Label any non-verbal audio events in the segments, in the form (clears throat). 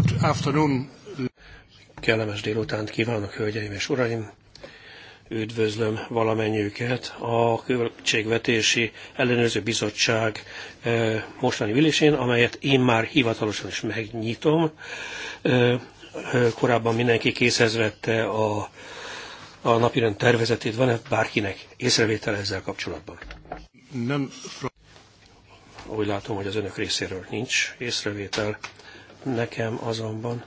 Good afternoon. Kellemes délutánt kívánok, hölgyeim és uraim! Üdvözlöm valamennyiüket a Költségvetési Ellenőrző Bizottság eh, mostani ülésén, amelyet én már hivatalosan is megnyitom. Eh, eh, korábban mindenki készhez vette a, a napirend tervezetét. Van-e bárkinek észrevétel ezzel kapcsolatban? Nem. Úgy látom, hogy az önök részéről nincs észrevétel Nekem azonban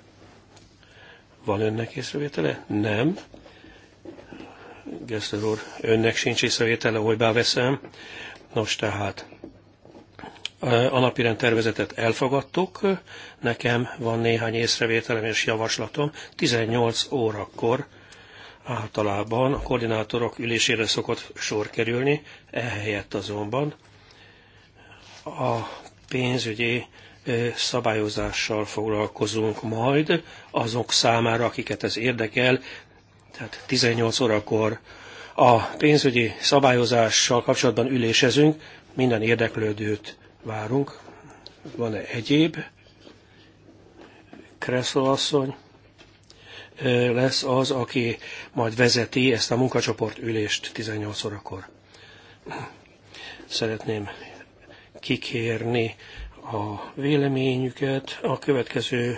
van önnek észrevétele? Nem. Gessler úr, önnek sincs észrevétele, hogy veszem. Nos, tehát a napirend tervezetet elfogadtuk, nekem van néhány észrevételem és javaslatom. 18 órakor általában a koordinátorok ülésére szokott sor kerülni, ehelyett azonban a pénzügyi szabályozással foglalkozunk majd azok számára, akiket ez érdekel, tehát 18 órakor a pénzügyi szabályozással kapcsolatban ülésezünk, minden érdeklődőt várunk. Van-e egyéb? Kresszol asszony lesz az, aki majd vezeti ezt a munkacsoport ülést 18 órakor. Szeretném kikérni a véleményüket a következő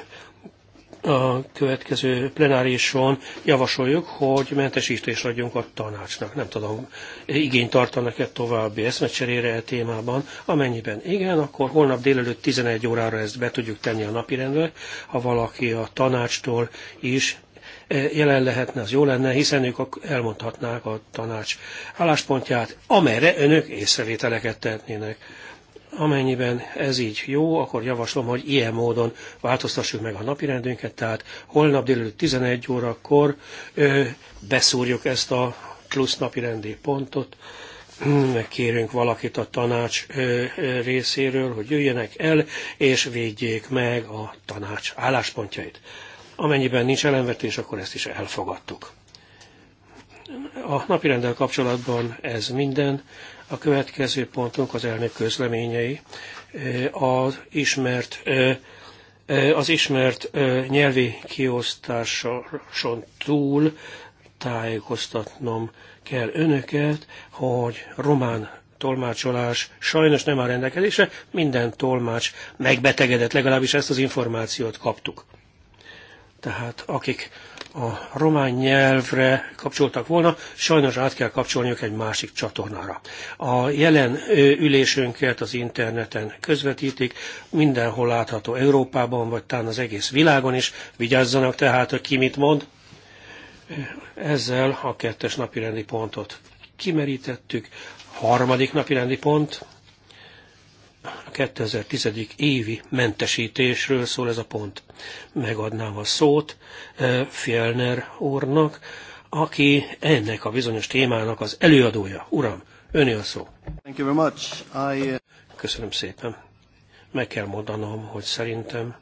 a következő plenárison javasoljuk, hogy mentesítést adjunk a tanácsnak. Nem tudom, igény tartanak-e további eszmecserére e témában. Amennyiben igen, akkor holnap délelőtt 11 órára ezt be tudjuk tenni a napirendre. Ha valaki a tanácstól is e, jelen lehetne, az jó lenne, hiszen ők elmondhatnák a tanács álláspontját, amerre önök észrevételeket tehetnének. Amennyiben ez így jó, akkor javaslom, hogy ilyen módon változtassuk meg a napirendünket, tehát holnap délelőtt 11 órakor ö, beszúrjuk ezt a plusz napirendi pontot, megkérünk valakit a tanács ö, részéről, hogy jöjjenek el, és védjék meg a tanács álláspontjait. Amennyiben nincs ellenvetés, akkor ezt is elfogadtuk. A napirenddel kapcsolatban ez minden. A következő pontunk az elnök közleményei. Az ismert, az ismert nyelvi kiosztáson túl tájékoztatnom kell önöket, hogy román tolmácsolás sajnos nem áll rendelkezésre, minden tolmács megbetegedett, legalábbis ezt az információt kaptuk. Tehát akik a román nyelvre kapcsoltak volna, sajnos át kell kapcsolniuk egy másik csatornára. A jelen ülésünket az interneten közvetítik, mindenhol látható Európában, vagy talán az egész világon is. Vigyázzanak tehát, hogy ki mit mond. Ezzel a kettes napirendi pontot kimerítettük. Harmadik napirendi pont 2010. évi mentesítésről szól ez a pont. Megadnám a szót eh, Fjellner úrnak, aki ennek a bizonyos témának az előadója. Uram, öné a szó. Thank you very much. I... Eh, Köszönöm szépen. Meg kell mondanom, hogy szerintem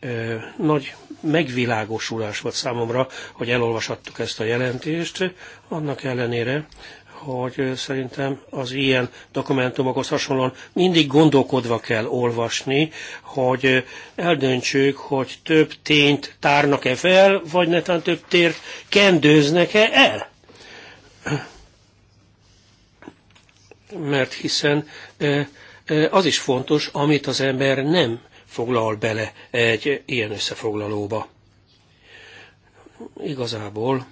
ö, eh, nagy megvilágosulás volt számomra, hogy elolvashattuk ezt a jelentést, annak ellenére, hogy szerintem az ilyen dokumentumokhoz hasonlóan mindig gondolkodva kell olvasni, hogy eldöntsük, hogy több tényt tárnak-e fel, vagy netán több tért kendőznek-e el. Mert hiszen az is fontos, amit az ember nem foglal bele egy ilyen összefoglalóba. Igazából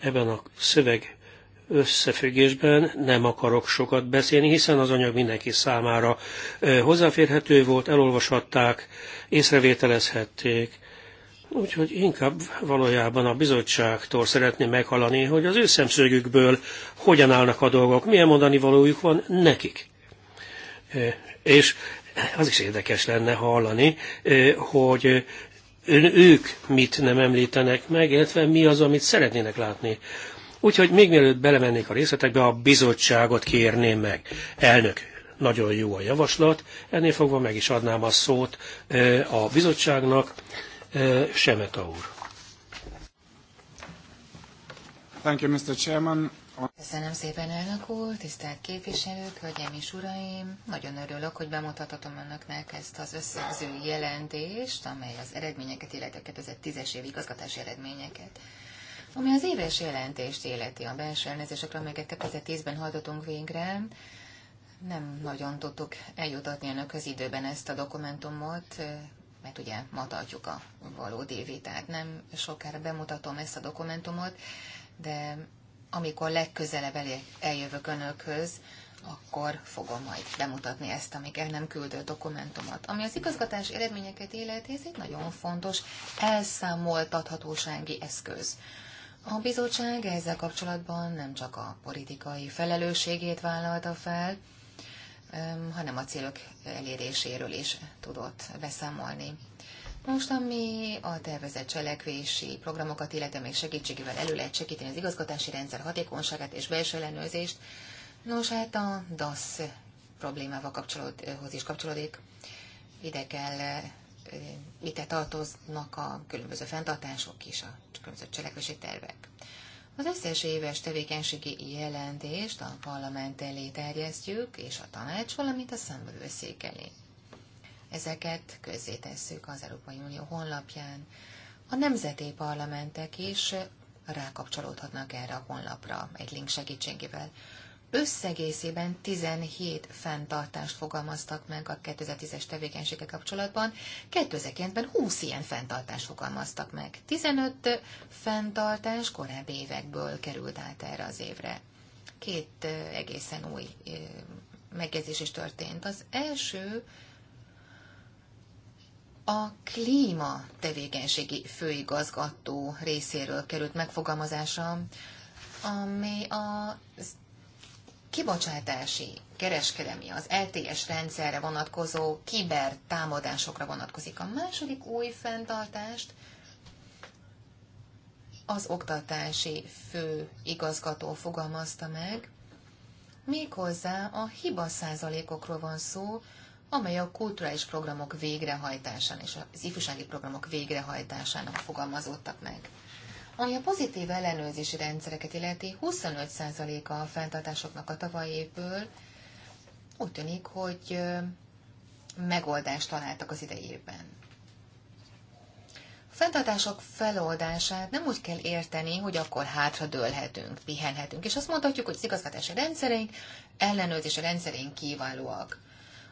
ebben a szöveg összefüggésben nem akarok sokat beszélni, hiszen az anyag mindenki számára hozzáférhető volt, elolvashatták, észrevételezhették. Úgyhogy inkább valójában a bizottságtól szeretném meghalani, hogy az ő szemszögükből hogyan állnak a dolgok, milyen mondani valójuk van nekik. És az is érdekes lenne hallani, hogy ők mit nem említenek meg, illetve mi az, amit szeretnének látni. Úgyhogy még mielőtt belemennék a részletekbe, a bizottságot kérném meg. Elnök, nagyon jó a javaslat, ennél fogva meg is adnám a szót a bizottságnak. Semeta úr. Thank you, Mr. Chairman. Köszönöm szépen, elnök úr, tisztelt képviselők, hölgyeim és uraim! Nagyon örülök, hogy bemutathatom önöknek ezt az összegző jelentést, amely az eredményeket, illetve 2010-es év igazgatási eredményeket ami az éves jelentést életi a belső elnézésekre, amelyeket 2010-ben hajtottunk végre, nem nagyon tudtuk eljutatni önökhöz időben ezt a dokumentumot, mert ugye ma tartjuk a valódi vitát. Nem sokára bemutatom ezt a dokumentumot, de amikor legközelebb eljövök önökhöz, akkor fogom majd bemutatni ezt, amíg el nem küldött dokumentumot. Ami az igazgatás eredményeket illeti, ez egy nagyon fontos elszámoltathatósági eszköz. A bizottság ezzel kapcsolatban nem csak a politikai felelősségét vállalta fel, hanem a célok eléréséről is tudott beszámolni. Most, ami a tervezett cselekvési programokat, illetve még segítségével elő lehet segíteni az igazgatási rendszer hatékonyságát és belső ellenőrzést, nos hát a DASZ problémával kapcsolódhoz is kapcsolódik. Ide kell ide tartoznak a különböző fenntartások és a különböző cselekvési tervek. Az összes éves tevékenységi jelentést a parlament elé terjesztjük, és a tanács, valamint a szemvelőszék elé. Ezeket közzétesszük az Európai Unió honlapján. A nemzeti parlamentek is rákapcsolódhatnak erre a honlapra egy link segítségével összegészében 17 fenntartást fogalmaztak meg a 2010-es tevékenysége kapcsolatban, 2009-ben 20 ilyen fenntartást fogalmaztak meg. 15 fenntartás korábbi évekből került át erre az évre. Két egészen új megjegyzés is történt. Az első a klíma tevékenységi főigazgató részéről került megfogalmazása, ami az kibocsátási, kereskedelmi, az LTS rendszerre vonatkozó kiber támadásokra vonatkozik. A második új fenntartást az oktatási fő igazgató fogalmazta meg, méghozzá a hiba százalékokról van szó, amely a kulturális programok végrehajtásán és az ifjúsági programok végrehajtásának fogalmazódtak meg. Ami a pozitív ellenőrzési rendszereket illeti, 25%-a a fenntartásoknak a tavalyi évből úgy tűnik, hogy megoldást találtak az idejében. A fenntartások feloldását nem úgy kell érteni, hogy akkor hátra dőlhetünk, pihenhetünk, és azt mondhatjuk, hogy az igazgatási rendszereink, ellenőrzési rendszereink kiválóak.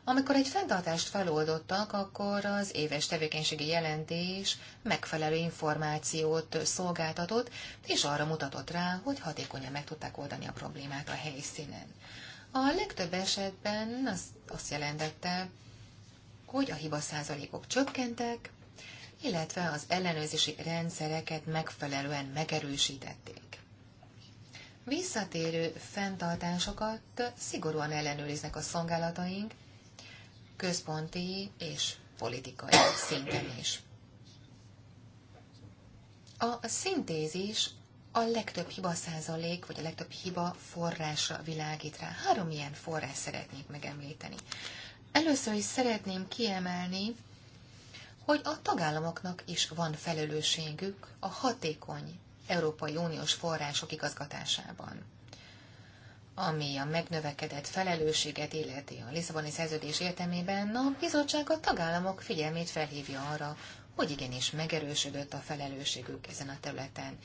Amikor egy fenntartást feloldottak, akkor az éves tevékenységi jelentés megfelelő információt szolgáltatott, és arra mutatott rá, hogy hatékonyan meg tudták oldani a problémát a helyszínen. A legtöbb esetben az azt jelentette, hogy a hiba százalékok csökkentek, illetve az ellenőrzési rendszereket megfelelően megerősítették. Visszatérő fenntartásokat szigorúan ellenőriznek a szolgálataink, központi és politikai szinten is. A szintézis a legtöbb hiba százalék, vagy a legtöbb hiba forrása világít rá. Három ilyen forrás szeretnék megemlíteni. Először is szeretném kiemelni, hogy a tagállamoknak is van felelősségük a hatékony Európai Uniós források igazgatásában ami a megnövekedett felelősséget illeti a Lisszaboni szerződés értelmében, a bizottság a tagállamok figyelmét felhívja arra, hogy igenis megerősödött a felelősségük ezen a területen.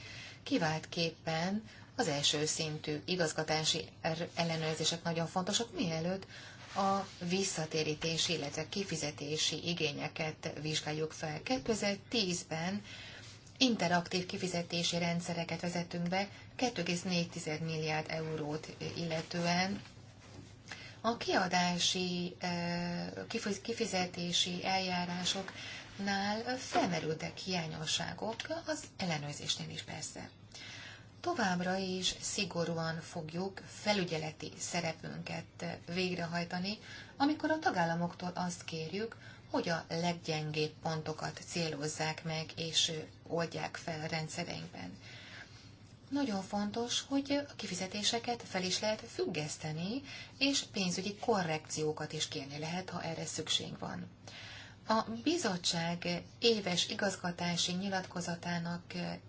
Kiváltképpen az első szintű igazgatási er- ellenőrzések nagyon fontosak, mielőtt a visszatérítési, illetve kifizetési igényeket vizsgáljuk fel. 2010-ben interaktív kifizetési rendszereket vezetünk be, 2,4 milliárd eurót illetően a kiadási, e, kifizetési eljárásoknál felmerültek hiányosságok, az ellenőrzésnél is persze. Továbbra is szigorúan fogjuk felügyeleti szerepünket végrehajtani, amikor a tagállamoktól azt kérjük, hogy a leggyengébb pontokat célozzák meg és oldják fel a rendszereinkben nagyon fontos, hogy a kifizetéseket fel is lehet függeszteni, és pénzügyi korrekciókat is kérni lehet, ha erre szükség van. A bizottság éves igazgatási nyilatkozatának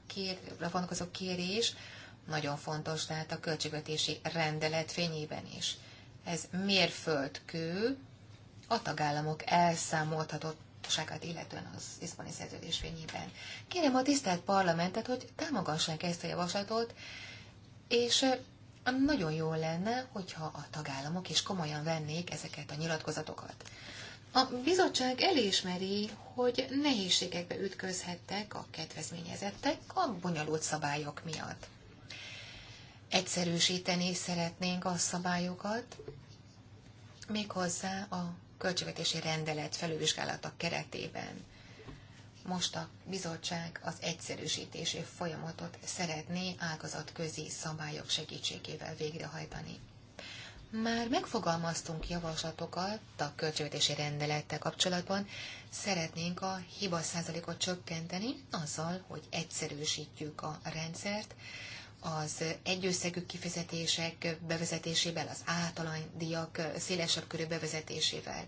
kér, vonatkozó kérés nagyon fontos, tehát a költségvetési rendelet fényében is. Ez mérföldkő a tagállamok elszámoltatott folyamatosságát illetően az iszpani szerződés fényében. Kérem a tisztelt parlamentet, hogy támogassák ezt a javaslatot, és nagyon jó lenne, hogyha a tagállamok is komolyan vennék ezeket a nyilatkozatokat. A bizottság elismeri, hogy nehézségekbe ütközhettek a kedvezményezettek a bonyolult szabályok miatt. Egyszerűsíteni szeretnénk a szabályokat, méghozzá a költségvetési rendelet felülvizsgálata keretében. Most a bizottság az egyszerűsítési folyamatot szeretné ágazatközi szabályok segítségével végrehajtani. Már megfogalmaztunk javaslatokat a költségvetési rendelettel kapcsolatban, szeretnénk a hiba százalékot csökkenteni azzal, hogy egyszerűsítjük a rendszert, az egyösszegű kifizetések bevezetésével, az általánydíjak szélesebb körű bevezetésével.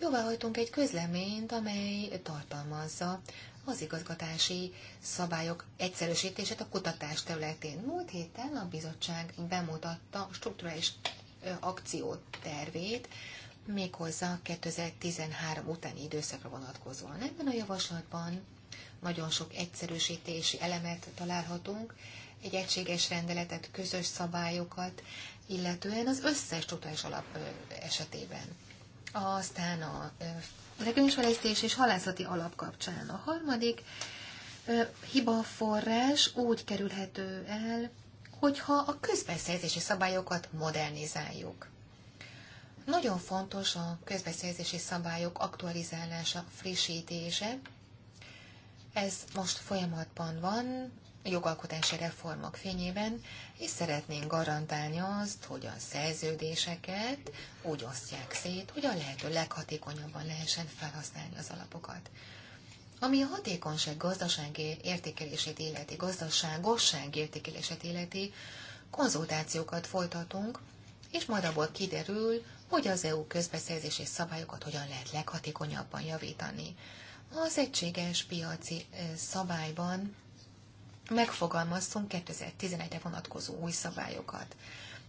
Jóváhajtunk egy közleményt, amely tartalmazza az igazgatási szabályok egyszerűsítését a kutatás területén. Múlt héten a bizottság bemutatta a strukturális akciótervét, méghozzá 2013 utáni időszakra vonatkozóan. Ebben a javaslatban nagyon sok egyszerűsítési elemet találhatunk, egy egységes rendeletet, közös szabályokat, illetően az összes tudományos alap esetében. Aztán a regionális és halászati alap kapcsán. A harmadik hibaforrás úgy kerülhető el, hogyha a közbeszerzési szabályokat modernizáljuk. Nagyon fontos a közbeszerzési szabályok aktualizálása, frissítése. Ez most folyamatban van, jogalkotási reformok fényében, és szeretnénk garantálni azt, hogy a szerződéseket úgy osztják szét, hogy a lehető leghatékonyabban lehessen felhasználni az alapokat. Ami a hatékonyság gazdasági értékelését illeti, gazdaságosság értékelését illeti, konzultációkat folytatunk, és majd abból kiderül, hogy az EU közbeszerzési szabályokat hogyan lehet leghatékonyabban javítani. Az egységes piaci szabályban megfogalmaztunk 2011-re vonatkozó új szabályokat.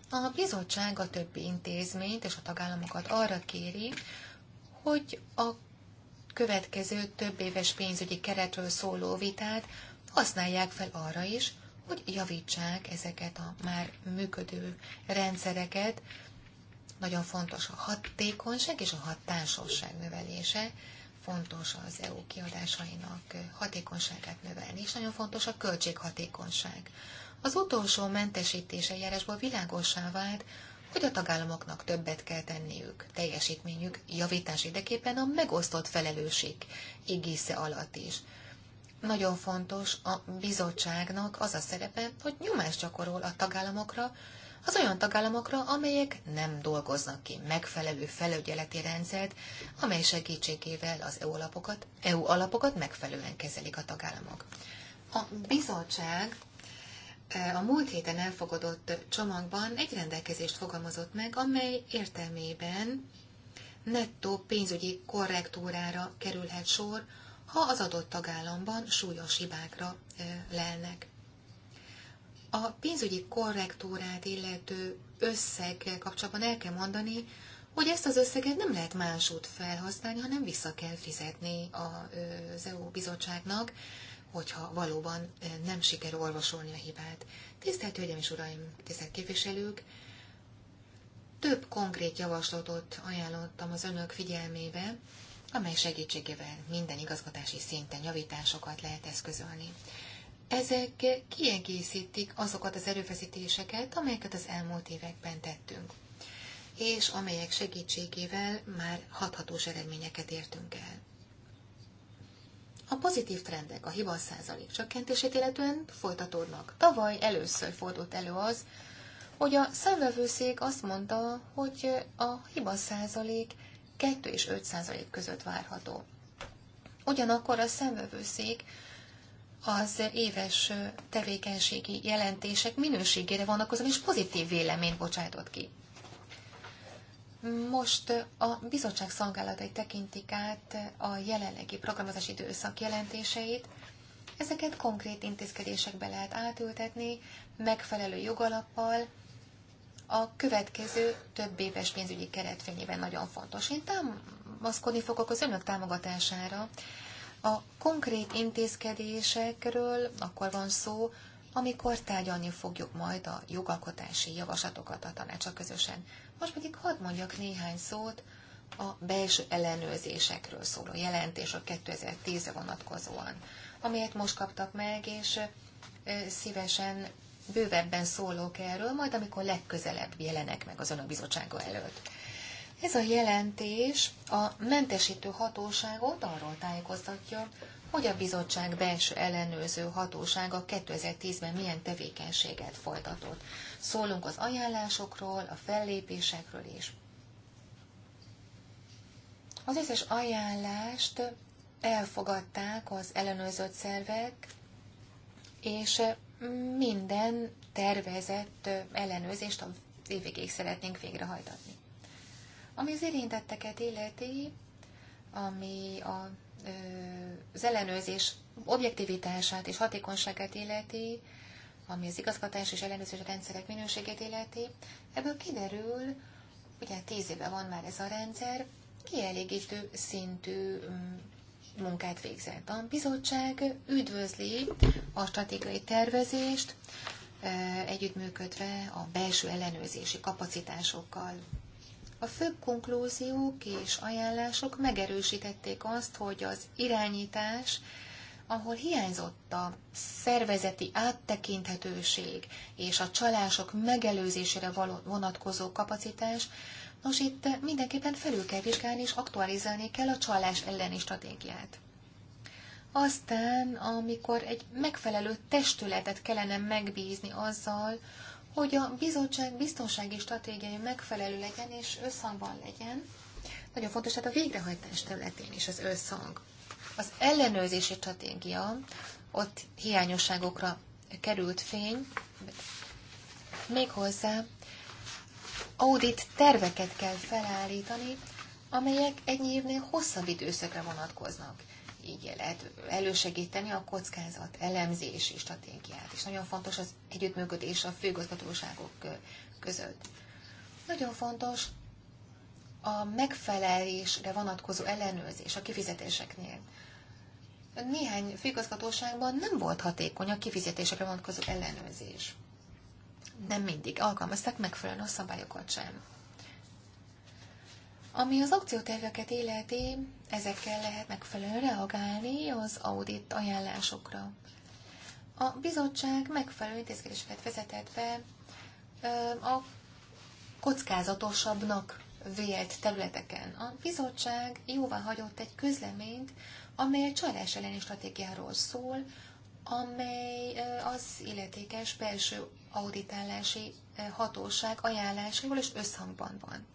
A bizottság a többi intézményt és a tagállamokat arra kéri, hogy a következő több éves pénzügyi keretről szóló vitát használják fel arra is, hogy javítsák ezeket a már működő rendszereket. Nagyon fontos a hatékonyság és a hatásosság növelése, fontos az EU kiadásainak hatékonyságát növelni, és nagyon fontos a költséghatékonyság. Az utolsó mentesítés járásból világosá vált, hogy a tagállamoknak többet kell tenniük, teljesítményük javítás érdekében a megosztott felelősség égisze alatt is. Nagyon fontos a bizottságnak az a szerepe, hogy nyomást gyakorol a tagállamokra, az olyan tagállamokra, amelyek nem dolgoznak ki megfelelő felügyeleti rendszert, amely segítségével az EU alapokat, EU alapokat megfelelően kezelik a tagállamok. A bizottság e, a múlt héten elfogadott csomagban egy rendelkezést fogalmazott meg, amely értelmében nettó pénzügyi korrektúrára kerülhet sor, ha az adott tagállamban súlyos hibákra e, lelnek. A pénzügyi korrektúrát illető összeggel kapcsolatban el kell mondani, hogy ezt az összeget nem lehet másút felhasználni, hanem vissza kell fizetni az EU bizottságnak, hogyha valóban nem sikerül olvasolni a hibát. Tisztelt Hölgyeim és Uraim, tisztelt képviselők! Több konkrét javaslatot ajánlottam az önök figyelmébe, amely segítségével minden igazgatási szinten javításokat lehet eszközölni ezek kiegészítik azokat az erőfeszítéseket, amelyeket az elmúlt években tettünk, és amelyek segítségével már hathatós eredményeket értünk el. A pozitív trendek a hiba százalék csökkentését illetően folytatódnak. Tavaly először fordult elő az, hogy a szemvevőszék azt mondta, hogy a hiba százalék 2 és 5 százalék között várható. Ugyanakkor a szemvevőszék az éves tevékenységi jelentések minőségére vonatkozóan is pozitív véleményt bocsájtott ki. Most a bizottság szolgálatai tekintik át a jelenlegi programozási időszak jelentéseit. Ezeket konkrét intézkedésekbe lehet átültetni, megfelelő jogalappal, a következő több éves pénzügyi keretfényében nagyon fontos. Én támaszkodni fogok az önök támogatására a konkrét intézkedésekről akkor van szó, amikor tárgyalni fogjuk majd a jogalkotási javaslatokat a tanácsa közösen. Most pedig hadd mondjak néhány szót a belső ellenőrzésekről szóló jelentésről 2010-re vonatkozóan, amelyet most kaptak meg, és szívesen bővebben szólok erről, majd amikor legközelebb jelenek meg az önök bizottsága előtt. Ez a jelentés a mentesítő hatóságot arról tájékoztatja, hogy a bizottság belső ellenőrző hatósága 2010-ben milyen tevékenységet folytatott. Szólunk az ajánlásokról, a fellépésekről is. Az összes ajánlást elfogadták az ellenőrzött szervek, és minden tervezett ellenőrzést a évvégéig szeretnénk végrehajtani. Ami az érintetteket illeti, ami a, az ellenőrzés objektivitását és hatékonyságát illeti, ami az igazgatás és ellenőrzés rendszerek minőségét illeti, ebből kiderül, ugye tíz éve van már ez a rendszer, kielégítő szintű mm, munkát végzett. A bizottság üdvözli a stratégiai tervezést, együttműködve a belső ellenőrzési kapacitásokkal a főbb konklúziók és ajánlások megerősítették azt, hogy az irányítás, ahol hiányzott a szervezeti áttekinthetőség és a csalások megelőzésére vonatkozó kapacitás, nos itt mindenképpen felül kell vizsgálni és aktualizálni kell a csalás elleni stratégiát. Aztán, amikor egy megfelelő testületet kellene megbízni azzal, hogy a bizottság biztonsági stratégiai megfelelő legyen és összhangban legyen. Nagyon fontos, tehát a végrehajtás területén is az összhang. Az ellenőrzési stratégia, ott hiányosságokra került fény, méghozzá audit terveket kell felállítani, amelyek egy évnél hosszabb időszakra vonatkoznak így lehet elősegíteni a kockázat elemzési stratégiát, és nagyon fontos az együttműködés a főgazgatóságok között. Nagyon fontos a megfelelésre vonatkozó ellenőrzés a kifizetéseknél. Néhány főgazgatóságban nem volt hatékony a kifizetésekre vonatkozó ellenőrzés. Nem mindig alkalmazták megfelelően a szabályokat sem. Ami az akcióterveket illeti, ezekkel lehet megfelelően reagálni az audit ajánlásokra. A bizottság megfelelő intézkedéseket vezetett be a kockázatosabbnak vélt területeken. A bizottság jóvá hagyott egy közleményt, amely a csalás elleni stratégiáról szól, amely az illetékes belső auditálási hatóság ajánlásaival és összhangban van.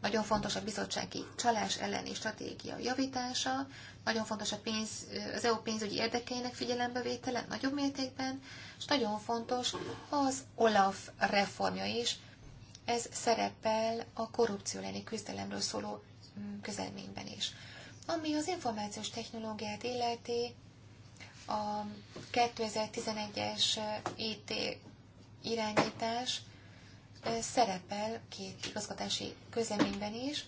Nagyon fontos a bizottsági csalás elleni stratégia javítása, nagyon fontos a pénz, az EU pénzügyi érdekeinek figyelembevétele nagyobb mértékben, és nagyon fontos az OLAF reformja is. Ez szerepel a korrupció elleni küzdelemről szóló mm, közelményben is. Ami az információs technológiát illeti, a 2011-es IT irányítás szerepel két igazgatási közleményben is.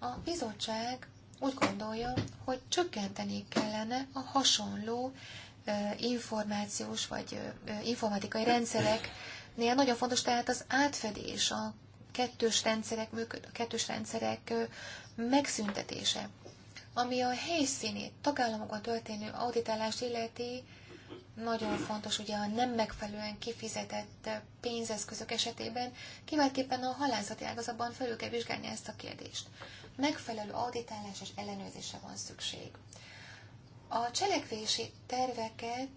A bizottság úgy gondolja, hogy csökkenteni kellene a hasonló információs vagy informatikai rendszereknél. Nagyon fontos tehát az átfedés, a kettős rendszerek, a kettős rendszerek megszüntetése. Ami a helyszínét, tagállamokon történő auditálást illeti, nagyon fontos ugye a nem megfelelően kifizetett pénzeszközök esetében, kiváltképpen a halászati ágazatban felül kell vizsgálni ezt a kérdést. Megfelelő auditálás és ellenőrzése van szükség. A cselekvési terveket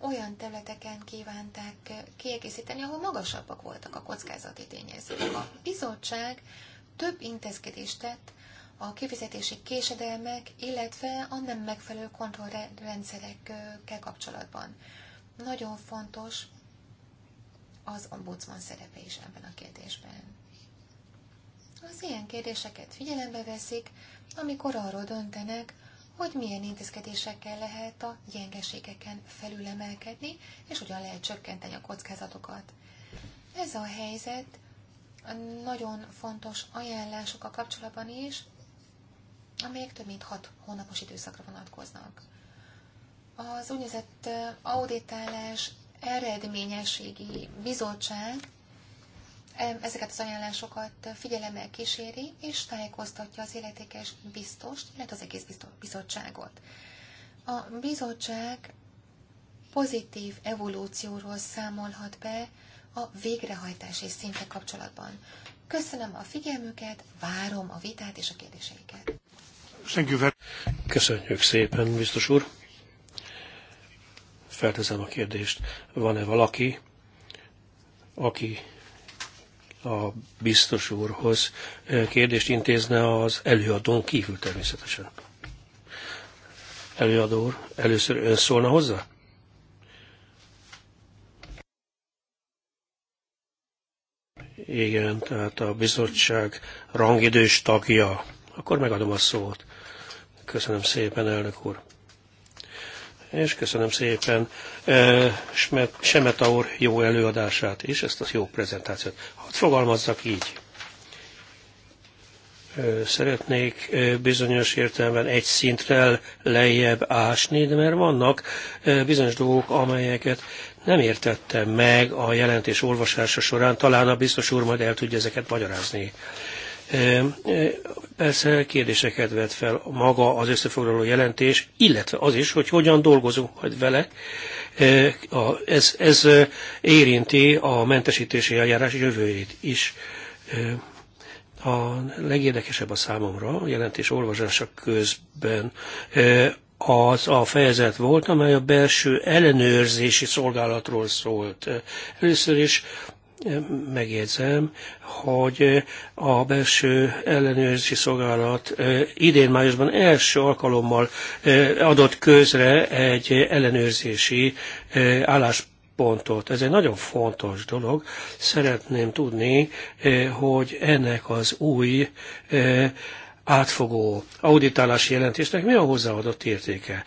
olyan területeken kívánták kiegészíteni, ahol magasabbak voltak a kockázati tényezők. A bizottság több intézkedést tett a kifizetési késedelmek, illetve a nem megfelelő kontrollrendszerekkel kapcsolatban. Nagyon fontos az ombudsman szerepe is ebben a kérdésben. Az ilyen kérdéseket figyelembe veszik, amikor arról döntenek, hogy milyen intézkedésekkel lehet a gyengeségeken felülemelkedni, és hogyan lehet csökkenteni a kockázatokat. Ez a helyzet nagyon fontos ajánlások a kapcsolatban is, amelyek több mint 6 hónapos időszakra vonatkoznak. Az úgynevezett auditálás eredményességi bizottság ezeket az ajánlásokat figyelemmel kíséri, és tájékoztatja az életékes biztost, illetve az egész bizottságot. A bizottság pozitív evolúcióról számolhat be a végrehajtási szinte kapcsolatban. Köszönöm a figyelmüket, várom a vitát és a kérdéseiket. Köszönjük szépen, biztos úr. Felteszem a kérdést, van-e valaki, aki a biztos úrhoz e, kérdést intézne az előadón kívül természetesen. Előadó úr, először ön szólna hozzá? Igen, tehát a bizottság rangidős tagja. Akkor megadom a szót. Köszönöm szépen, elnök úr. És köszönöm szépen e, Semeta úr jó előadását és ezt a jó prezentációt. Hadd fogalmazzak így. Eh, szeretnék eh, bizonyos értelemben egy szintrel lejjebb ásni, de mert vannak bizonyos dolgok, amelyeket nem értettem meg a jelentés olvasása során, talán a biztos úr majd el tudja ezeket magyarázni. E, persze kérdéseket vet fel maga az összefoglaló jelentés, illetve az is, hogy hogyan dolgozunk majd vele. E, ez, ez e, érinti a mentesítési eljárás jövőjét is. A legérdekesebb a számomra a jelentés olvasása közben az a fejezet volt, amely a belső ellenőrzési szolgálatról szólt. Először is megjegyzem, hogy a belső ellenőrzési szolgálat idén májusban első alkalommal adott közre egy ellenőrzési álláspontot. Ez egy nagyon fontos dolog. Szeretném tudni, hogy ennek az új átfogó auditálási jelentésnek mi a hozzáadott értéke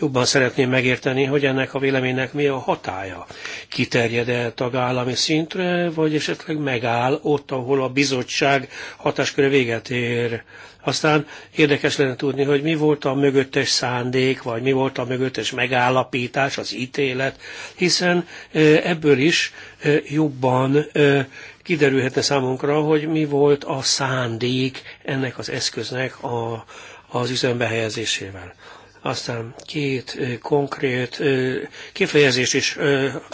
jobban szeretném megérteni, hogy ennek a véleménynek mi a hatája. Kiterjed-e tagállami szintre, vagy esetleg megáll ott, ahol a bizottság hatásköre véget ér. Aztán érdekes lenne tudni, hogy mi volt a mögöttes szándék, vagy mi volt a mögöttes megállapítás, az ítélet, hiszen ebből is jobban kiderülhetne számunkra, hogy mi volt a szándék ennek az eszköznek a, az üzembe helyezésével. Aztán két konkrét kifejezést is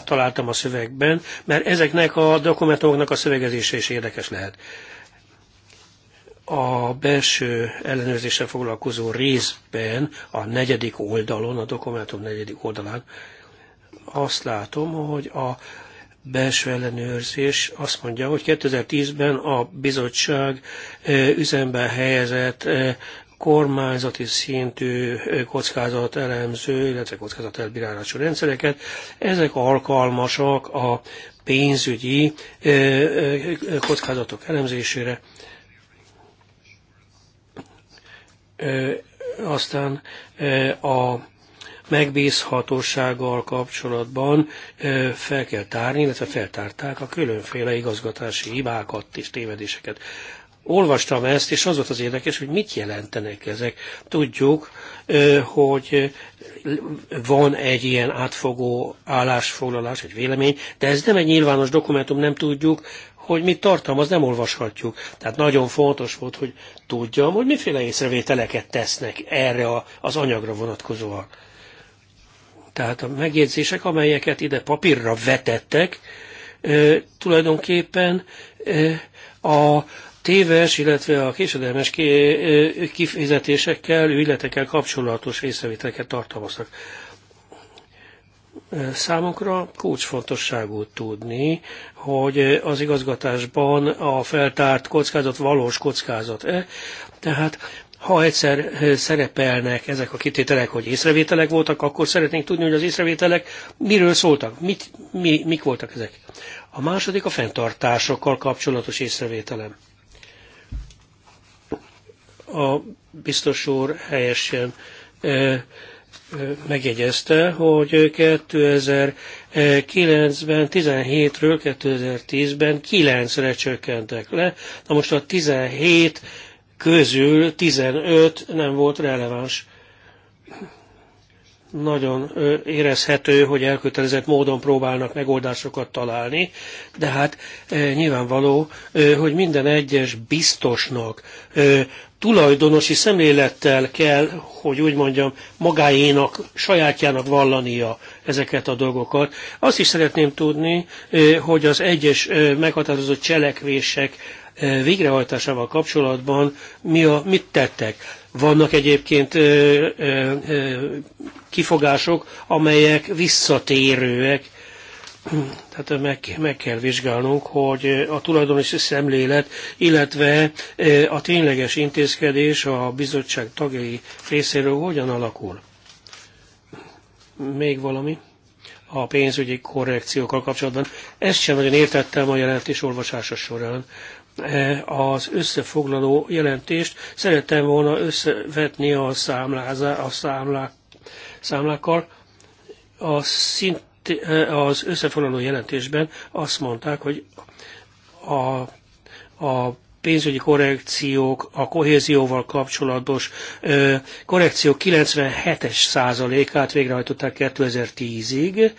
találtam a szövegben, mert ezeknek a dokumentumoknak a szövegezése is érdekes lehet. A belső ellenőrzéssel foglalkozó részben, a negyedik oldalon, a dokumentum negyedik oldalán azt látom, hogy a belső ellenőrzés azt mondja, hogy 2010-ben a bizottság üzembe helyezett kormányzati szintű kockázat elemző, illetve kockázat elbírálású rendszereket. Ezek alkalmasak a pénzügyi kockázatok elemzésére. Aztán a megbízhatósággal kapcsolatban fel kell tárni, illetve feltárták a különféle igazgatási hibákat és tévedéseket olvastam ezt, és az volt az érdekes, hogy mit jelentenek ezek. Tudjuk, hogy van egy ilyen átfogó állásfoglalás, egy vélemény, de ez nem egy nyilvános dokumentum, nem tudjuk, hogy mit tartalmaz, nem olvashatjuk. Tehát nagyon fontos volt, hogy tudjam, hogy miféle észrevételeket tesznek erre a, az anyagra vonatkozóan. Tehát a megjegyzések, amelyeket ide papírra vetettek, tulajdonképpen a, téves, illetve a késedelmes kifizetésekkel, ügyletekkel kapcsolatos részvételeket tartalmaznak. Számunkra kulcsfontosságú tudni, hogy az igazgatásban a feltárt kockázat valós kockázat-e, tehát ha egyszer szerepelnek ezek a kitételek, hogy észrevételek voltak, akkor szeretnénk tudni, hogy az észrevételek miről szóltak, mit, mi, mik voltak ezek. A második a fenntartásokkal kapcsolatos észrevételem a biztos úr helyesen megjegyezte, hogy 2009-ben 17-ről 2010-ben 9-re csökkentek le. Na most a 17 közül 15 nem volt releváns. Nagyon érezhető, hogy elkötelezett módon próbálnak megoldásokat találni, de hát nyilvánvaló, hogy minden egyes biztosnak tulajdonosi szemlélettel kell, hogy úgy mondjam, magáénak, sajátjának vallania ezeket a dolgokat. Azt is szeretném tudni, eh, hogy az egyes eh, meghatározott cselekvések eh, végrehajtásával kapcsolatban mi a, mit tettek. Vannak egyébként kifogások, amelyek visszatérőek tehát meg, meg kell vizsgálnunk, hogy a tulajdonosi szemlélet, illetve e, a tényleges intézkedés a bizottság tagjai részéről hogyan alakul. Még valami a pénzügyi korrekciókkal kapcsolatban. Ezt sem nagyon értettem a jelentés olvasása során. E, az összefoglaló jelentést szerettem volna összevetni a, számlázá, a számlák, számlákkal, a szint az összefoglaló jelentésben azt mondták, hogy a, a pénzügyi korrekciók, a kohézióval kapcsolatos ö, korrekciók 97-es százalékát végrehajtották 2010-ig,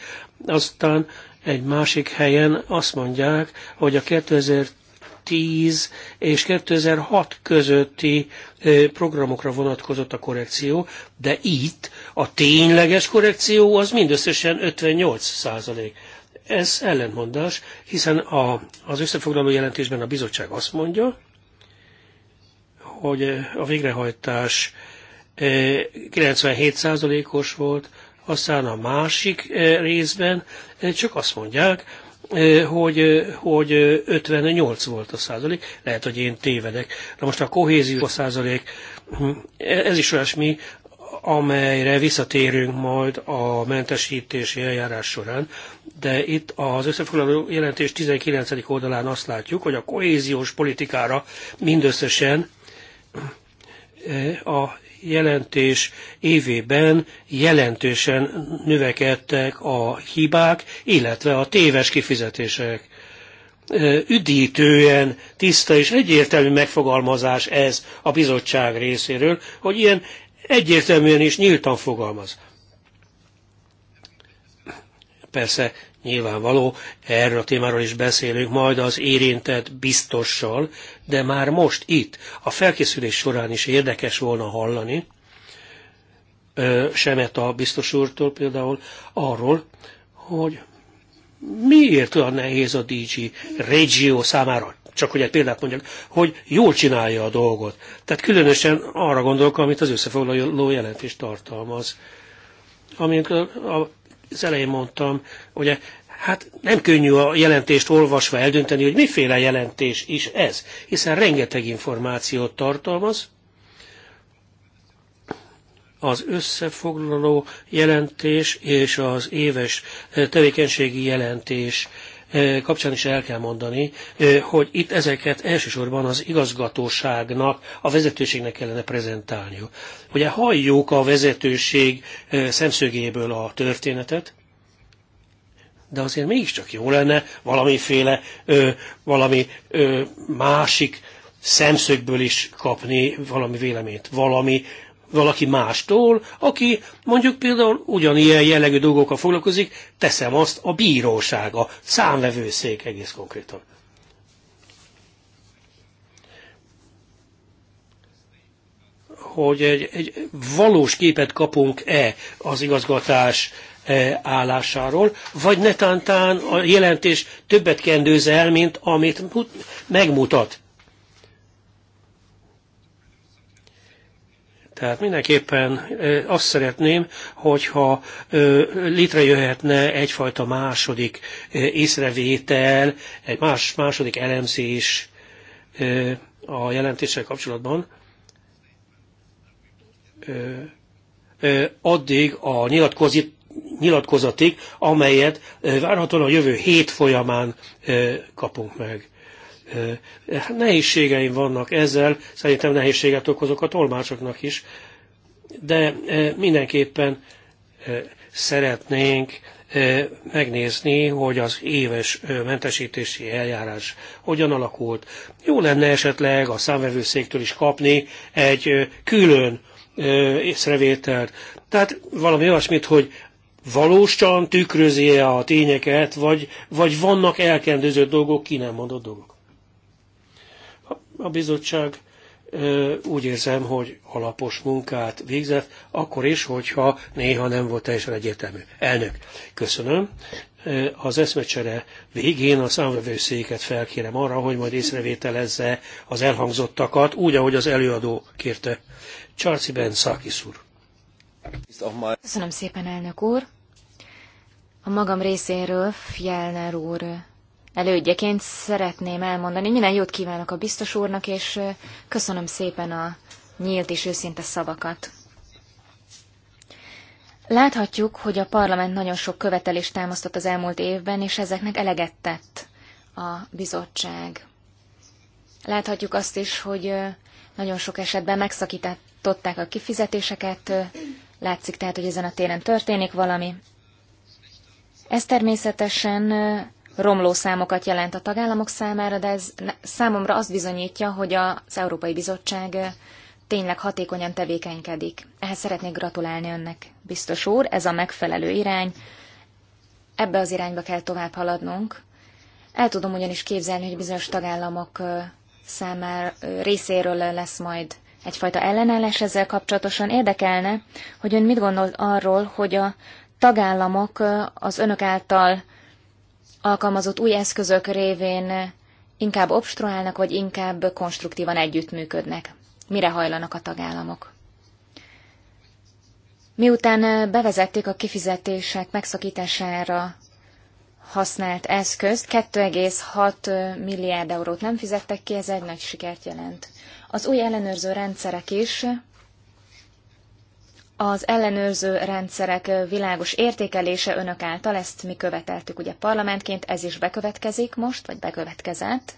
aztán egy másik helyen azt mondják, hogy a 2010 és 2006 közötti programokra vonatkozott a korrekció, de itt a tényleges korrekció az mindösszesen 58 százalék. Ez ellentmondás, hiszen a, az összefoglaló jelentésben a bizottság azt mondja, hogy eh, a végrehajtás 97 eh, százalékos volt, aztán a másik eh, részben csak azt mondják, hogy, hogy 58 volt a százalék, lehet, hogy én tévedek. Na most a kohézió százalék, hm, ez is olyasmi, amelyre visszatérünk majd a mentesítési eljárás során, de itt az összefoglaló jelentés 19. oldalán azt látjuk, hogy a kohéziós politikára mindösszesen eh, a jelentés évében jelentősen növekedtek a hibák, illetve a téves kifizetések. Eh, üdítően tiszta és egyértelmű megfogalmazás ez a bizottság részéről, hogy ilyen egyértelműen és nyíltan fogalmaz. Persze nyilvánvaló, erről a témáról is beszélünk majd az érintett biztossal, de már most itt, a felkészülés során is érdekes volna hallani, a biztos úrtól például, arról, hogy miért olyan nehéz a DG Regio számára csak hogy egy példát mondjak, hogy jól csinálja a dolgot. Tehát különösen arra gondolok, amit az összefoglaló jelentés tartalmaz. Amint az elején mondtam, ugye hát nem könnyű a jelentést olvasva eldönteni, hogy miféle jelentés is ez, hiszen rengeteg információt tartalmaz, az összefoglaló jelentés és az éves eh, tevékenységi jelentés kapcsán is el kell mondani, hogy itt ezeket elsősorban az igazgatóságnak, a vezetőségnek kellene prezentálniuk. Ugye halljuk a vezetőség szemszögéből a történetet, de azért mégiscsak jó lenne valamiféle, valami másik szemszögből is kapni valami véleményt, valami valaki mástól, aki mondjuk például ugyanilyen jellegű dolgokkal foglalkozik, teszem azt a bíróság, a számvevőszék egész konkrétan. Hogy egy, egy valós képet kapunk-e az igazgatás e, állásáról, vagy netántán a jelentés többet kendőz el, mint amit megmutat. Tehát mindenképpen azt szeretném, hogyha létrejöhetne egyfajta második észrevétel, egy más, második elemzés a jelentéssel kapcsolatban addig a nyilatkozit, nyilatkozatig, amelyet várhatóan a jövő hét folyamán kapunk meg. Eh, hát nehézségeim vannak ezzel, szerintem nehézséget okozok a tolmácsoknak is, de eh, mindenképpen eh, szeretnénk megnézni, hogy az éves mentesítési eljárás hogyan alakult. Jó lenne esetleg a számvevőszéktől is kapni egy külön észrevételt. Tehát valami olyasmit, hogy valósan tükrözi -e a tényeket, vagy, vagy vannak elkendőzött dolgok, ki nem mondott dolgok. A bizottság úgy érzem, hogy alapos munkát végzett, akkor is, hogyha néha nem volt teljesen egyértelmű. Elnök, köszönöm. Az eszmecsere végén a számvevőszéket felkérem arra, hogy majd észrevételezze az elhangzottakat, úgy, ahogy az előadó kérte. Csarci Ben Szákis úr. Köszönöm szépen, elnök úr. A magam részéről Fjellner úr elődjeként szeretném elmondani. Minden jót kívánok a biztos úrnak, és köszönöm szépen a nyílt és őszinte szavakat. Láthatjuk, hogy a parlament nagyon sok követelést támasztott az elmúlt évben, és ezeknek eleget tett a bizottság. Láthatjuk azt is, hogy nagyon sok esetben megszakították a kifizetéseket, látszik tehát, hogy ezen a téren történik valami. Ez természetesen romló számokat jelent a tagállamok számára, de ez számomra azt bizonyítja, hogy az Európai Bizottság tényleg hatékonyan tevékenykedik. Ehhez szeretnék gratulálni önnek, biztos úr, ez a megfelelő irány. Ebbe az irányba kell tovább haladnunk. El tudom ugyanis képzelni, hogy bizonyos tagállamok számára részéről lesz majd egyfajta ellenállás ezzel kapcsolatosan. Érdekelne, hogy ön mit gondol arról, hogy a tagállamok az önök által alkalmazott új eszközök révén inkább obstruálnak, vagy inkább konstruktívan együttműködnek? Mire hajlanak a tagállamok? Miután bevezették a kifizetések megszakítására használt eszközt, 2,6 milliárd eurót nem fizettek ki, ez egy nagy sikert jelent. Az új ellenőrző rendszerek is az ellenőrző rendszerek világos értékelése önök által, ezt mi követeltük ugye parlamentként, ez is bekövetkezik most, vagy bekövetkezett.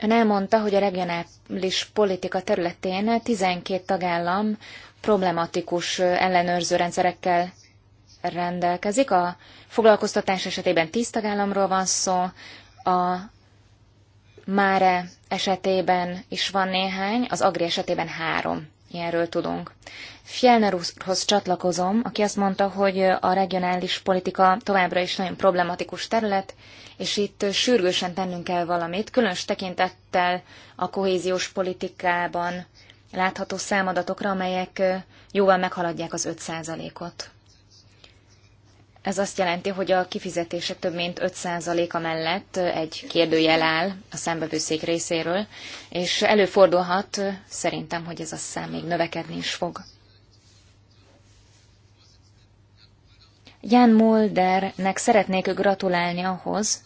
Ön elmondta, hogy a regionális politika területén 12 tagállam problematikus ellenőrző rendszerekkel rendelkezik. A foglalkoztatás esetében 10 tagállamról van szó, a Máre esetében is van néhány, az Agri esetében három ilyenről tudunk. Fjellner úrhoz csatlakozom, aki azt mondta, hogy a regionális politika továbbra is nagyon problematikus terület, és itt sürgősen tennünk kell valamit, különös tekintettel a kohéziós politikában látható számadatokra, amelyek jóval meghaladják az 5%-ot. Ez azt jelenti, hogy a kifizetések több mint 5%-a mellett egy kérdőjel áll a számbevőszék részéről, és előfordulhat szerintem, hogy ez a szám még növekedni is fog. Jan Muldernek szeretnék gratulálni ahhoz,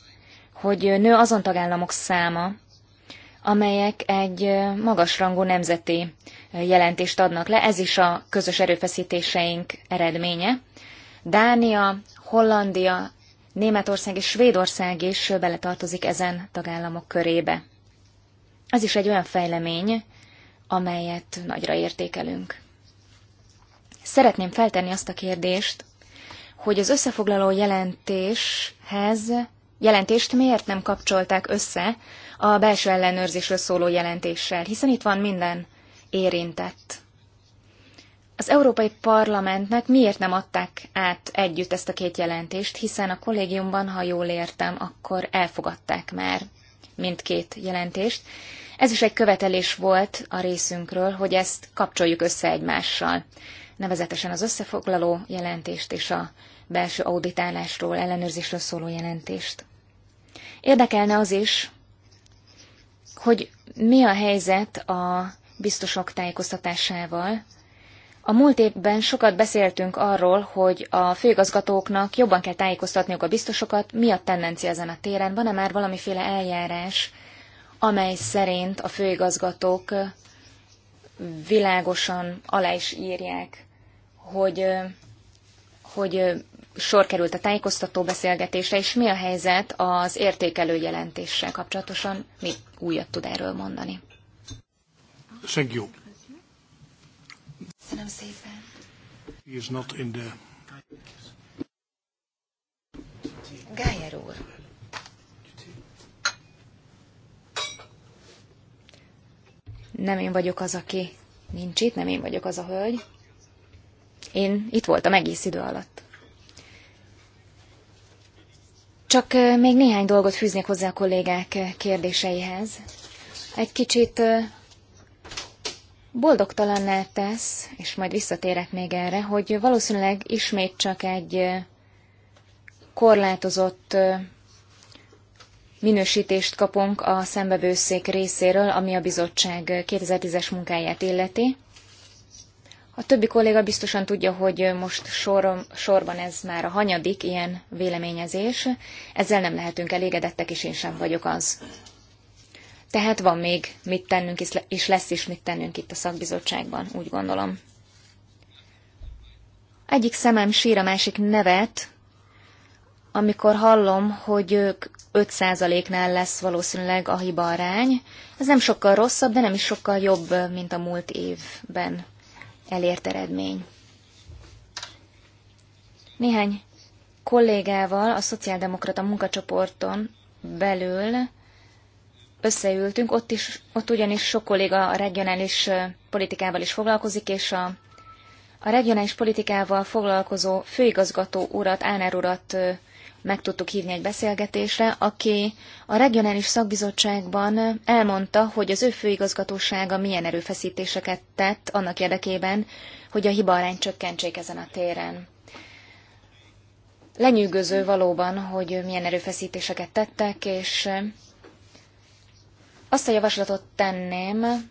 hogy nő azon tagállamok száma, amelyek egy magasrangú nemzeti jelentést adnak le. Ez is a közös erőfeszítéseink eredménye. Dánia, Hollandia, Németország és Svédország is beletartozik ezen tagállamok körébe. Ez is egy olyan fejlemény, amelyet nagyra értékelünk. Szeretném feltenni azt a kérdést, hogy az összefoglaló jelentéshez jelentést miért nem kapcsolták össze a belső ellenőrzésről szóló jelentéssel, hiszen itt van minden érintett. Az Európai Parlamentnek miért nem adták át együtt ezt a két jelentést, hiszen a kollégiumban, ha jól értem, akkor elfogadták már mindkét jelentést. Ez is egy követelés volt a részünkről, hogy ezt kapcsoljuk össze egymással. Nevezetesen az összefoglaló jelentést és a belső auditálásról, ellenőrzésről szóló jelentést. Érdekelne az is, hogy mi a helyzet a biztosok tájékoztatásával, a múlt évben sokat beszéltünk arról, hogy a főigazgatóknak jobban kell tájékoztatniuk a biztosokat, mi a tendencia ezen a téren, van-e már valamiféle eljárás, amely szerint a főigazgatók világosan alá is írják, hogy, hogy sor került a tájékoztató beszélgetésre, és mi a helyzet az értékelő jelentéssel kapcsolatosan, mi újat tud erről mondani. Thank you. Köszönöm szépen. He is not in the... Gájer úr. Nem én vagyok az, aki nincs itt, nem én vagyok az a hölgy. Én itt voltam egész idő alatt. Csak még néhány dolgot fűznék hozzá a kollégák kérdéseihez. Egy kicsit boldogtalanná tesz, és majd visszatérek még erre, hogy valószínűleg ismét csak egy korlátozott minősítést kapunk a szembevőszék részéről, ami a bizottság 2010-es munkáját illeti. A többi kolléga biztosan tudja, hogy most sor, sorban ez már a hanyadik ilyen véleményezés. Ezzel nem lehetünk elégedettek, és én sem vagyok az. Tehát van még mit tennünk, és lesz is mit tennünk itt a szakbizottságban, úgy gondolom. Egyik szemem sír, a másik nevet, amikor hallom, hogy ők 5%-nál lesz valószínűleg a arány. Ez nem sokkal rosszabb, de nem is sokkal jobb, mint a múlt évben elért eredmény. Néhány kollégával a szociáldemokrata munkacsoporton belül összeültünk, ott, is, ott ugyanis sok kolléga a regionális politikával is foglalkozik, és a, a regionális politikával foglalkozó főigazgató urat, Áner urat meg tudtuk hívni egy beszélgetésre, aki a regionális szakbizottságban elmondta, hogy az ő főigazgatósága milyen erőfeszítéseket tett annak érdekében, hogy a hiba arány csökkentsék ezen a téren. Lenyűgöző valóban, hogy milyen erőfeszítéseket tettek, és azt a javaslatot tenném,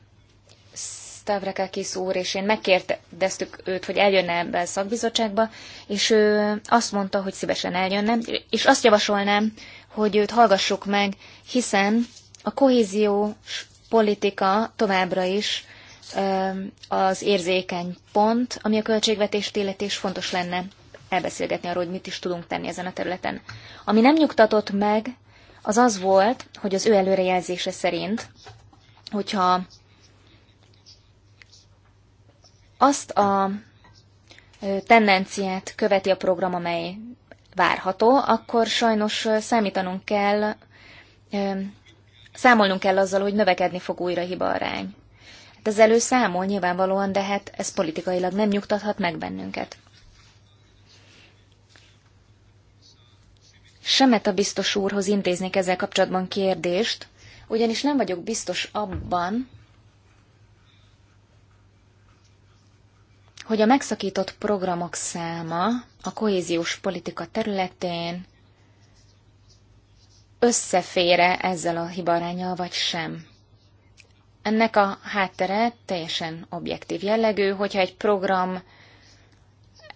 Stavrakakis úr, és én megkérdeztük őt, hogy eljönne ebbe a szakbizottságba, és ő azt mondta, hogy szívesen eljönne, és azt javasolnám, hogy őt hallgassuk meg, hiszen a kohéziós politika továbbra is az érzékeny pont, ami a költségvetést illeti, és fontos lenne elbeszélgetni arról, hogy mit is tudunk tenni ezen a területen. Ami nem nyugtatott meg, az az volt, hogy az ő előrejelzése szerint, hogyha azt a tendenciát követi a program, amely várható, akkor sajnos számítanunk kell, számolnunk kell azzal, hogy növekedni fog újra arány. Hát ez ő számol nyilvánvalóan, de hát ez politikailag nem nyugtathat meg bennünket. a biztos úrhoz intéznék ezzel kapcsolatban kérdést, ugyanis nem vagyok biztos abban, hogy a megszakított programok száma a kohéziós politika területén összefére ezzel a hibarányjal, vagy sem. Ennek a háttere teljesen objektív jellegű, hogyha egy program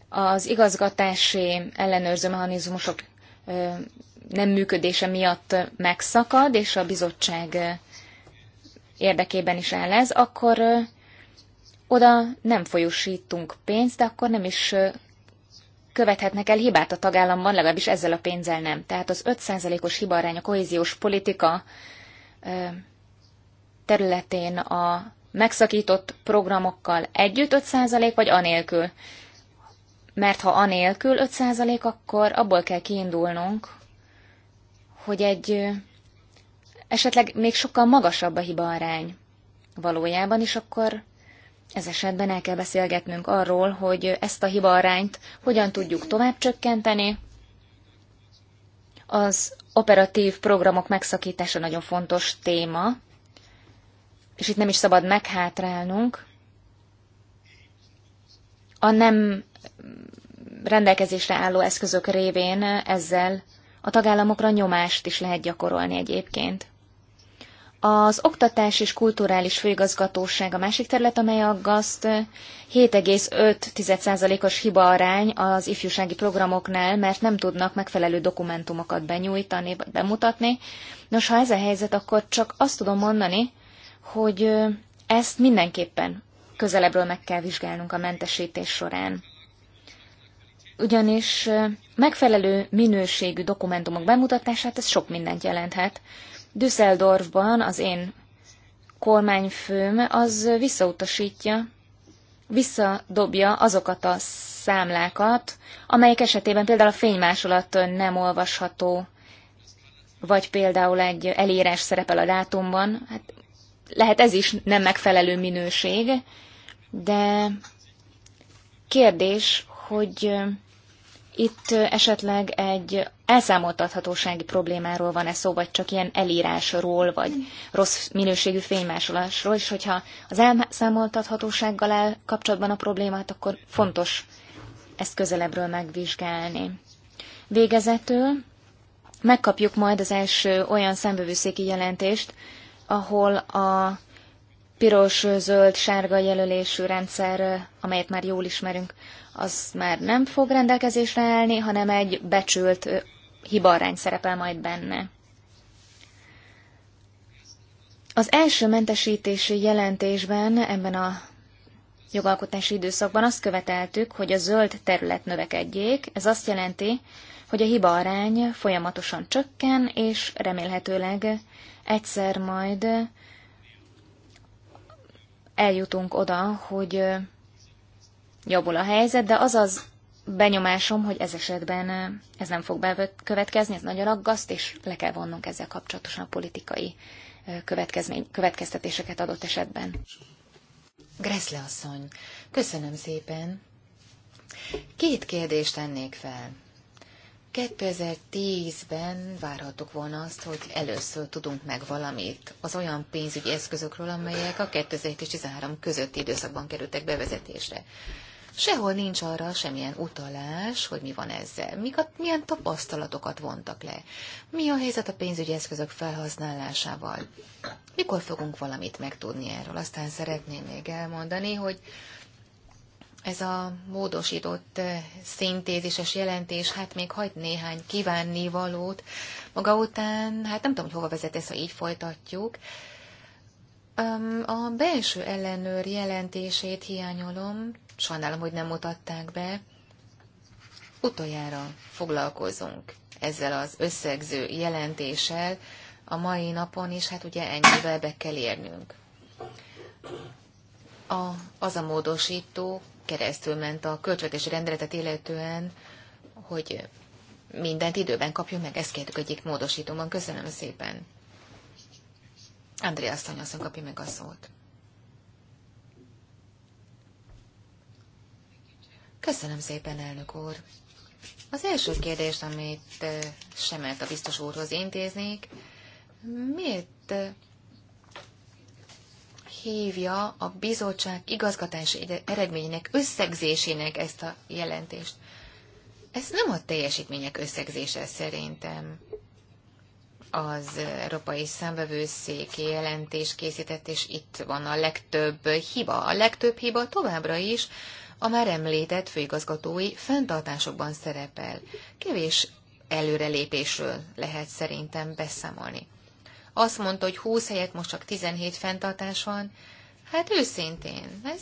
az igazgatási ellenőrző mechanizmusok nem működése miatt megszakad, és a bizottság érdekében is el ez, akkor oda nem folyosítunk pénzt, de akkor nem is követhetnek el hibát a tagállamban, legalábbis ezzel a pénzzel nem. Tehát az 5%-os hibarány a kohéziós politika területén a megszakított programokkal együtt 5% vagy anélkül mert ha anélkül 5% akkor abból kell kiindulnunk, hogy egy esetleg még sokkal magasabb a hiba arány valójában, és akkor ez esetben el kell beszélgetnünk arról, hogy ezt a hiba arányt hogyan tudjuk tovább csökkenteni. Az operatív programok megszakítása nagyon fontos téma, és itt nem is szabad meghátrálnunk, a nem rendelkezésre álló eszközök révén ezzel a tagállamokra nyomást is lehet gyakorolni egyébként. Az Oktatás és Kulturális Főigazgatóság a másik terület, amely aggaszt 7,5%-os hibaarány az ifjúsági programoknál, mert nem tudnak megfelelő dokumentumokat benyújtani vagy bemutatni. Nos, ha ez a helyzet, akkor csak azt tudom mondani, hogy ezt mindenképpen közelebbről meg kell vizsgálnunk a mentesítés során. Ugyanis megfelelő minőségű dokumentumok bemutatását ez sok mindent jelenthet. Düsseldorfban az én kormányfőm az visszautasítja, visszadobja azokat a számlákat, amelyek esetében például a fénymásolat nem olvasható, vagy például egy elírás szerepel a dátumban. Hát lehet ez is nem megfelelő minőség, de kérdés, hogy itt esetleg egy elszámoltathatósági problémáról van-e szó, vagy csak ilyen elírásról, vagy rossz minőségű fénymásolásról, és hogyha az elszámoltathatósággal áll kapcsolatban a problémát, akkor fontos ezt közelebbről megvizsgálni. Végezetül megkapjuk majd az első olyan szembevőszéki jelentést, ahol a piros, zöld, sárga jelölésű rendszer, eh, amelyet már jól ismerünk, az már nem fog rendelkezésre állni, hanem egy becsült eh, hibarány szerepel majd benne. Az első mentesítési jelentésben ebben a jogalkotási időszakban azt követeltük, hogy a zöld terület növekedjék. Ez azt jelenti, hogy a hibaarány folyamatosan csökken, és remélhetőleg egyszer majd eljutunk oda, hogy javul a helyzet, de az az benyomásom, hogy ez esetben ez nem fog bekövetkezni, ez nagyon aggaszt, és le kell vonnunk ezzel kapcsolatosan a politikai következmény, következtetéseket adott esetben. Greszle asszony, köszönöm szépen. Két kérdést tennék fel. 2010-ben várhattuk volna azt, hogy először tudunk meg valamit az olyan pénzügyi eszközökről, amelyek a 2007 és 2013 közötti időszakban kerültek bevezetésre. Sehol nincs arra semmilyen utalás, hogy mi van ezzel, a, milyen tapasztalatokat vontak le, mi a helyzet a pénzügyi eszközök felhasználásával, mikor fogunk valamit megtudni erről. Aztán szeretném még elmondani, hogy ez a módosított eh, szintézises jelentés, hát még hagy néhány kívánni valót maga után, hát nem tudom, hogy hova vezet ez, ha így folytatjuk. A belső ellenőr jelentését hiányolom, sajnálom, hogy nem mutatták be. Utoljára foglalkozunk ezzel az összegző jelentéssel a mai napon, és hát ugye ennyivel be kell érnünk. A, az a módosító, keresztül ment a költségvetési rendeletet illetően, hogy mindent időben kapjon meg. Ezt kértük egyik módosítóban. Köszönöm szépen. Andrea asszony, asszony kapja meg a szót. Köszönöm szépen, elnök úr. Az első kérdés, amit eh, Semelt a biztos úrhoz intéznék, miért eh, hívja a bizottság igazgatási eredményének összegzésének ezt a jelentést. Ez nem a teljesítmények összegzése szerintem. Az Európai Számbevőszék jelentés készített, és itt van a legtöbb hiba. A legtöbb hiba továbbra is a már említett főigazgatói fenntartásokban szerepel. Kevés előrelépésről lehet szerintem beszámolni azt mondta, hogy 20 helyett most csak 17 fenntartás van. Hát őszintén, ez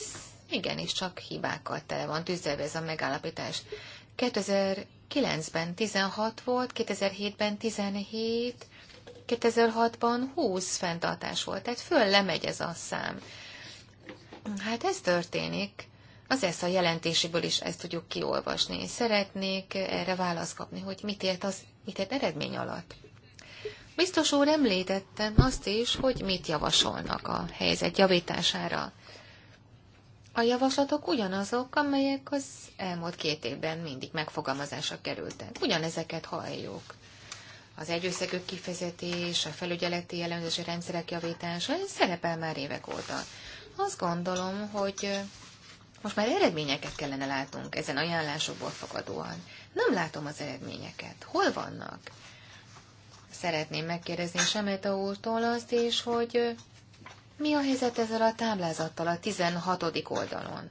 igenis csak hibákkal tele van tüzelve ez a megállapítás. 2009-ben 16 volt, 2007-ben 17, 2006-ban 20 fenntartás volt, tehát föl lemegy ez a szám. Hát ez történik. Az ezt a jelentéséből is ezt tudjuk kiolvasni. Szeretnék erre választ kapni, hogy mit ért, az, mit ért eredmény alatt. Biztos úr említettem azt is, hogy mit javasolnak a helyzet javítására. A javaslatok ugyanazok, amelyek az elmúlt két évben mindig megfogalmazásra kerültek. Ugyanezeket halljuk. Az egyőszegők kifezetés, a felügyeleti ellenőrzési rendszerek javítása, szerepel már évek óta. Azt gondolom, hogy most már eredményeket kellene látnunk ezen ajánlásokból fogadóan. Nem látom az eredményeket. Hol vannak? Szeretném megkérdezni Semeta úrtól azt is, hogy mi a helyzet ezzel a táblázattal a 16. oldalon?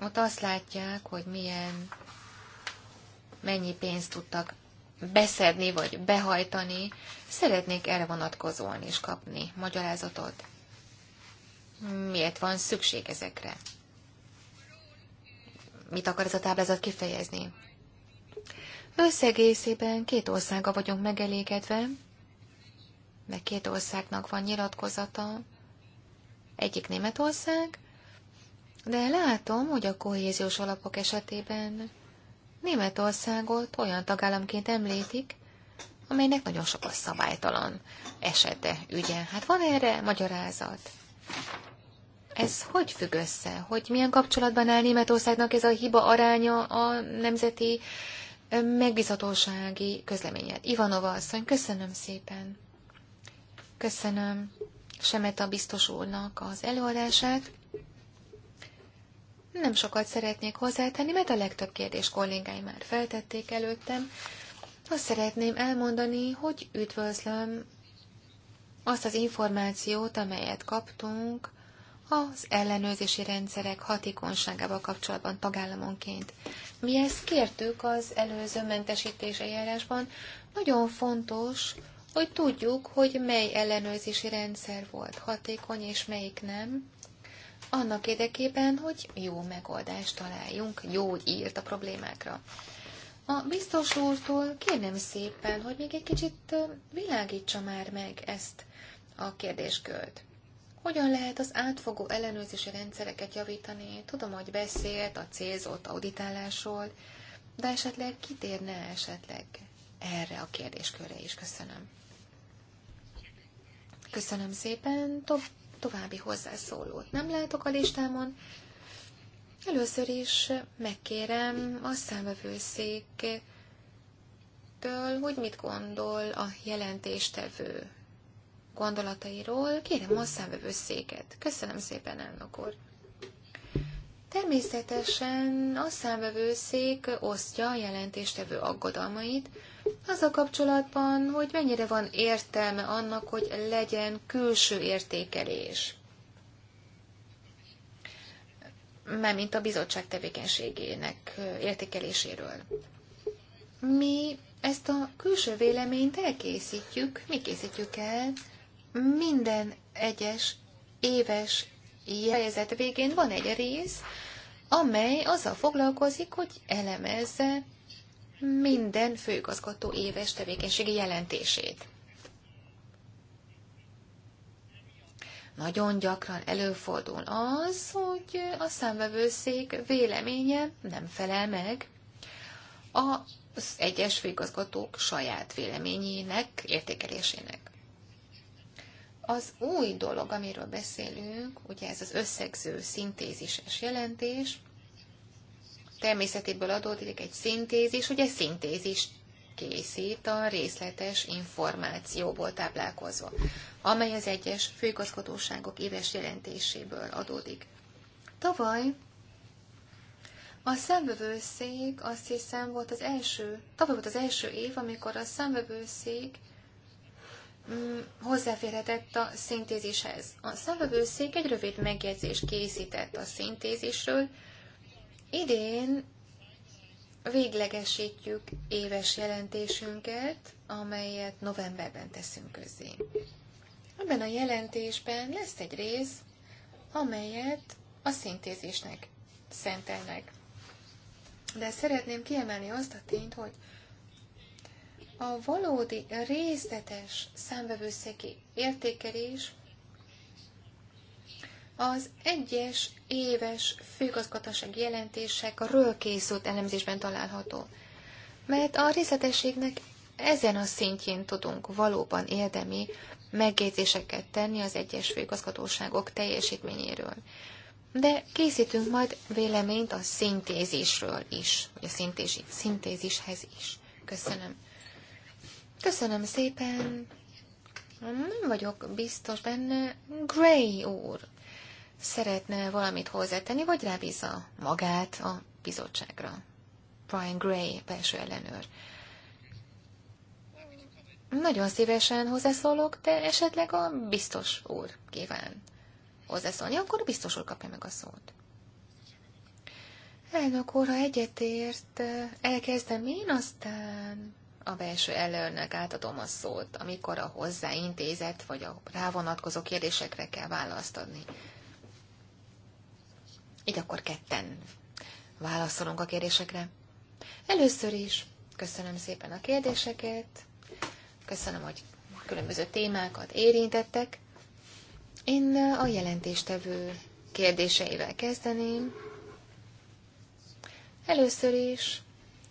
Ott azt látják, hogy milyen, mennyi pénzt tudtak beszedni vagy behajtani. Szeretnék erre vonatkozóan is kapni magyarázatot. Miért van szükség ezekre? Mit akar ez a táblázat kifejezni? Összegészében két országa vagyunk megelégedve, mert két országnak van nyilatkozata, egyik Németország, de látom, hogy a kohéziós alapok esetében Németországot olyan tagállamként említik, amelynek nagyon sok a szabálytalan esete, ügye. Hát van erre magyarázat? Ez hogy függ össze? Hogy milyen kapcsolatban áll Németországnak ez a hiba aránya a nemzeti megbízhatósági közleményed, Ivanova asszony, köszönöm szépen. Köszönöm Semeta biztos úrnak az előadását. Nem sokat szeretnék hozzátenni, mert a legtöbb kérdés kollégáim már feltették előttem. Azt szeretném elmondani, hogy üdvözlöm azt az információt, amelyet kaptunk az ellenőrzési rendszerek hatékonyságával kapcsolatban tagállamonként. Mi ezt kértük az előző mentesítés eljárásban. Nagyon fontos, hogy tudjuk, hogy mely ellenőrzési rendszer volt hatékony, és melyik nem. Annak érdekében, hogy jó megoldást találjunk, jó írt a problémákra. A biztos úrtól kérnem szépen, hogy még egy kicsit világítsa már meg ezt a kérdéskört. Hogyan lehet az átfogó ellenőrzési rendszereket javítani? Tudom, hogy beszélt a célzott auditálásról, de esetleg kitérne esetleg erre a kérdéskörre is. Köszönöm. Köszönöm szépen. To- további hozzászólót nem látok a listámon. Először is megkérem a számvevőszék től, hogy mit gondol a jelentéstevő gondolatairól. Kérem a számvevőszéket. Köszönöm szépen, elnök úr. Természetesen a számvevőszék osztja a jelentéstevő aggodalmait, az a kapcsolatban, hogy mennyire van értelme annak, hogy legyen külső értékelés. mint a bizottság tevékenységének értékeléséről. Mi ezt a külső véleményt elkészítjük, mi készítjük el, minden egyes éves jelzet végén van egy rész, amely azzal foglalkozik, hogy elemezze minden főigazgató éves tevékenységi jelentését. Nagyon gyakran előfordul az, hogy a számvevőszék véleménye nem felel meg az egyes főigazgatók saját véleményének, értékelésének. Az új dolog, amiről beszélünk, ugye ez az összegző szintézises jelentés, természetéből adódik egy szintézis, ugye szintézis készít a részletes információból táplálkozva, amely az egyes főigazgatóságok éves jelentéséből adódik. Tavaly a szemvevőszék azt hiszem volt az első, tavaly volt az első év, amikor a szemvevőszék Mm, hozzáférhetett a szintézishez. A számvevőszék egy rövid megjegyzést készített a szintézisről. Idén véglegesítjük éves jelentésünket, amelyet novemberben teszünk közé. Ebben a jelentésben lesz egy rész, amelyet a szintézisnek szentelnek. De szeretném kiemelni azt a tényt, hogy a valódi részletes számbevőszeki értékelés az egyes éves főgazgatóság ről készült elemzésben található, mert a részletességnek ezen a szintjén tudunk valóban érdemi megjegyzéseket tenni az egyes főgazgatóságok teljesítményéről. De készítünk majd véleményt a szintézisről is, vagy a szintézishez is. Köszönöm. Köszönöm szépen. Nem vagyok biztos benne. Gray úr szeretne valamit hozzátenni, vagy rábízza magát a bizottságra. Brian Gray, belső ellenőr. Nagyon szívesen hozzászólok, de esetleg a biztos úr kíván hozzászólni, akkor a biztos úr kapja meg a szót. Elnök úr, ha egyetért, elkezdem én, aztán a belső előrnek átadom a szót, amikor a hozzáintézett vagy a rávonatkozó kérdésekre kell választ adni. Így akkor ketten válaszolunk a kérdésekre. Először is köszönöm szépen a kérdéseket, köszönöm, hogy különböző témákat érintettek. Én a jelentéstevő kérdéseivel kezdeném. Először is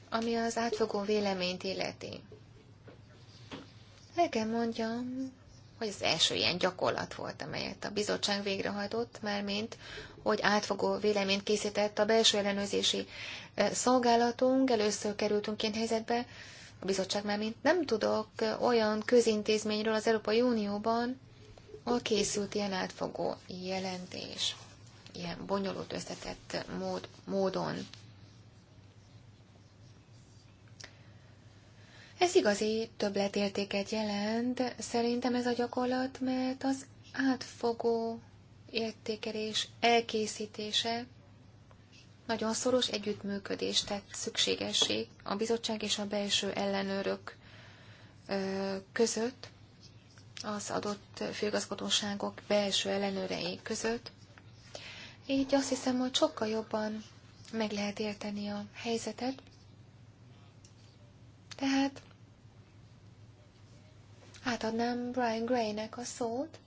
ami az átfogó véleményt illeti. El kell mondjam, hogy az első ilyen gyakorlat volt, amelyet a bizottság végrehajtott, mint, hogy átfogó véleményt készített a belső ellenőrzési szolgálatunk, először kerültünk ilyen helyzetbe, a bizottság már mint nem tudok olyan közintézményről az Európai Unióban, ahol készült ilyen átfogó jelentés, ilyen bonyolult összetett mód, módon. Ez igazi többletértéket jelent, szerintem ez a gyakorlat, mert az átfogó értékelés elkészítése nagyon szoros együttműködést tett szükségessé a bizottság és a belső ellenőrök között, az adott főigazgatóságok belső ellenőrei között. Így azt hiszem, hogy sokkal jobban meg lehet érteni a helyzetet. Tehát átadnám Brian Graynek a szót,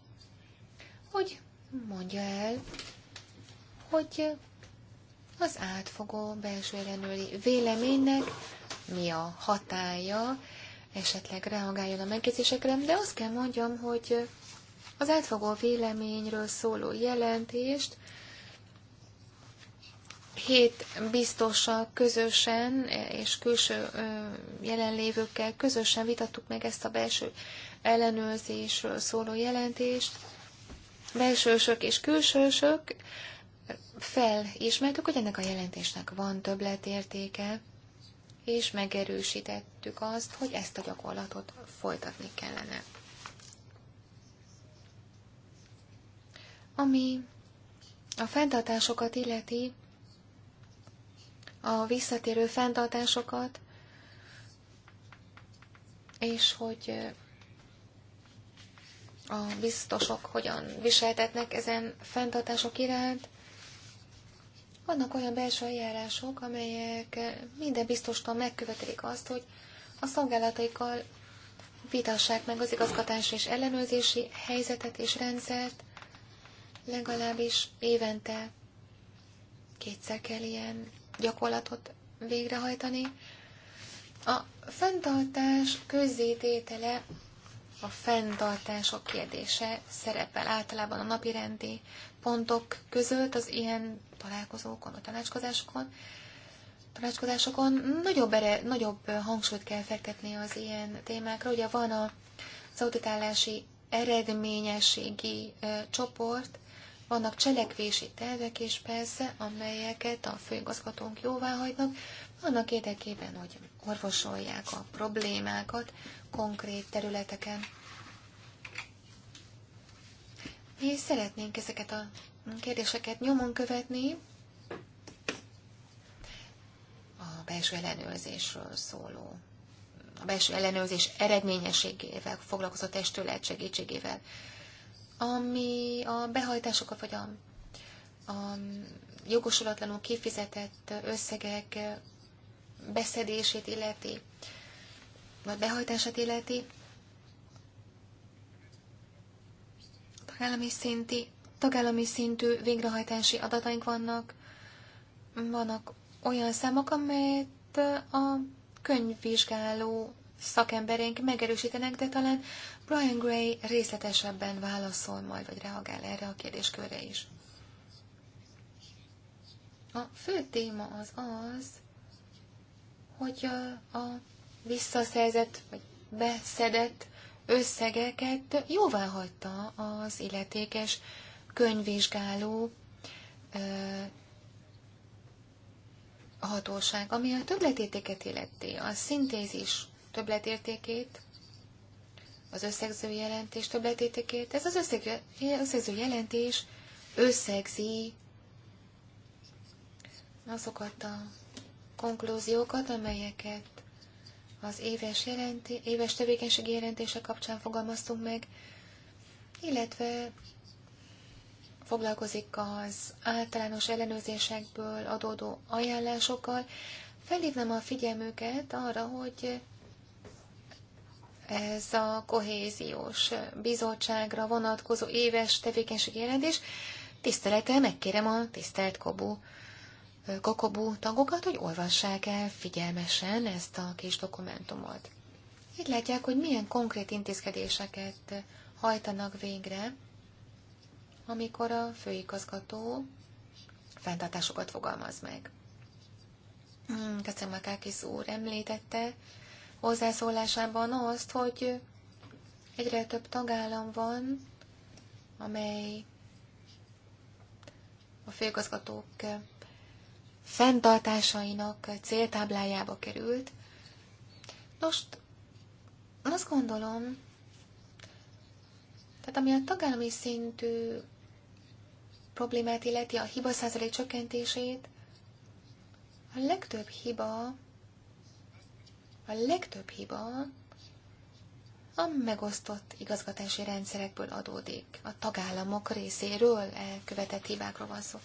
hogy mondja el, hogy az átfogó belső ellenőri véleménynek mi a hatája, esetleg reagáljon a megjegyzésekre, de azt kell mondjam, hogy az átfogó véleményről szóló jelentést hét biztossal közösen és külső jelenlévőkkel közösen vitattuk meg ezt a belső ellenőrzésről szóló jelentést, belsősök és külsősök, felismertük, hogy ennek a jelentésnek van többletértéke, és megerősítettük azt, hogy ezt a gyakorlatot folytatni kellene. Ami a fenntartásokat illeti, a visszatérő fenntartásokat, és hogy a biztosok hogyan viseltetnek ezen fenntartások iránt. Vannak olyan belső eljárások, amelyek minden biztostól megkövetelik azt, hogy a szolgálataikkal vitassák meg az igazgatási és ellenőrzési helyzetet és rendszert, legalábbis évente kétszer kell ilyen gyakorlatot végrehajtani. A fenntartás közzététele a fenntartások kérdése szerepel általában a napirendi pontok között az ilyen találkozókon, a tanácskozásokon. Tanácskozásokon nagyobb, ere, nagyobb hangsúlyt kell fektetni az ilyen témákra. Ugye van a, az auditálási eredményességi csoport, vannak cselekvési tervek is persze, amelyeket a főigazgatónk jóvá hagynak, annak érdekében, hogy orvosolják a problémákat, konkrét területeken. Mi szeretnénk ezeket a kérdéseket nyomon követni. A belső ellenőrzésről szóló, a belső ellenőrzés eredményességével foglalkozó testület segítségével, ami a behajtásokat vagy a, a jogosulatlanul kifizetett összegek beszedését illeti vagy behajtását illeti, tagállami, szinti, tagállami szintű végrehajtási adataink vannak, vannak olyan számok, amelyet a könyvvizsgáló szakemberénk megerősítenek, de talán Brian Gray részletesebben válaszol majd, vagy reagál erre a kérdéskörre is. A fő téma az az, hogy a, a visszaszerzett, vagy beszedett összegeket jóvá hagyta az illetékes könyvvizsgáló ö, hatóság, ami a többletértéket illeti, a szintézis többletértékét, az összegző jelentés többletértékét. Ez az összegző, összegző jelentés összegzi azokat a konklúziókat, amelyeket az éves, jelenti, éves tevékenységi jelentése kapcsán fogalmaztunk meg, illetve foglalkozik az általános ellenőrzésekből adódó ajánlásokkal. Felhívnám a figyelmüket arra, hogy ez a kohéziós bizottságra vonatkozó éves tevékenységi jelentés. Tisztelettel megkérem a tisztelt Kobu Kokobu tagokat, hogy olvassák el figyelmesen ezt a kis dokumentumot. Így látják, hogy milyen konkrét intézkedéseket hajtanak végre, amikor a főigazgató fenntartásokat fogalmaz meg. Köszönöm, hmm, Makákis úr említette hozzászólásában azt, hogy egyre több tagállam van, amely a főigazgatók fenntartásainak céltáblájába került. Most azt gondolom, tehát ami a tagállami szintű problémát illeti a hiba százalék csökkentését, a legtöbb hiba, a legtöbb hiba a megosztott igazgatási rendszerekből adódik, a tagállamok részéről elkövetett hibákról van szó.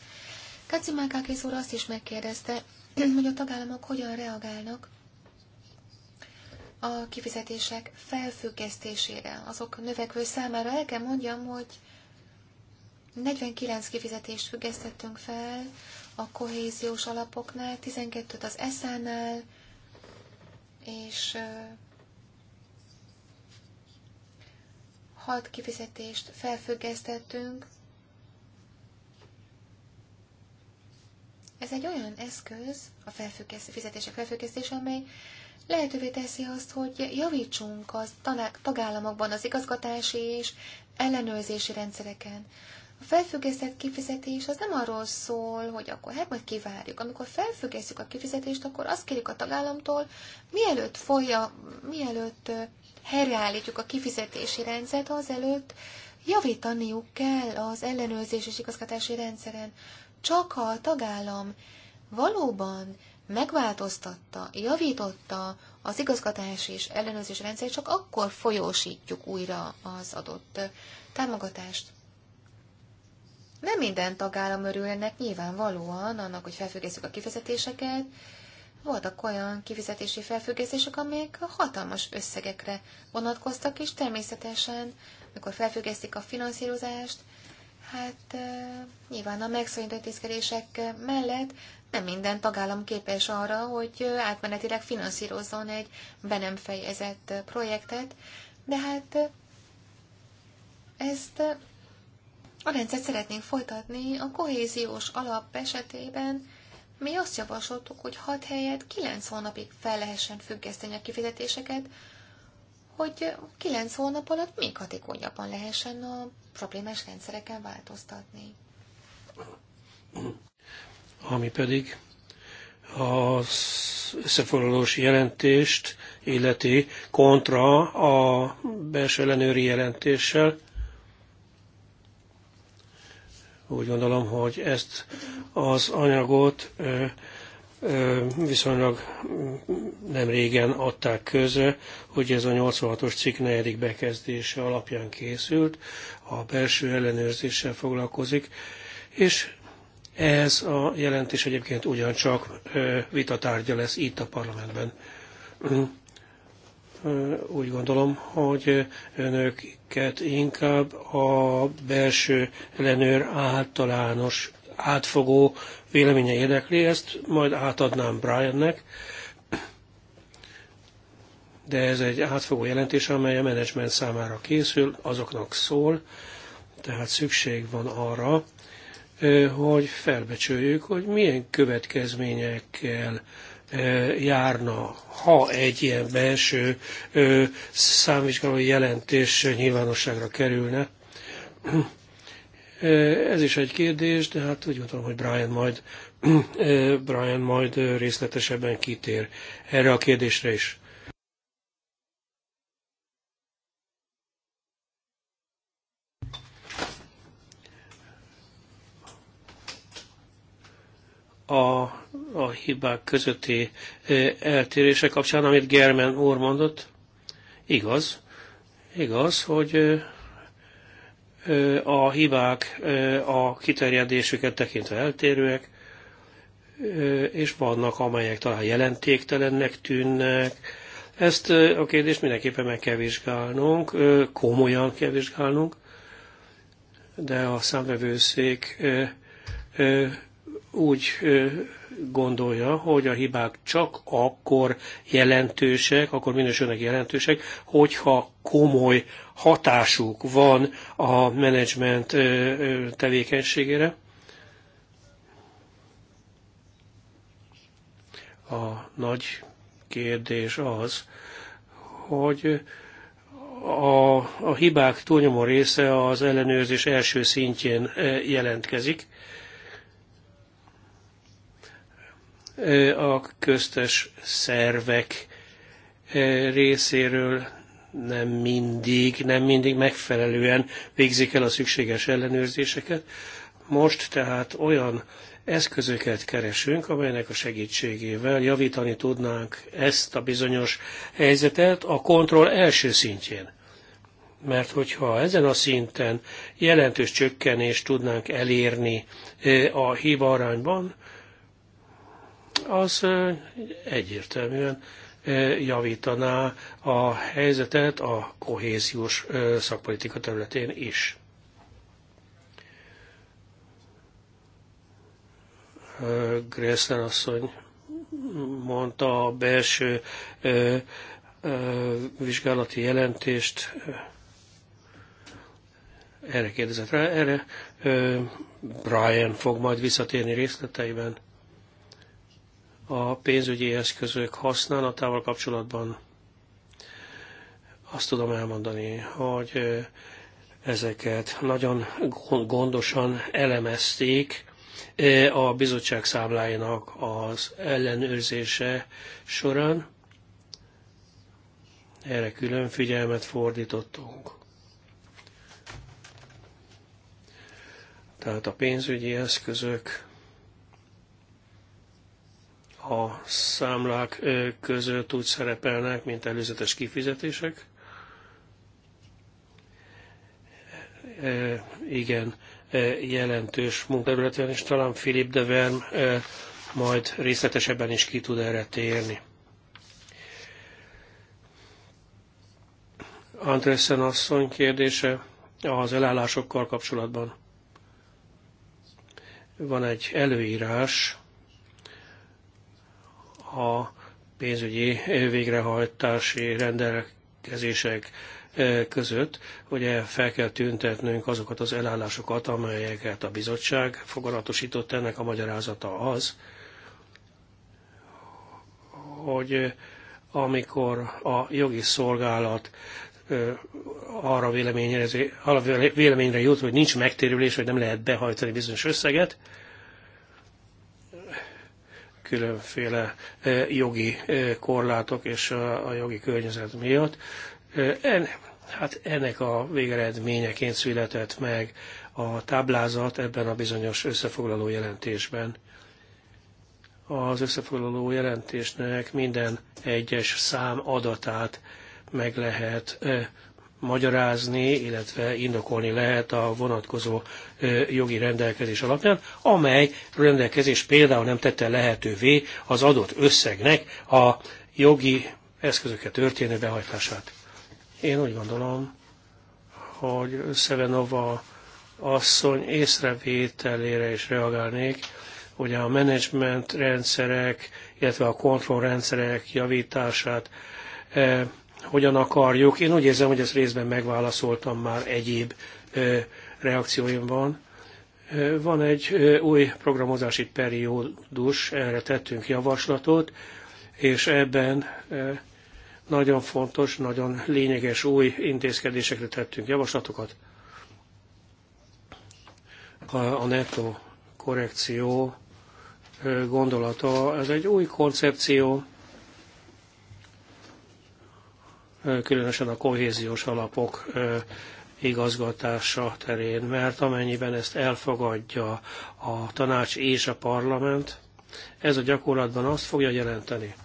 Kacimákákész úr azt is megkérdezte, (clears throat) hogy a tagállamok hogyan reagálnak a kifizetések felfüggesztésére, azok növekvő számára. El kell mondjam, hogy 49 kifizetést függesztettünk fel a kohéziós alapoknál, 12-t az ESZÁ-nál, és 6 kifizetést felfüggesztettünk Ez egy olyan eszköz, a felfüggesz, fizetések felfüggesztése, amely lehetővé teszi azt, hogy javítsunk az tagállamokban az igazgatási és ellenőrzési rendszereken. A felfüggesztett kifizetés az nem arról szól, hogy akkor hát majd kivárjuk. Amikor felfüggesztjük a kifizetést, akkor azt kérjük a tagállamtól, mielőtt folyja, mielőtt helyreállítjuk a kifizetési rendszert, azelőtt javítaniuk kell az ellenőrzés és igazgatási rendszeren. Csak ha a tagállam valóban megváltoztatta, javította az igazgatási és ellenőrzés rendszerét, csak akkor folyósítjuk újra az adott támogatást. Nem minden tagállam örül ennek nyilvánvalóan, annak, hogy felfüggesztjük a kifizetéseket. Voltak olyan kifizetési felfüggesztések, amelyek hatalmas összegekre vonatkoztak, és természetesen, mikor felfüggesztik a finanszírozást, Hát nyilván a megszorító intézkedések mellett nem minden tagállam képes arra, hogy átmenetileg finanszírozzon egy be nem fejezett projektet, de hát ezt a rendszert szeretnénk folytatni a kohéziós alap esetében, mi azt javasoltuk, hogy 6 helyet 9 hónapig fel lehessen függeszteni a kifizetéseket, hogy kilenc hónap alatt még hatékonyabban lehessen a problémás rendszereken változtatni. Ami pedig az összefoglalós jelentést illeti kontra a belső ellenőri jelentéssel. Úgy gondolom, hogy ezt az anyagot viszonylag mm, nem régen adták közre, hogy ez a 86-os cikk negyedik bekezdése alapján készült, a belső ellenőrzéssel foglalkozik, és ez a jelentés egyébként ugyancsak vitatárgya lesz itt a parlamentben. Úgy gondolom, hogy önöket inkább a belső ellenőr általános átfogó véleménye érdekli ezt, majd átadnám Briannek, de ez egy átfogó jelentés, amely a menedzsment számára készül, azoknak szól, tehát szükség van arra, hogy felbecsüljük, hogy milyen következményekkel járna, ha egy ilyen belső számvizsgálói jelentés nyilvánosságra kerülne. Ez is egy kérdés, de hát úgy gondolom, hogy Brian majd, (clears throat) Brian majd részletesebben kitér erre a kérdésre is. A, a hibák közötti eltérése kapcsán, amit Germen úr mondott, igaz, igaz, hogy a hibák a kiterjedésüket tekintve eltérőek, és vannak, amelyek talán jelentéktelennek tűnnek. Ezt a kérdést mindenképpen meg kell vizsgálnunk, komolyan kell vizsgálnunk, de a számvevőszék úgy gondolja, hogy a hibák csak akkor jelentősek, akkor minősülnek jelentősek, hogyha komoly hatásuk van a menedzsment tevékenységére. A nagy kérdés az, hogy a, a hibák túlnyomó része az ellenőrzés első szintjén jelentkezik. a köztes szervek részéről nem mindig, nem mindig megfelelően végzik el a szükséges ellenőrzéseket. Most tehát olyan eszközöket keresünk, amelynek a segítségével javítani tudnánk ezt a bizonyos helyzetet a kontroll első szintjén. Mert hogyha ezen a szinten jelentős csökkenést tudnánk elérni a hiba arányban, az egyértelműen javítaná a helyzetet a kohéziós szakpolitika területén is. Gressler asszony mondta a belső vizsgálati jelentést, erre kérdezett rá, erre Brian fog majd visszatérni részleteiben a pénzügyi eszközök használatával kapcsolatban azt tudom elmondani, hogy ezeket nagyon gondosan elemezték a bizottság számláinak az ellenőrzése során. Erre külön figyelmet fordítottunk. Tehát a pénzügyi eszközök a számlák között úgy szerepelnek, mint előzetes kifizetések. Igen, jelentős munkaterületen, és talán Philip de Verm majd részletesebben is ki tud erre térni. Andressen asszony kérdése az elállásokkal kapcsolatban. Van egy előírás, a pénzügyi végrehajtási rendelkezések között, hogy fel kell tüntetnünk azokat az elállásokat, amelyeket a bizottság fogalatosított. Ennek a magyarázata az, hogy amikor a jogi szolgálat arra véleményre, arra véleményre jut, hogy nincs megtérülés, hogy nem lehet behajtani bizonyos összeget, különféle jogi korlátok és a jogi környezet miatt. Ennek, hát ennek a végeredményeként született meg a táblázat ebben a bizonyos összefoglaló jelentésben. Az összefoglaló jelentésnek minden egyes szám adatát meg lehet magyarázni, illetve indokolni lehet a vonatkozó jogi rendelkezés alapján, amely rendelkezés például nem tette lehetővé az adott összegnek a jogi eszközökkel történő behajtását. Én úgy gondolom, hogy Szevenova asszony észrevételére is reagálnék, hogy a menedzsment rendszerek, illetve a kontrollrendszerek javítását hogyan akarjuk. Én úgy érzem, hogy ezt részben megválaszoltam már egyéb reakcióimban. Van egy új programozási periódus, erre tettünk javaslatot, és ebben nagyon fontos, nagyon lényeges új intézkedésekre tettünk javaslatokat. A, a netto korrekció gondolata, ez egy új koncepció, különösen a kohéziós alapok igazgatása terén, mert amennyiben ezt elfogadja a tanács és a parlament, ez a gyakorlatban azt fogja jelenteni,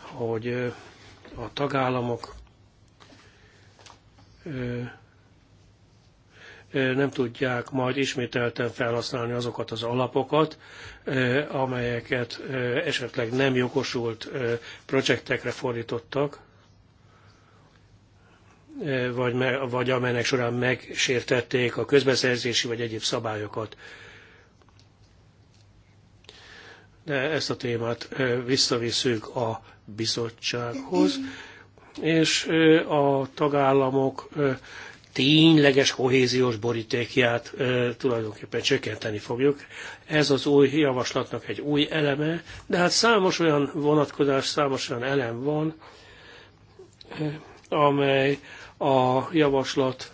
hogy a tagállamok nem tudják majd ismételten felhasználni azokat az alapokat, amelyeket esetleg nem jogosult projektekre fordítottak, vagy, vagy amelynek során megsértették a közbeszerzési vagy egyéb szabályokat. De ezt a témát visszavisszük a bizottsághoz, és a tagállamok tényleges kohéziós borítékját e, tulajdonképpen csökkenteni fogjuk. Ez az új javaslatnak egy új eleme, de hát számos olyan vonatkozás, számos olyan elem van, e, amely a javaslat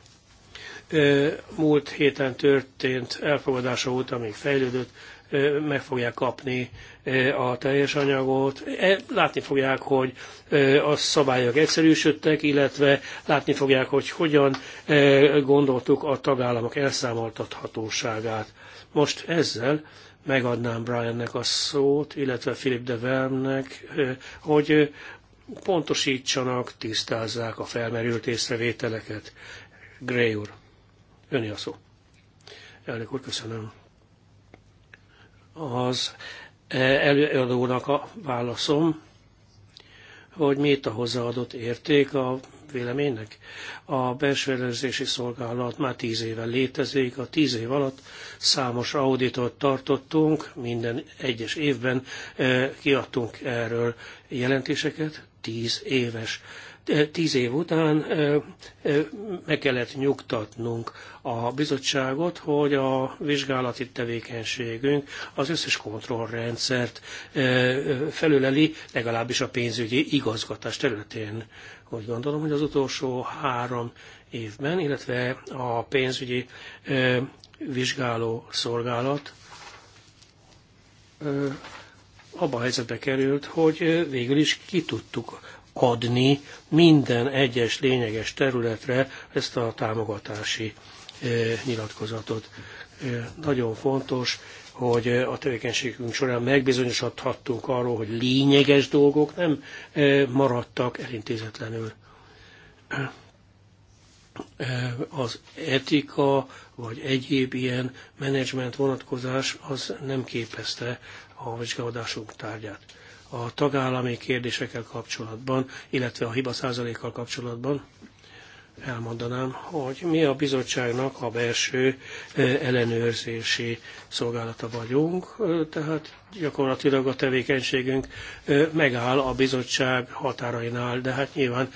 múlt héten történt elfogadása óta még fejlődött, meg fogják kapni a teljes anyagot. E, látni fogják, hogy a szabályok egyszerűsödtek, illetve látni fogják, hogy hogyan gondoltuk a tagállamok elszámoltathatóságát. Most ezzel megadnám Briannek a szót, illetve Philip de Vermnek, hogy pontosítsanak, tisztázzák a felmerült észrevételeket. Gray úr, öni a szó. Elnök úr, köszönöm. Az előadónak a válaszom, hogy mi itt a hozzáadott érték a véleménynek. A belső ellenőrzési szolgálat már tíz éve létezik, a tíz év alatt számos auditot tartottunk, minden egyes évben eh, kiadtunk erről jelentéseket tíz éves. Tíz év után meg kellett nyugtatnunk a bizottságot, hogy a vizsgálati tevékenységünk az összes kontrollrendszert felüleli, legalábbis a pénzügyi igazgatás területén. Úgy gondolom, hogy az utolsó három évben, illetve a pénzügyi vizsgáló szolgálat abba a helyzetbe került, hogy végül is ki tudtuk adni minden egyes lényeges területre ezt a támogatási nyilatkozatot. Nagyon fontos, hogy a tevékenységünk során megbizonyosodhattunk arról, hogy lényeges dolgok nem maradtak elintézetlenül. Az etika vagy egyéb ilyen menedzsment vonatkozás az nem képezte a vizsgálódásunk tárgyát. A tagállami kérdésekkel kapcsolatban, illetve a hiba százalékkal kapcsolatban elmondanám, hogy mi a bizottságnak a belső ellenőrzési szolgálata vagyunk, tehát gyakorlatilag a tevékenységünk megáll a bizottság határainál, de hát nyilván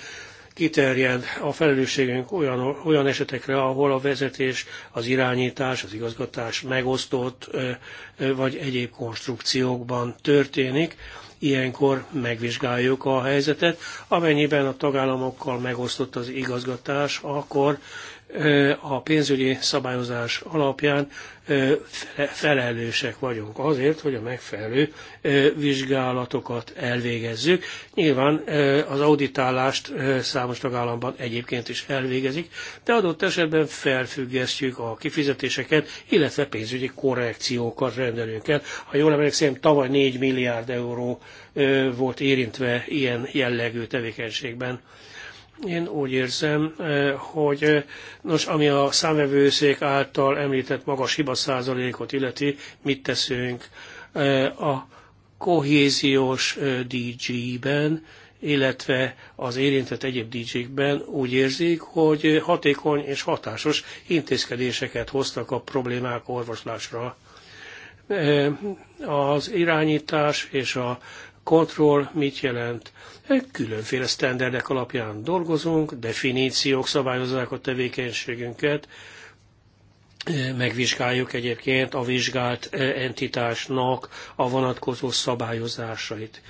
kiterjed a felelősségünk olyan, olyan esetekre, ahol a vezetés, az irányítás, az igazgatás megosztott vagy egyéb konstrukciókban történik. Ilyenkor megvizsgáljuk a helyzetet. Amennyiben a tagállamokkal megosztott az igazgatás, akkor a pénzügyi szabályozás alapján felelősek vagyunk azért, hogy a megfelelő vizsgálatokat elvégezzük. Nyilván az auditálást számos tagállamban egyébként is elvégezik, de adott esetben felfüggesztjük a kifizetéseket, illetve pénzügyi korrekciókat rendelünk el. Ha jól emlékszem, tavaly 4 milliárd euró volt érintve ilyen jellegű tevékenységben. Én úgy érzem, eh, hogy eh, nos, ami a számvevőszék által említett magas hiba százalékot illeti, mit teszünk eh, a kohéziós DG-ben, illetve az érintett egyéb dg kben úgy érzik, hogy hatékony és hatásos intézkedéseket hoztak a problémák orvoslásra. Az irányítás és a Control mit jelent? Különféle standardek alapján dolgozunk, definíciók szabályozzák a tevékenységünket, megvizsgáljuk egyébként a vizsgált entitásnak a vonatkozó szabályozásait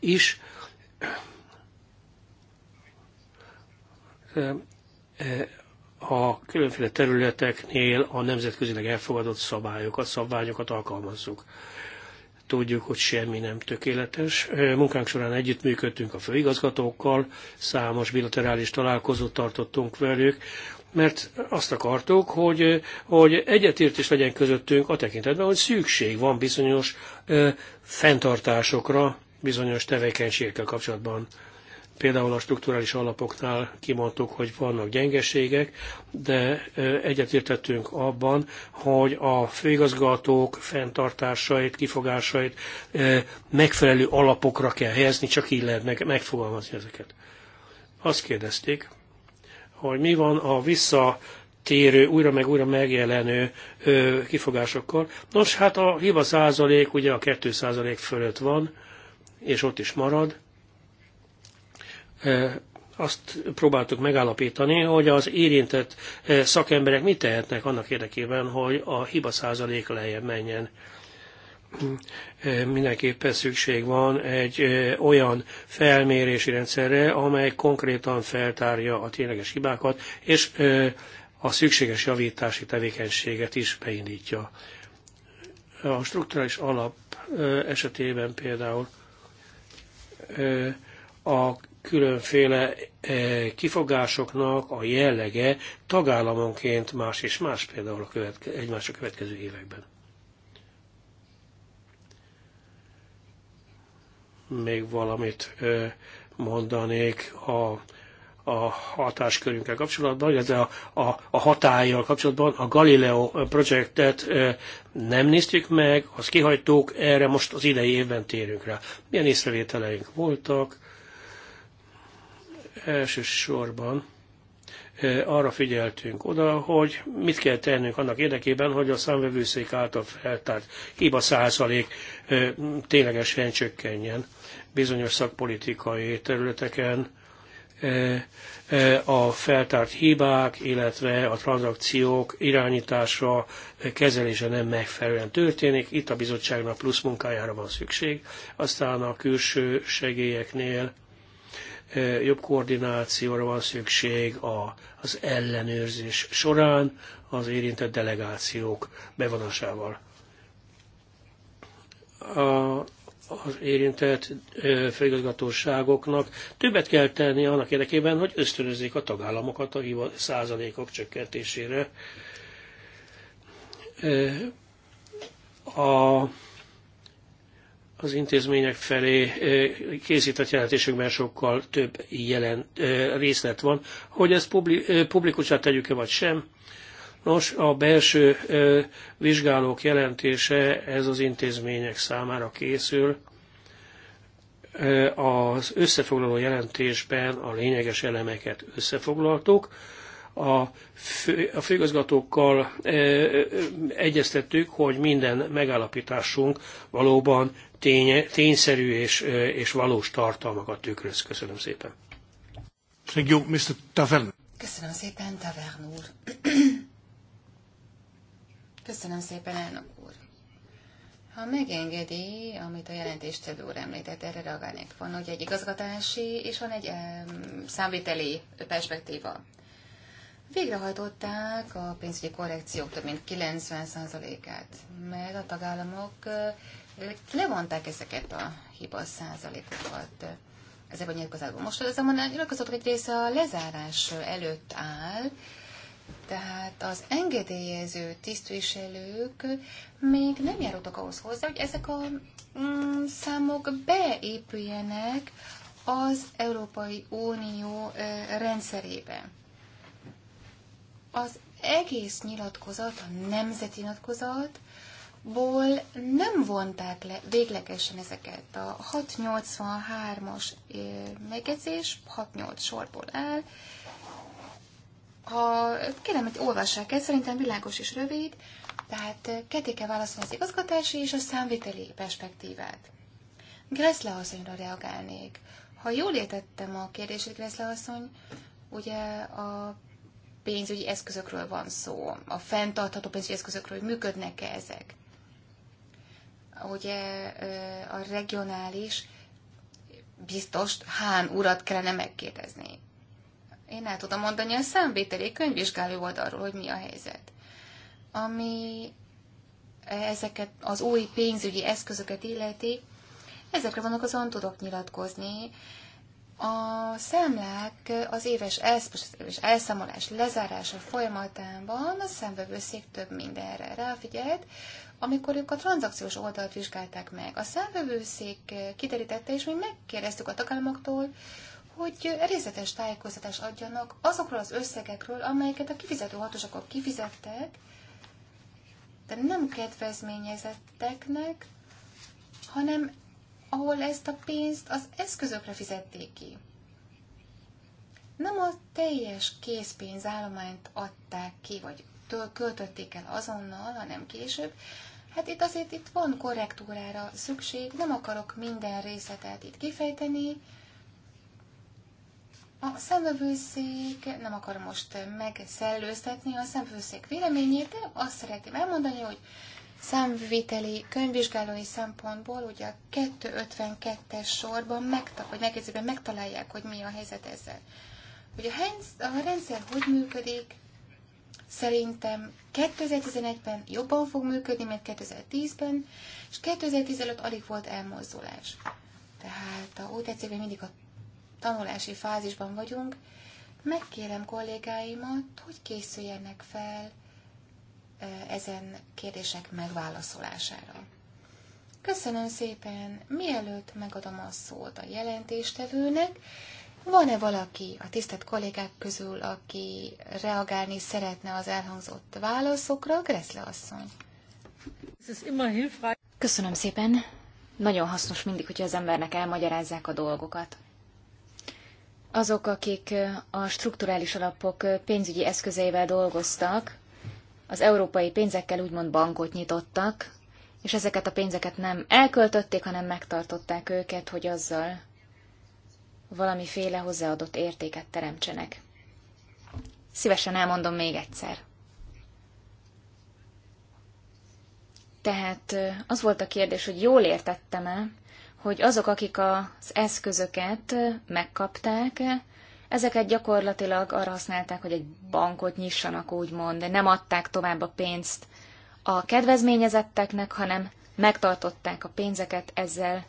is. A különféle területeknél a nemzetközileg elfogadott szabályokat, szabványokat alkalmazzuk. Tudjuk, hogy semmi nem tökéletes. Munkánk során együttműködtünk a főigazgatókkal, számos bilaterális találkozót tartottunk velük, mert azt akartuk, hogy, hogy egyetértés legyen közöttünk a tekintetben, hogy szükség van bizonyos ö, fenntartásokra, bizonyos tevékenységekkel kapcsolatban Például a strukturális alapoknál kimondtuk, hogy vannak gyengeségek, de egyetértettünk abban, hogy a főigazgatók fenntartásait, kifogásait megfelelő alapokra kell helyezni, csak így lehet meg, megfogalmazni ezeket. Azt kérdezték, hogy mi van a vissza térő, újra meg újra megjelenő ö, kifogásokkal. Nos, hát a hiba százalék ugye a 2 százalék fölött van, és ott is marad. Eh, azt próbáltuk megállapítani, hogy az érintett eh, szakemberek mit tehetnek annak érdekében, hogy a hiba százalék lejjebb menjen. Hmm. Eh, mindenképpen szükség van egy olyan felmérési rendszerre, amely konkrétan feltárja a tényleges hibákat, és a szükséges javítási tevékenységet is beindítja. A strukturális alap esetében például a különféle eh, kifogásoknak a jellege tagállamonként más és más, például a követke, a következő években. Még valamit eh, mondanék a, a hatáskörünkkel kapcsolatban, illetve a, a, a hatályjal kapcsolatban a Galileo projektet eh, nem néztük meg, azt kihagytuk, erre most az idei évben térünk rá. Milyen észrevételeink voltak, elsősorban arra figyeltünk oda, hogy mit kell tennünk annak érdekében, hogy a számvevőszék által feltárt hiba százalék ténylegesen csökkenjen bizonyos szakpolitikai területeken a feltárt hibák, illetve a tranzakciók irányítása, kezelése nem megfelelően történik. Itt a bizottságnak plusz munkájára van szükség. Aztán a külső segélyeknél jobb koordinációra van szükség az ellenőrzés során az érintett delegációk bevonásával. A, az érintett főigazgatóságoknak többet kell tenni annak érdekében, hogy ösztönözzék a tagállamokat a százalékok csökkentésére. A az intézmények felé készített jelentésükben sokkal több jelen, részlet van. Hogy ezt publikusra tegyük-e vagy sem, Nos, a belső vizsgálók jelentése ez az intézmények számára készül. Az összefoglaló jelentésben a lényeges elemeket összefoglaltuk a, fő, a főigazgatókkal e, e, egyeztettük, hogy minden megállapításunk valóban tény, tényszerű és, e, és valós tartalmakat tükröz. Köszönöm szépen. Thank you, Mr. Tavern. Köszönöm szépen, Tavern úr. Köszönöm szépen, elnök úr. Ha megengedi, amit a jelentéstevő úr említett, erre reagálnék. Van ugye egy igazgatási, és van egy um, számviteli perspektíva végrehajtották a pénzügyi korrekciók több mint 90%-át, mert a tagállamok levonták ezeket a hiba százalékokat ezek a nyilatkozatban. Most azonban a nyilatkozatok egy része a lezárás előtt áll, tehát az engedélyező tisztviselők még nem járultak ahhoz hozzá, hogy ezek a mm, számok beépüljenek az Európai Unió rendszerébe az egész nyilatkozat, a nemzeti nyilatkozatból nem vonták le véglegesen ezeket a 683-as megjegyzés, 68 sorból áll. Ha kérem, hogy olvassák el, szerintem világos és rövid, tehát ketté kell válaszolni az igazgatási és a számviteli perspektívát. Gressle asszonyra reagálnék. Ha jól értettem a kérdését, Gressle asszony, ugye a pénzügyi eszközökről van szó, a fenntartható pénzügyi eszközökről, hogy működnek-e ezek. Ugye a regionális biztos Hán urat kellene megkérdezni. Én el tudom mondani a számvételi könyvvizsgáló oldalról, hogy mi a helyzet. Ami ezeket az új pénzügyi eszközöket illeti, ezekre vannak azon tudok nyilatkozni, a számlák az éves elszámolás lezárása folyamatában a számvevőszék több mindenre ráfigyelt, amikor ők a tranzakciós oldalt vizsgálták meg. A számvevőszék kiderítette, és mi megkérdeztük a tagállamoktól, hogy részletes tájékoztatást adjanak azokról az összegekről, amelyeket a kifizető hatóságok kifizettek, de nem kedvezményezetteknek, hanem ahol ezt a pénzt az eszközökre fizették ki. Nem a teljes készpénzállományt adták ki, vagy költötték el azonnal, hanem később. Hát itt azért itt van korrektúrára szükség, nem akarok minden részletet itt kifejteni, a szemövőszék, nem akarom most megszellőztetni a szemövőszék véleményét, de azt szeretném elmondani, hogy számviteli, könyvvizsgálói szempontból ugye a 252-es sorban megta- vagy megkezdőben megtalálják, hogy mi a helyzet ezzel. Hogy a, a rendszer hogy működik, szerintem 2011-ben jobban fog működni, mint 2010-ben, és 2015 alig volt elmozdulás. Tehát a úgy tetszik, hogy mindig a tanulási fázisban vagyunk. Megkérem kollégáimat, hogy készüljenek fel ezen kérdések megválaszolására. Köszönöm szépen, mielőtt megadom a szót a jelentéstevőnek, van-e valaki a tisztelt kollégák közül, aki reagálni szeretne az elhangzott válaszokra? Greszle asszony. Köszönöm szépen. Nagyon hasznos mindig, hogyha az embernek elmagyarázzák a dolgokat. Azok, akik a strukturális alapok pénzügyi eszközeivel dolgoztak, az európai pénzekkel úgymond bankot nyitottak, és ezeket a pénzeket nem elköltötték, hanem megtartották őket, hogy azzal valamiféle hozzáadott értéket teremtsenek. Szívesen elmondom még egyszer. Tehát az volt a kérdés, hogy jól értettem-e, hogy azok, akik az eszközöket megkapták, Ezeket gyakorlatilag arra használták, hogy egy bankot nyissanak, úgymond, de nem adták tovább a pénzt a kedvezményezetteknek, hanem megtartották a pénzeket ezzel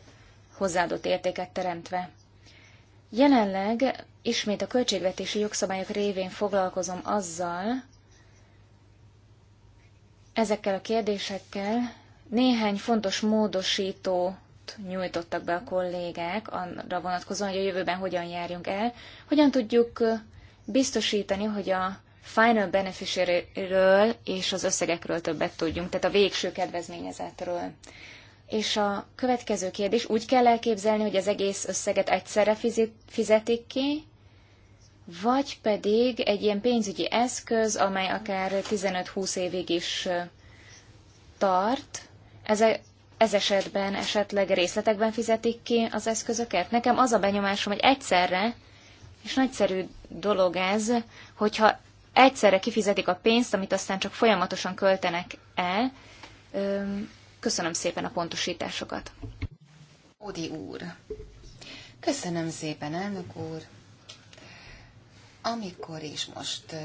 hozzáadott értéket teremtve. Jelenleg ismét a költségvetési jogszabályok révén foglalkozom azzal, ezekkel a kérdésekkel néhány fontos módosító nyújtottak be a kollégák arra vonatkozóan, hogy a jövőben hogyan járjunk el, hogyan tudjuk biztosítani, hogy a final beneficiary-ről és az összegekről többet tudjunk, tehát a végső kedvezményezetről. És a következő kérdés, úgy kell elképzelni, hogy az egész összeget egyszerre fizetik ki, vagy pedig egy ilyen pénzügyi eszköz, amely akár 15-20 évig is tart, ezek ez esetben esetleg részletekben fizetik ki az eszközöket? Nekem az a benyomásom, hogy egyszerre, és nagyszerű dolog ez, hogyha egyszerre kifizetik a pénzt, amit aztán csak folyamatosan költenek el. Köszönöm szépen a pontosításokat. Odi úr. Köszönöm szépen, elnök úr. Amikor is most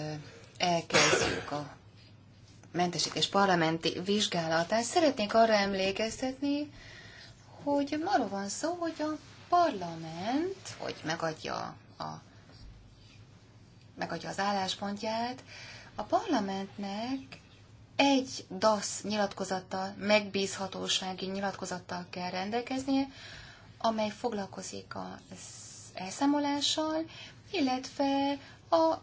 elkezdjük a mentesítés parlamenti vizsgálatán szeretnék arra emlékeztetni, hogy arról van szó, hogy a parlament, hogy megadja, a, megadja az álláspontját, a parlamentnek egy DASZ nyilatkozattal, megbízhatósági nyilatkozattal kell rendelkeznie, amely foglalkozik az elszámolással, illetve a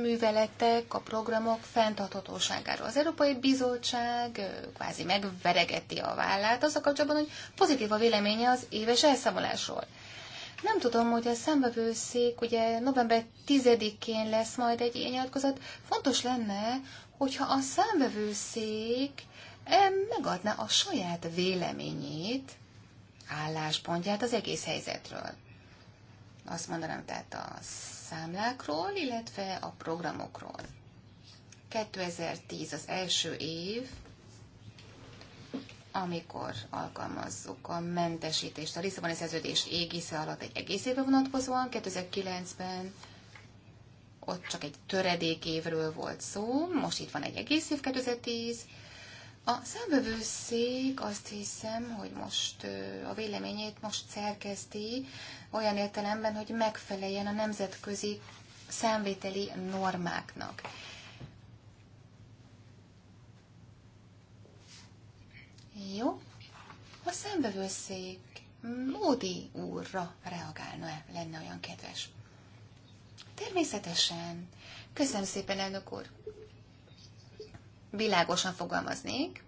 műveletek, a programok fenntarthatóságáról. Az Európai Bizottság kvázi megveregeti a vállát azzal kapcsolatban, hogy pozitív a véleménye az éves elszámolásról. Nem tudom, hogy a szembevőszék ugye november 10-én lesz majd egy ilyen nyilatkozat. Fontos lenne, hogyha a szembevőszék megadná a saját véleményét, álláspontját az egész helyzetről. Azt mondanám, tehát a számlákról, illetve a programokról. 2010 az első év, amikor alkalmazzuk a mentesítést a Lisszaboni szerződés égisze alatt egy egész évre vonatkozóan, 2009-ben ott csak egy töredék évről volt szó, most itt van egy egész év 2010, a szék azt hiszem, hogy most a véleményét most szerkeszti olyan értelemben, hogy megfeleljen a nemzetközi számvételi normáknak. Jó. A szék Módi úrra reagálna -e, lenne olyan kedves. Természetesen. Köszönöm szépen, elnök úr világosan fogalmaznék,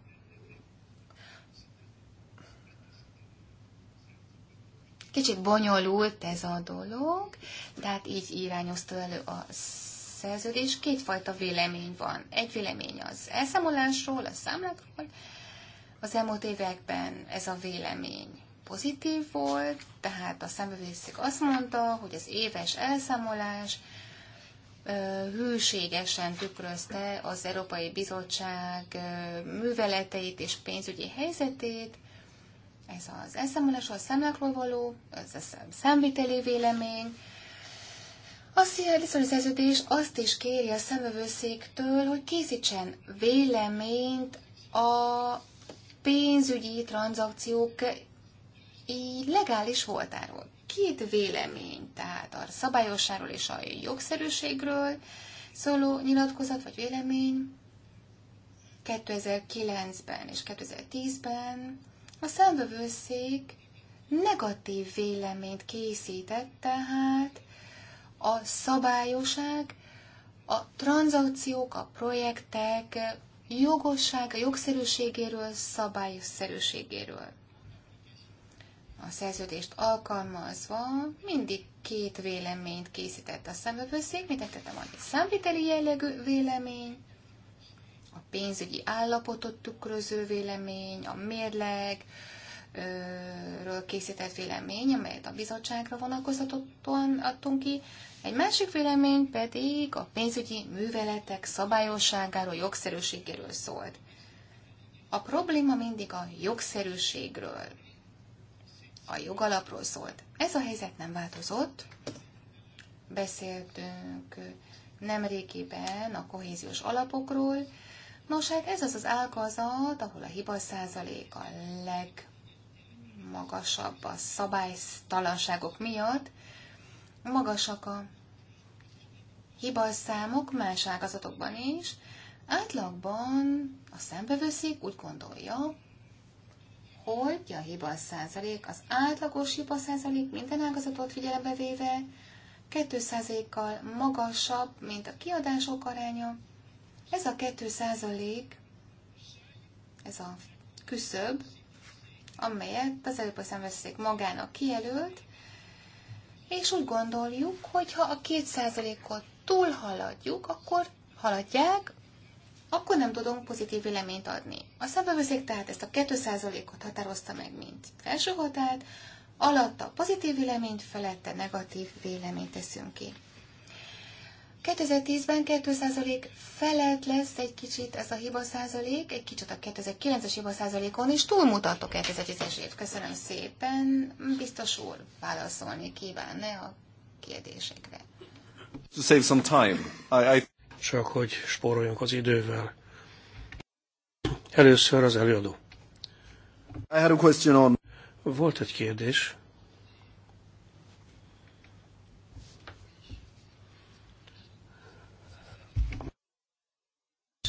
Kicsit bonyolult ez a dolog, de hát így irányozta elő a szerződés. Kétfajta vélemény van. Egy vélemény az elszámolásról, a számlákról. Az elmúlt években ez a vélemény pozitív volt, tehát a számvevőszék azt mondta, hogy az éves elszámolás hűségesen tükrözte az Európai Bizottság műveleteit és pénzügyi helyzetét. Ez az elszámolás a számlákról való, ez a szemviteli vélemény. A Sziádiszori szerződés azt is kéri a szemövőszéktől, hogy készítsen véleményt a pénzügyi tranzakciók legális voltáról két vélemény, tehát a szabályosságról és a jogszerűségről szóló nyilatkozat vagy vélemény 2009-ben és 2010-ben a számvevőszék negatív véleményt készített, tehát a szabályoság, a tranzakciók, a projektek jogossága, jogszerűségéről, szabályszerűségéről a szerződést alkalmazva mindig két véleményt készített a szemövőszék, mint tettem van egy számviteli jellegű vélemény, a pénzügyi állapotot tükröző vélemény, a mérleg, ről készített vélemény, amelyet a bizottságra vonatkoztatóan adtunk ki, egy másik vélemény pedig a pénzügyi műveletek szabályosságáról, jogszerűségéről szólt. A probléma mindig a jogszerűségről a jogalapról szólt. Ez a helyzet nem változott. Beszéltünk nemrégiben a kohéziós alapokról. Nos, hát ez az az ágazat, ahol a hiba százalék a legmagasabb a szabálytalanságok miatt. Magasak a hiba számok más ágazatokban is. Átlagban a szembevőszék úgy gondolja, hogy a hiba százalék, az átlagos hiba százalék minden ágazatot figyelembe véve 2%-kal magasabb, mint a kiadások aránya. Ez a 2%, százalék, ez a küszöb, amelyet az előbb a szemveszék magának kijelölt, és úgy gondoljuk, hogy ha a 2%-ot túlhaladjuk, akkor haladják, akkor nem tudunk pozitív véleményt adni. A szembevőszék tehát ezt a 2%-ot határozta meg, mint felső határt, alatta pozitív véleményt, felette negatív véleményt teszünk ki. 2010-ben 2% felett lesz egy kicsit ez a hiba százalék, egy kicsit a 2009-es hiba százalékon is túlmutatok 2010-es év. Köszönöm szépen, biztos úr válaszolni ne a kérdésekre. To save some time, I, I csak hogy spóroljunk az idővel. Először az előadó. I had a question on... Volt egy kérdés.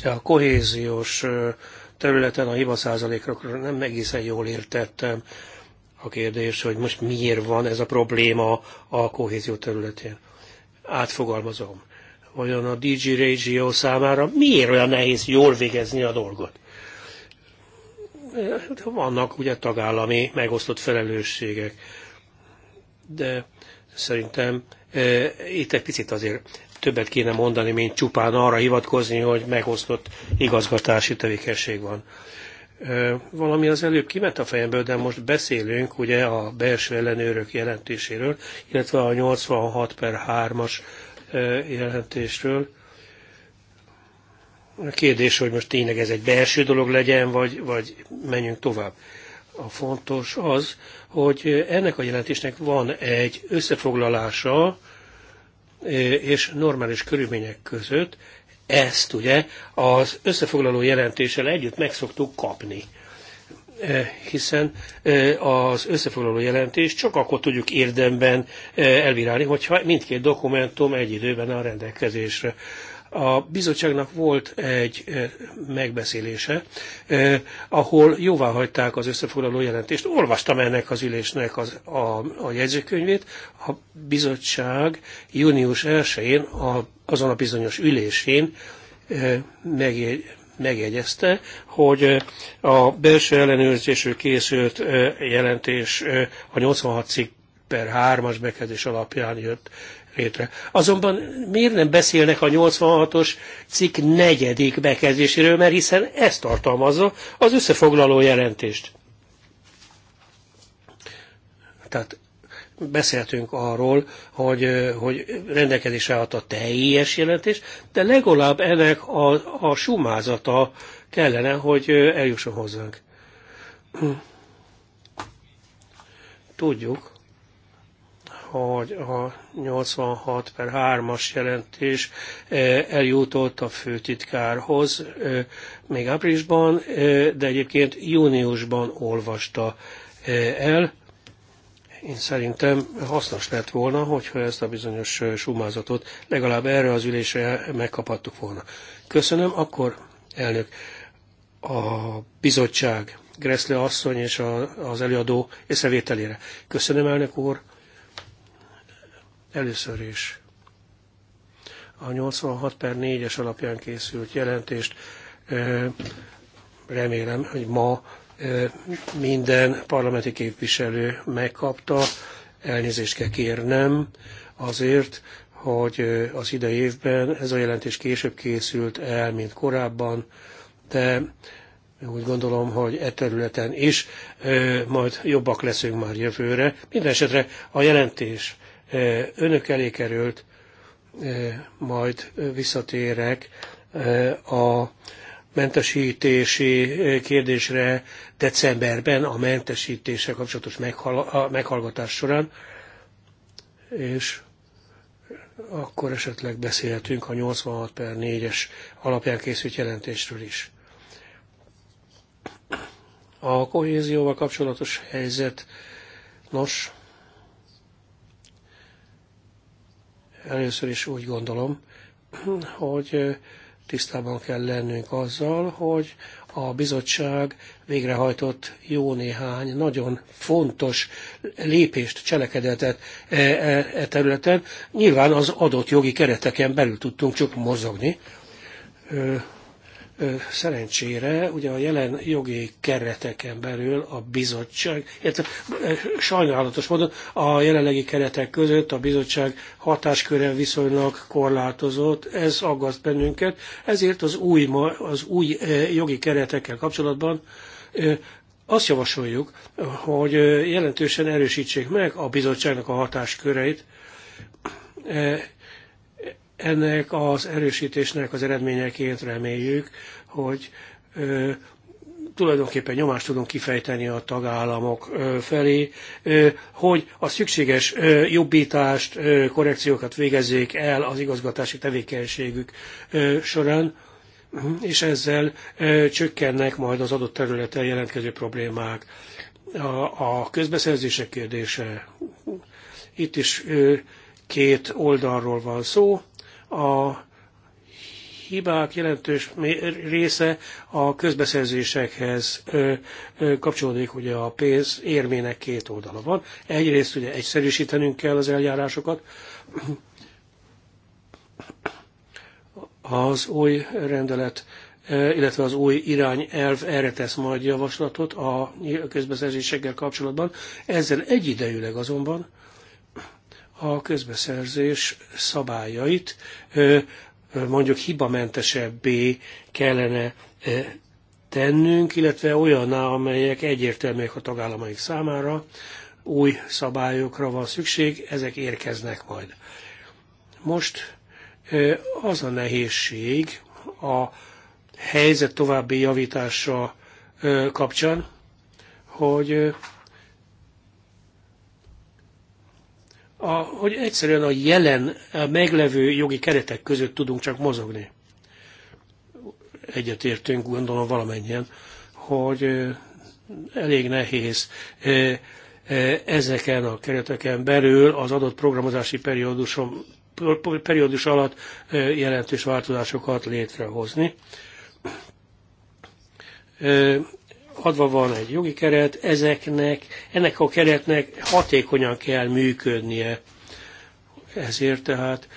A kohéziós területen a hiba százalékokra nem egészen jól értettem a kérdés, hogy most miért van ez a probléma a kohézió területén. Átfogalmazom olyan a DG Regio számára, miért olyan nehéz jól végezni a dolgot? Hát vannak ugye tagállami megosztott felelősségek, de szerintem e, itt egy picit azért többet kéne mondani, mint csupán arra hivatkozni, hogy megosztott igazgatási tevékenység van. E, valami az előbb kiment a fejemből, de most beszélünk ugye a belső ellenőrök jelentéséről, illetve a 86 per 3-as jelentésről. A kérdés, hogy most tényleg ez egy belső dolog legyen, vagy, vagy menjünk tovább. A fontos az, hogy ennek a jelentésnek van egy összefoglalása, és normális körülmények között ezt ugye az összefoglaló jelentéssel együtt meg szoktuk kapni. Eh, hiszen eh, az összefoglaló jelentést csak akkor tudjuk érdemben eh, elbírálni, hogyha mindkét dokumentum egy időben áll rendelkezésre. A bizottságnak volt egy megbeszélése, ahol jóvá hagyták az összefoglaló jelentést. Olvastam ennek az ülésnek az, a, a jegyzőkönyvét. A bizottság június 1-én, azon a bizonyos ülésén meg, megjegyezte, hogy a belső ellenőrzésről készült jelentés a 86 cikk per 3-as bekezdés alapján jött létre. Azonban miért nem beszélnek a 86-os cikk negyedik bekezdéséről, mert hiszen ez tartalmazza az összefoglaló jelentést. Tehát beszéltünk arról, hogy, hogy rendelkezésre állt a teljes jelentés, de legalább ennek a, a sumázata kellene, hogy eljusson hozzánk. Tudjuk, hogy a 86 per 3-as jelentés eljutott a főtitkárhoz még áprilisban, de egyébként júniusban olvasta el én szerintem hasznos lett volna, hogyha ezt a bizonyos sumázatot legalább erre az ülésre megkaphattuk volna. Köszönöm, akkor elnök, a bizottság Greszle asszony és a, az előadó észrevételére. Köszönöm, elnök úr. Először is a 86 per 4-es alapján készült jelentést remélem, hogy ma minden parlamenti képviselő megkapta, elnézést kell kérnem azért, hogy az idei évben ez a jelentés később készült el, mint korábban, de úgy gondolom, hogy e területen is majd jobbak leszünk már jövőre. Mindenesetre a jelentés önök elé került, majd visszatérek a mentesítési kérdésre decemberben a mentesítése kapcsolatos meghallgatás során, és akkor esetleg beszélhetünk a 86 per 4-es alapján készült jelentésről is. A kohézióval kapcsolatos helyzet, nos, először is úgy gondolom, hogy tisztában kell lennünk azzal, hogy a bizottság végrehajtott jó néhány nagyon fontos lépést, cselekedetet e, e, e területen. Nyilván az adott jogi kereteken belül tudtunk csak mozogni. Szerencsére ugye a jelen jogi kereteken belül a bizottság, illetve sajnálatos módon a jelenlegi keretek között a bizottság hatásköre viszonylag korlátozott, ez aggaszt bennünket, ezért az új, az új jogi keretekkel kapcsolatban azt javasoljuk, hogy jelentősen erősítsék meg a bizottságnak a hatásköreit, ennek az erősítésnek az eredményeként reméljük, hogy tulajdonképpen nyomást tudunk kifejteni a tagállamok felé, hogy a szükséges jobbítást, korrekciókat végezzék el az igazgatási tevékenységük során, és ezzel csökkennek majd az adott területen jelentkező problémák. A közbeszerzések kérdése, itt is két oldalról van szó, a hibák jelentős része a közbeszerzésekhez kapcsolódik, ugye a pénz érmének két oldala van. Egyrészt ugye egyszerűsítenünk kell az eljárásokat, az új rendelet, illetve az új irányelv erre tesz majd javaslatot a közbeszerzésekkel kapcsolatban. Ezzel egyidejűleg azonban a közbeszerzés szabályait mondjuk hibamentesebbé kellene tennünk, illetve olyaná, amelyek egyértelműek a tagállamaink számára, új szabályokra van szükség, ezek érkeznek majd. Most az a nehézség a helyzet további javítása kapcsán, hogy a, hogy egyszerűen a jelen, a meglevő jogi keretek között tudunk csak mozogni. Egyetértünk, gondolom valamennyien, hogy elég nehéz ezeken a kereteken belül az adott programozási periódusom periódus alatt jelentős változásokat létrehozni adva van egy jogi keret, ezeknek, ennek a keretnek hatékonyan kell működnie. Ezért tehát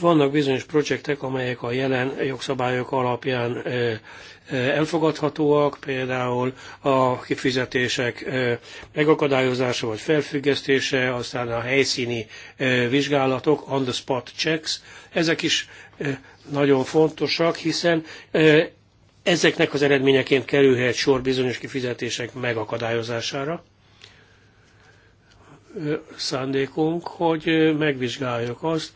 vannak bizonyos projektek, amelyek a jelen jogszabályok alapján elfogadhatóak, például a kifizetések megakadályozása vagy felfüggesztése, aztán a helyszíni vizsgálatok, on the spot checks, ezek is nagyon fontosak, hiszen Ezeknek az eredményeként kerülhet sor bizonyos kifizetések megakadályozására. Szándékunk, hogy megvizsgáljuk azt,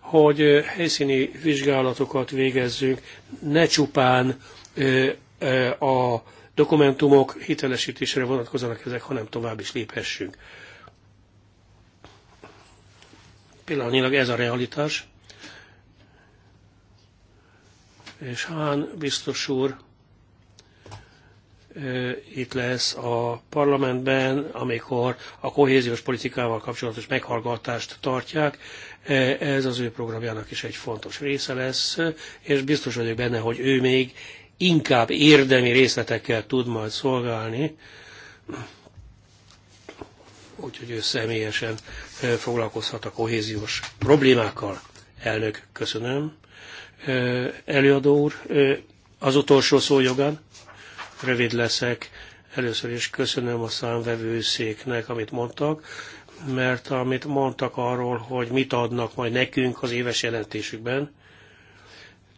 hogy helyszíni vizsgálatokat végezzünk, ne csupán a dokumentumok hitelesítésére vonatkozanak ezek, hanem tovább is léphessünk. Pillanatnyilag ez a realitás és Hán biztos úr itt lesz a parlamentben, amikor a kohéziós politikával kapcsolatos meghallgatást tartják. Ez az ő programjának is egy fontos része lesz, és biztos vagyok benne, hogy ő még inkább érdemi részletekkel tud majd szolgálni, úgyhogy ő személyesen foglalkozhat a kohéziós problémákkal. Elnök, köszönöm előadó úr, az utolsó szó jogán. Rövid leszek. Először is köszönöm a számvevőszéknek, amit mondtak, mert amit mondtak arról, hogy mit adnak majd nekünk az éves jelentésükben,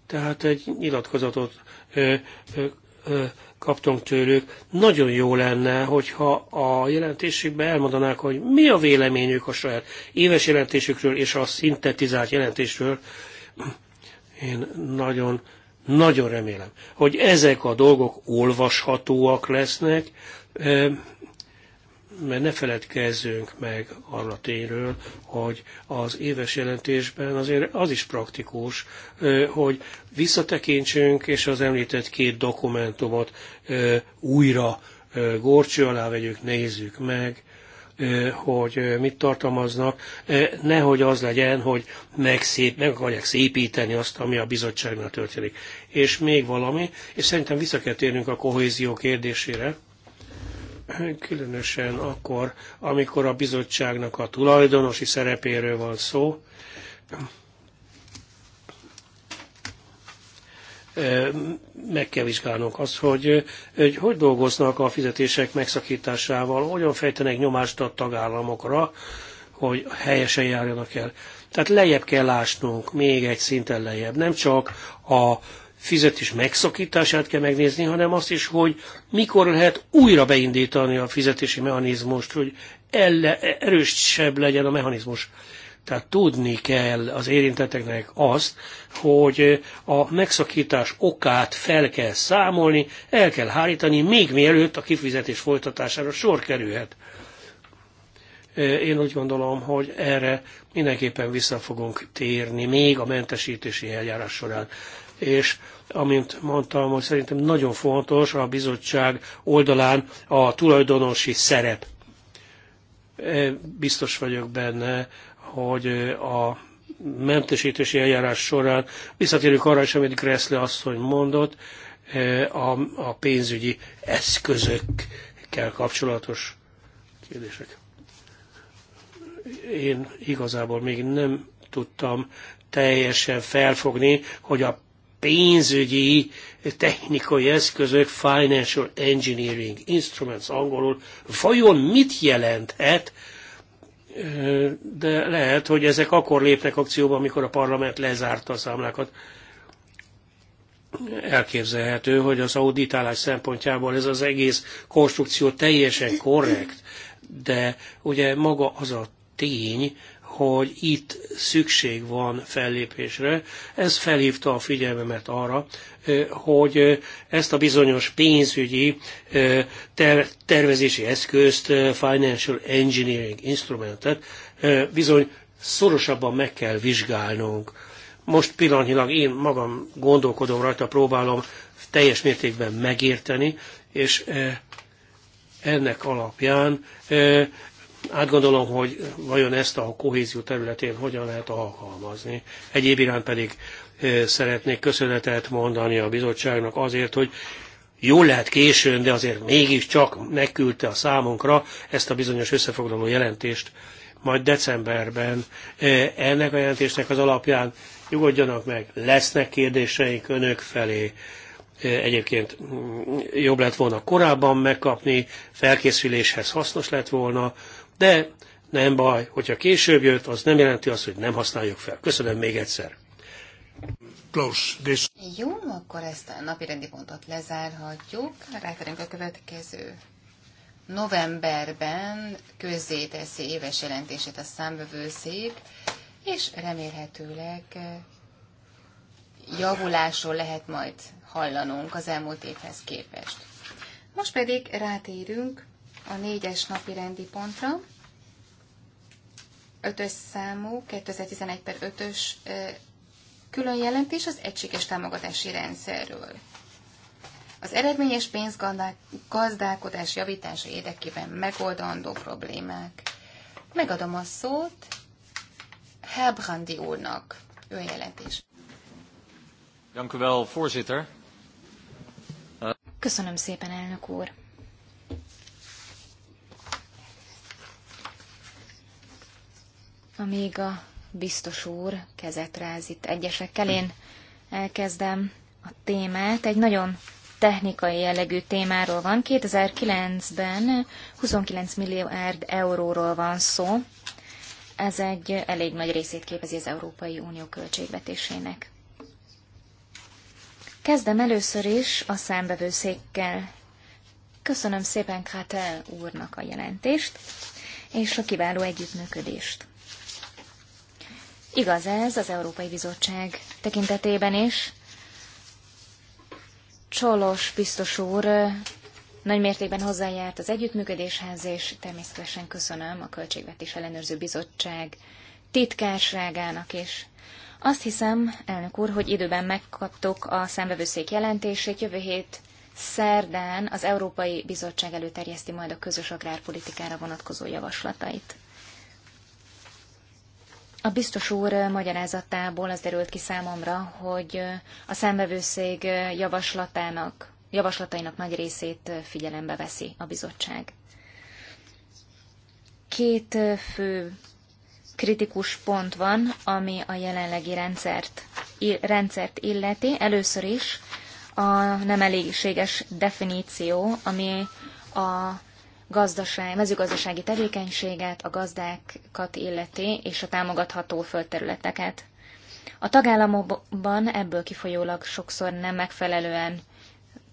tehát egy nyilatkozatot ö, ö, ö, kaptunk tőlük. Nagyon jó lenne, hogyha a jelentésükben elmondanák, hogy mi a véleményük a saját éves jelentésükről és a szintetizált jelentésről, én nagyon, nagyon remélem, hogy ezek a dolgok olvashatóak lesznek, mert ne feledkezzünk meg arra tényről, hogy az éves jelentésben azért az is praktikus, hogy visszatekintsünk, és az említett két dokumentumot újra gorcső alá vegyük, nézzük meg, hogy mit tartalmaznak, nehogy az legyen, hogy megszép, meg akarják szépíteni azt, ami a bizottságnál történik. És még valami, és szerintem vissza kell térnünk a kohézió kérdésére, különösen akkor, amikor a bizottságnak a tulajdonosi szerepéről van szó, meg kell vizsgálnunk azt, hogy, hogy hogy dolgoznak a fizetések megszakításával, hogyan fejtenek nyomást a tagállamokra, hogy helyesen járjanak el. Tehát lejjebb kell ásnunk, még egy szinten lejjebb. Nem csak a fizetés megszakítását kell megnézni, hanem azt is, hogy mikor lehet újra beindítani a fizetési mechanizmust, hogy erősebb legyen a mechanizmus. Tehát tudni kell az érintetteknek azt, hogy a megszakítás okát fel kell számolni, el kell hárítani, még mielőtt a kifizetés folytatására sor kerülhet. Én úgy gondolom, hogy erre mindenképpen vissza fogunk térni, még a mentesítési eljárás során. És amint mondtam, hogy szerintem nagyon fontos a bizottság oldalán a tulajdonosi szerep biztos vagyok benne, hogy a mentesítési eljárás során visszatérünk arra is, amit Gressle asszony mondott, a, a pénzügyi eszközökkel kapcsolatos kérdések. Én igazából még nem tudtam teljesen felfogni, hogy a pénzügyi technikai eszközök, financial engineering instruments angolul, vajon mit jelenthet, de lehet, hogy ezek akkor léptek akcióba, amikor a parlament lezárta a számlákat. Elképzelhető, hogy az auditálás szempontjából ez az egész konstrukció teljesen korrekt, de ugye maga az a tény, hogy itt szükség van fellépésre. Ez felhívta a figyelmemet arra, hogy ezt a bizonyos pénzügyi tervezési eszközt, financial engineering instrumentet bizony szorosabban meg kell vizsgálnunk. Most pillanatilag én magam gondolkodom rajta, próbálom teljes mértékben megérteni, és ennek alapján átgondolom, hogy vajon ezt a kohézió területén hogyan lehet alkalmazni. Egyéb iránt pedig szeretnék köszönetet mondani a bizottságnak azért, hogy jól lehet későn, de azért mégiscsak megküldte a számunkra ezt a bizonyos összefoglaló jelentést majd decemberben. Ennek a jelentésnek az alapján nyugodjanak meg, lesznek kérdéseink önök felé. Egyébként mm, jobb lett volna korábban megkapni, felkészüléshez hasznos lett volna, de nem baj, hogyha később jött, az nem jelenti azt, hogy nem használjuk fel. Köszönöm még egyszer. Klaus, this. Jó, akkor ezt a napi rendi pontot lezárhatjuk. Ráterünk a következő. Novemberben közzéteszi éves jelentését a számbevőszék, és remélhetőleg eh, javulásról lehet majd hallanunk az elmúlt évhez képest. Most pedig rátérünk a négyes napi rendi pontra, ötös számú 2011 per 5-ös külön jelentés az egységes támogatási rendszerről. Az eredményes pénzgazdálkodás javítása érdekében megoldandó problémák. Megadom a szót Herbrandi úrnak. Ő jelentés. voorzitter. Köszönöm szépen, elnök úr. amíg a biztos úr kezet ráz itt egyesekkel, én elkezdem a témát. Egy nagyon technikai jellegű témáról van. 2009-ben 29 milliárd euróról van szó. Ez egy elég nagy részét képezi az Európai Unió költségvetésének. Kezdem először is a számbevőszékkel. Köszönöm szépen Kratel úrnak a jelentést, és a kiváló együttműködést. Igaz ez az Európai Bizottság tekintetében is. Csolos biztos úr nagy mértékben hozzájárt az együttműködéshez, és természetesen köszönöm a Költségvetés Ellenőrző Bizottság titkárságának is. Azt hiszem, elnök úr, hogy időben megkaptuk a szembevőszék jelentését. Jövő hét szerdán az Európai Bizottság előterjeszti majd a közös agrárpolitikára vonatkozó javaslatait. A biztos úr magyarázatából az derült ki számomra, hogy a szembevőszég javaslatának, javaslatainak nagy részét figyelembe veszi a bizottság. Két fő kritikus pont van, ami a jelenlegi rendszert, rendszert illeti. Először is a nem elégséges definíció, ami a gazdaság, mezőgazdasági tevékenységet, a gazdákat illeti és a támogatható földterületeket. A tagállamokban ebből kifolyólag sokszor nem megfelelően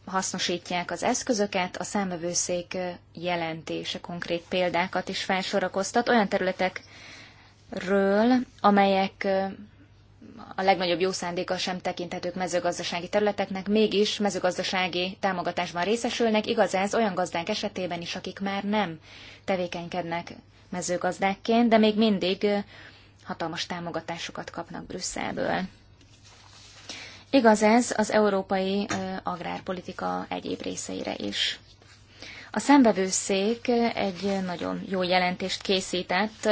hasznosítják az eszközöket, a számvevőszék jelentése konkrét példákat is felsorakoztat olyan területekről, amelyek a legnagyobb jó szándéka sem tekinthetők mezőgazdasági területeknek, mégis mezőgazdasági támogatásban részesülnek, igaz ez olyan gazdák esetében is, akik már nem tevékenykednek mezőgazdákként, de még mindig hatalmas támogatásokat kapnak Brüsszelből. Igaz ez az európai agrárpolitika egyéb részeire is. A szembevőszék egy nagyon jó jelentést készített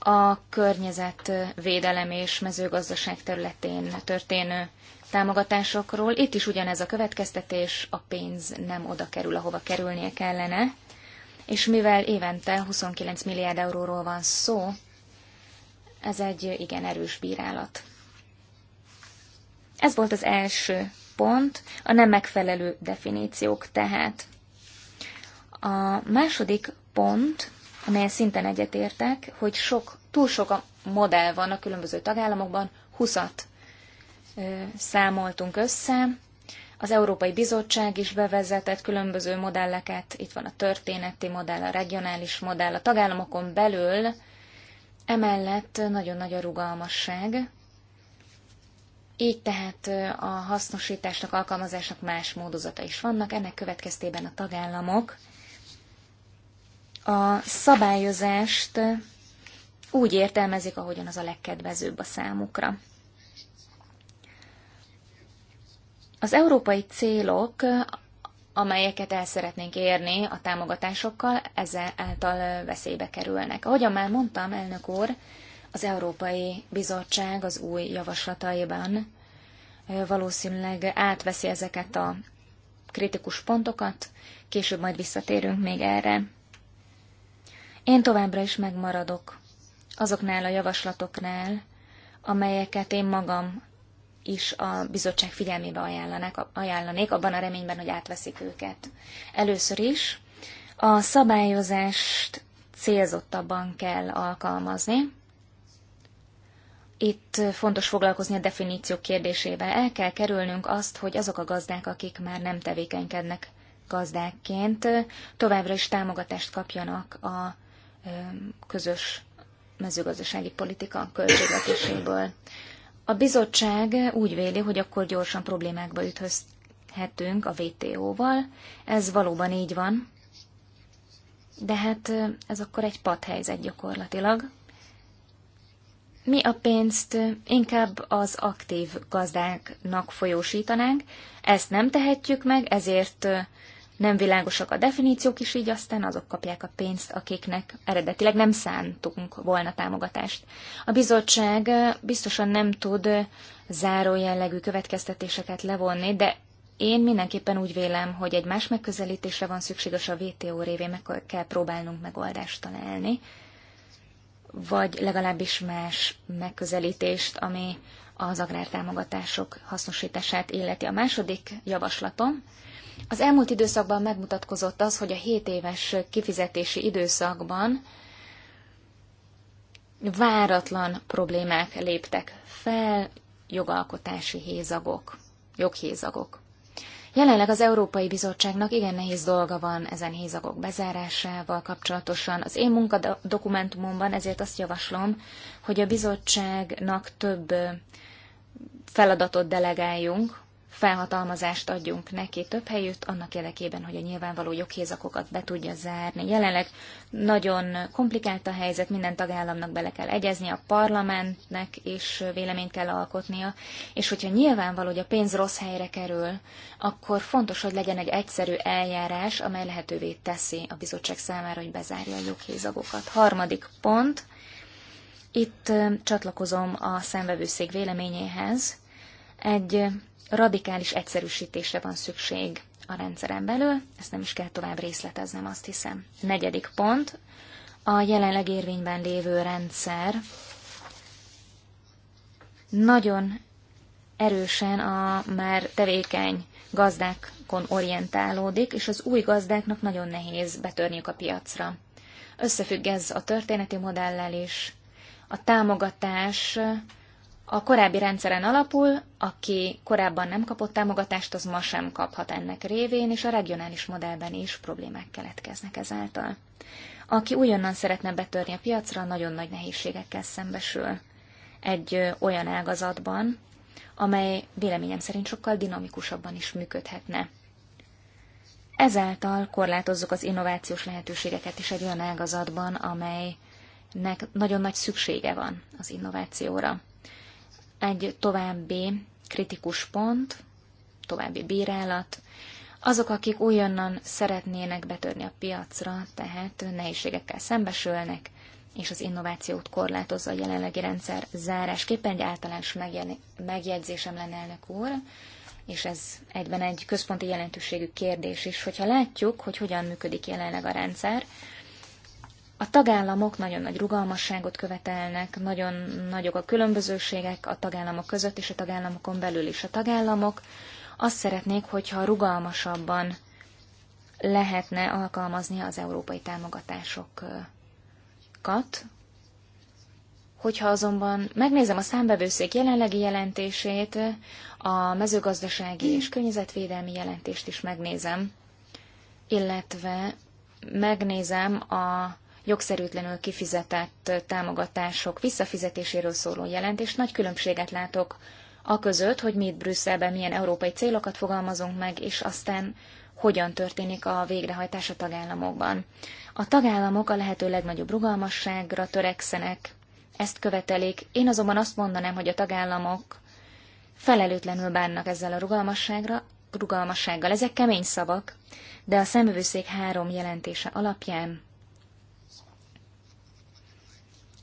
a környezetvédelem és mezőgazdaság területén történő támogatásokról. Itt is ugyanez a következtetés, a pénz nem oda kerül, ahova kerülnie kellene. És mivel évente 29 milliárd euróról van szó, ez egy igen erős bírálat. Ez volt az első pont, a nem megfelelő definíciók tehát. A második pont amelyen szinten egyetértek, hogy sok, túl sok a modell van a különböző tagállamokban, 20 számoltunk össze. Az Európai Bizottság is bevezetett különböző modelleket, itt van a történeti modell, a regionális modell, a tagállamokon belül, emellett nagyon nagy a rugalmasság, így tehát a hasznosításnak, alkalmazásnak más módozata is vannak, ennek következtében a tagállamok a szabályozást úgy értelmezik, ahogyan az a legkedvezőbb a számukra. Az európai célok, amelyeket el szeretnénk érni a támogatásokkal, ezáltal veszélybe kerülnek. Ahogyan már mondtam, elnök úr, az Európai Bizottság az új javaslataiban valószínűleg átveszi ezeket a kritikus pontokat, később majd visszatérünk még erre. Én továbbra is megmaradok azoknál a javaslatoknál, amelyeket én magam is a bizottság figyelmébe ajánlanak, ajánlanék, abban a reményben, hogy átveszik őket. Először is a szabályozást célzottabban kell alkalmazni. Itt fontos foglalkozni a definíciók kérdésével. El kell kerülnünk azt, hogy azok a gazdák, akik már nem tevékenykednek gazdákként, továbbra is támogatást kapjanak a közös mezőgazdasági politika költségvetéséből. A bizottság úgy véli, hogy akkor gyorsan problémákba üthözhetünk a WTO-val. Ez valóban így van. De hát ez akkor egy padhelyzet gyakorlatilag. Mi a pénzt inkább az aktív gazdáknak folyósítanánk, ezt nem tehetjük meg, ezért nem világosak a definíciók is, így aztán azok kapják a pénzt, akiknek eredetileg nem szántunk volna támogatást. A bizottság biztosan nem tud záró jellegű következtetéseket levonni, de én mindenképpen úgy vélem, hogy egy más megközelítésre van szükséges a VTO révén, meg kell próbálnunk megoldást találni, vagy legalábbis más megközelítést, ami az agrártámogatások hasznosítását illeti. A második javaslatom az elmúlt időszakban megmutatkozott az, hogy a 7 éves kifizetési időszakban váratlan problémák léptek fel, jogalkotási hézagok, joghézagok. Jelenleg az Európai Bizottságnak igen nehéz dolga van ezen hézagok bezárásával kapcsolatosan. Az én munkadokumentumomban ezért azt javaslom, hogy a bizottságnak több feladatot delegáljunk felhatalmazást adjunk neki több helyütt, annak érdekében, hogy a nyilvánvaló joghézakokat be tudja zárni. Jelenleg nagyon komplikált a helyzet, minden tagállamnak bele kell egyezni, a parlamentnek is véleményt kell alkotnia, és hogyha nyilvánvaló, hogy a pénz rossz helyre kerül, akkor fontos, hogy legyen egy egyszerű eljárás, amely lehetővé teszi a bizottság számára, hogy bezárja a joghézagokat. Harmadik pont, itt csatlakozom a számvevőszék véleményéhez, egy radikális egyszerűsítésre van szükség a rendszeren belül, ezt nem is kell tovább részleteznem, azt hiszem. Negyedik pont, a jelenleg érvényben lévő rendszer nagyon erősen a már tevékeny gazdákon orientálódik, és az új gazdáknak nagyon nehéz betörniük a piacra. Összefügg ez a történeti modellel is. A támogatás a korábbi rendszeren alapul, aki korábban nem kapott támogatást, az ma sem kaphat ennek révén, és a regionális modellben is problémák keletkeznek ezáltal. Aki újonnan szeretne betörni a piacra, nagyon nagy nehézségekkel szembesül. Egy olyan ágazatban, amely véleményem szerint sokkal dinamikusabban is működhetne. Ezáltal korlátozzuk az innovációs lehetőségeket is egy olyan ágazatban, amelynek nagyon nagy szüksége van az innovációra. Egy további kritikus pont, további bírálat, azok, akik újonnan szeretnének betörni a piacra, tehát nehézségekkel szembesülnek, és az innovációt korlátozza a jelenlegi rendszer zárásképpen egy általános megjegyzésem lenne elnök úr, és ez egyben egy központi jelentőségű kérdés is, hogyha látjuk, hogy hogyan működik jelenleg a rendszer, a tagállamok nagyon nagy rugalmasságot követelnek, nagyon nagyok a különbözőségek a tagállamok között és a tagállamokon belül is. A tagállamok azt szeretnék, hogyha rugalmasabban lehetne alkalmazni az európai támogatásokat. Hogyha azonban megnézem a számbevőszék jelenlegi jelentését, a mezőgazdasági és környezetvédelmi jelentést is megnézem, illetve megnézem a jogszerűtlenül kifizetett támogatások visszafizetéséről szóló jelentést. Nagy különbséget látok a között, hogy mi itt Brüsszelben milyen európai célokat fogalmazunk meg, és aztán hogyan történik a végrehajtás a tagállamokban. A tagállamok a lehető legnagyobb rugalmasságra törekszenek, ezt követelik. Én azonban azt mondanám, hogy a tagállamok felelőtlenül bánnak ezzel a rugalmasságra, rugalmassággal. Ezek kemény szavak, de a szemövőszék három jelentése alapján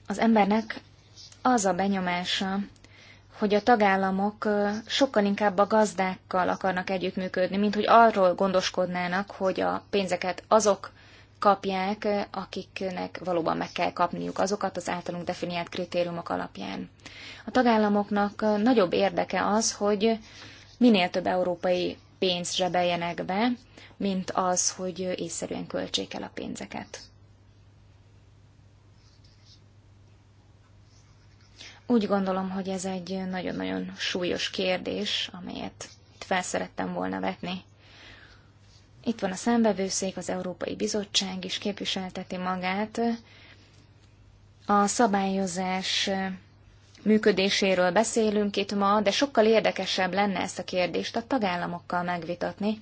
az embernek az a benyomása, hogy a tagállamok sokkal inkább a gazdákkal akarnak együttműködni, mint hogy arról gondoskodnának, hogy a pénzeket azok kapják, akiknek valóban meg kell kapniuk azokat az általunk definiált kritériumok alapján. A tagállamoknak nagyobb érdeke az, hogy minél több európai pénzt zsebeljenek be, mint az, hogy észszerűen költsék el a pénzeket. Úgy gondolom, hogy ez egy nagyon-nagyon súlyos kérdés, amelyet felszerettem volna vetni. Itt van a szembevőszék, az Európai Bizottság is képviselteti magát. A szabályozás működéséről beszélünk itt ma, de sokkal érdekesebb lenne ezt a kérdést a tagállamokkal megvitatni.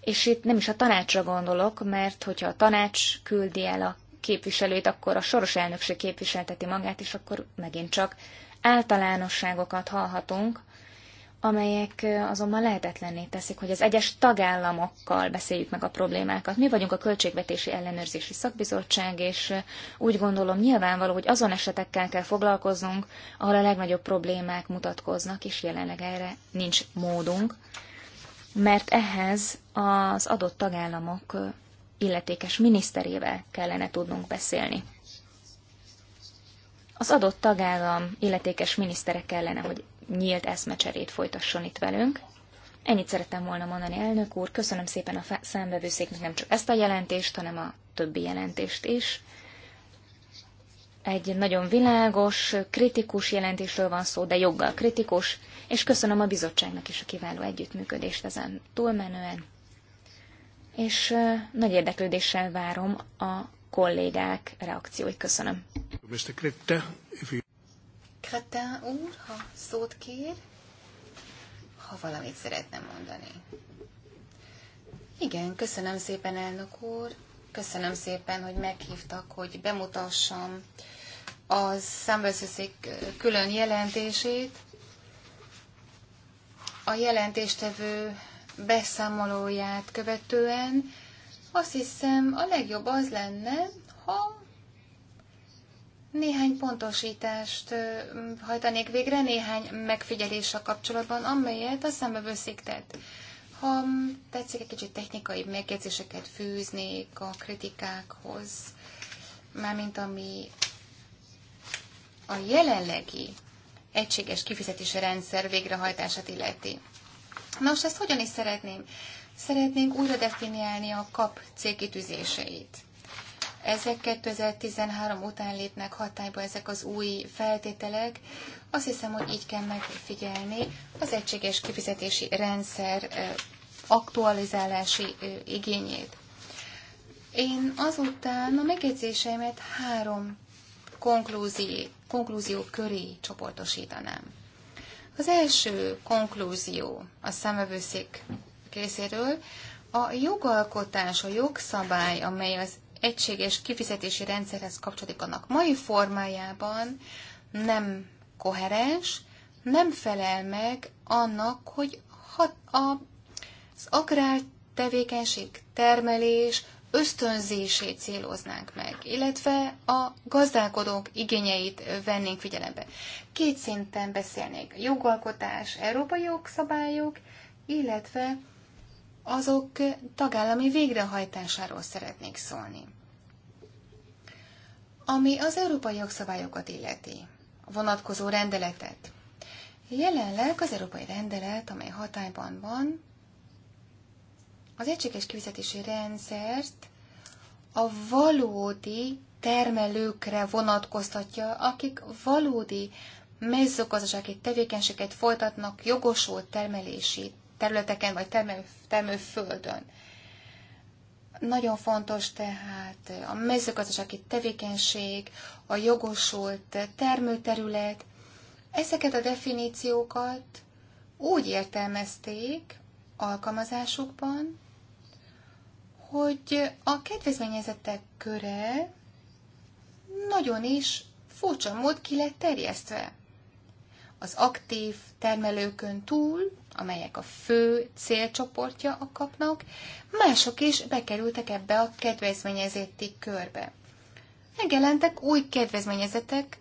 És itt nem is a tanácsra gondolok, mert hogyha a tanács küldi el a képviselőit, akkor a soros elnökség képviselteti magát, és akkor megint csak általánosságokat hallhatunk, amelyek azonban lehetetlenné teszik, hogy az egyes tagállamokkal beszéljük meg a problémákat. Mi vagyunk a Költségvetési Ellenőrzési Szakbizottság, és úgy gondolom nyilvánvaló, hogy azon esetekkel kell foglalkoznunk, ahol a legnagyobb problémák mutatkoznak, és jelenleg erre nincs módunk, mert ehhez az adott tagállamok illetékes miniszterével kellene tudnunk beszélni. Az adott tagállam illetékes minisztere kellene, hogy nyílt eszmecserét folytasson itt velünk. Ennyit szerettem volna mondani, elnök úr. Köszönöm szépen a számbevőszéknek nem csak ezt a jelentést, hanem a többi jelentést is. Egy nagyon világos, kritikus jelentésről van szó, de joggal kritikus, és köszönöm a bizottságnak is a kiváló együttműködést ezen túlmenően és nagy érdeklődéssel várom a kollégák reakcióit. Köszönöm. Mr. Kripte, if you... úr, ha szót kér, ha valamit szeretne mondani. Igen, köszönöm szépen, elnök úr. Köszönöm szépen, hogy meghívtak, hogy bemutassam a számbeszőszék külön jelentését. A jelentéstevő beszámolóját követően azt hiszem a legjobb az lenne, ha néhány pontosítást hajtanék végre, néhány megfigyeléssel kapcsolatban, amelyet a szembevőszék sziktet. Ha tetszik, egy kicsit technikai megjegyzéseket fűznék a kritikákhoz, mármint ami a jelenlegi egységes kifizetési rendszer végrehajtását illeti. Nos, ezt hogyan is szeretném? Szeretnénk újra definiálni a kap cégkitűzéseit. Ezek 2013 után lépnek hatályba ezek az új feltételek. Azt hiszem, hogy így kell megfigyelni az egységes kifizetési rendszer aktualizálási igényét. Én azután a megjegyzéseimet három konklúzió, konklúzió köré csoportosítanám. Az első konklúzió a szemövőszék részéről a jogalkotás, a jogszabály, amely az egységes kifizetési rendszerhez kapcsolódik annak mai formájában, nem koherens, nem felel meg annak, hogy hat a, az agrár tevékenység, termelés, ösztönzését céloznánk meg, illetve a gazdálkodók igényeit vennénk figyelembe. Két szinten beszélnék. Jogalkotás, európai jogszabályok, illetve azok tagállami végrehajtásáról szeretnék szólni. Ami az európai jogszabályokat illeti, vonatkozó rendeletet. Jelenleg az európai rendelet, amely hatályban van, az egységes kifizetési rendszert a valódi termelőkre vonatkoztatja, akik valódi mezőgazdasági tevékenységet folytatnak jogosult termelési területeken vagy termő termőföldön. Nagyon fontos tehát a mezőgazdasági tevékenység, a jogosult termőterület. Ezeket a definíciókat úgy értelmezték alkalmazásukban, hogy a kedvezményezettek köre nagyon is furcsa mód ki lett terjesztve. Az aktív termelőkön túl, amelyek a fő célcsoportja a kapnak, mások is bekerültek ebbe a kedvezményezetti körbe. Megjelentek új kedvezményezetek,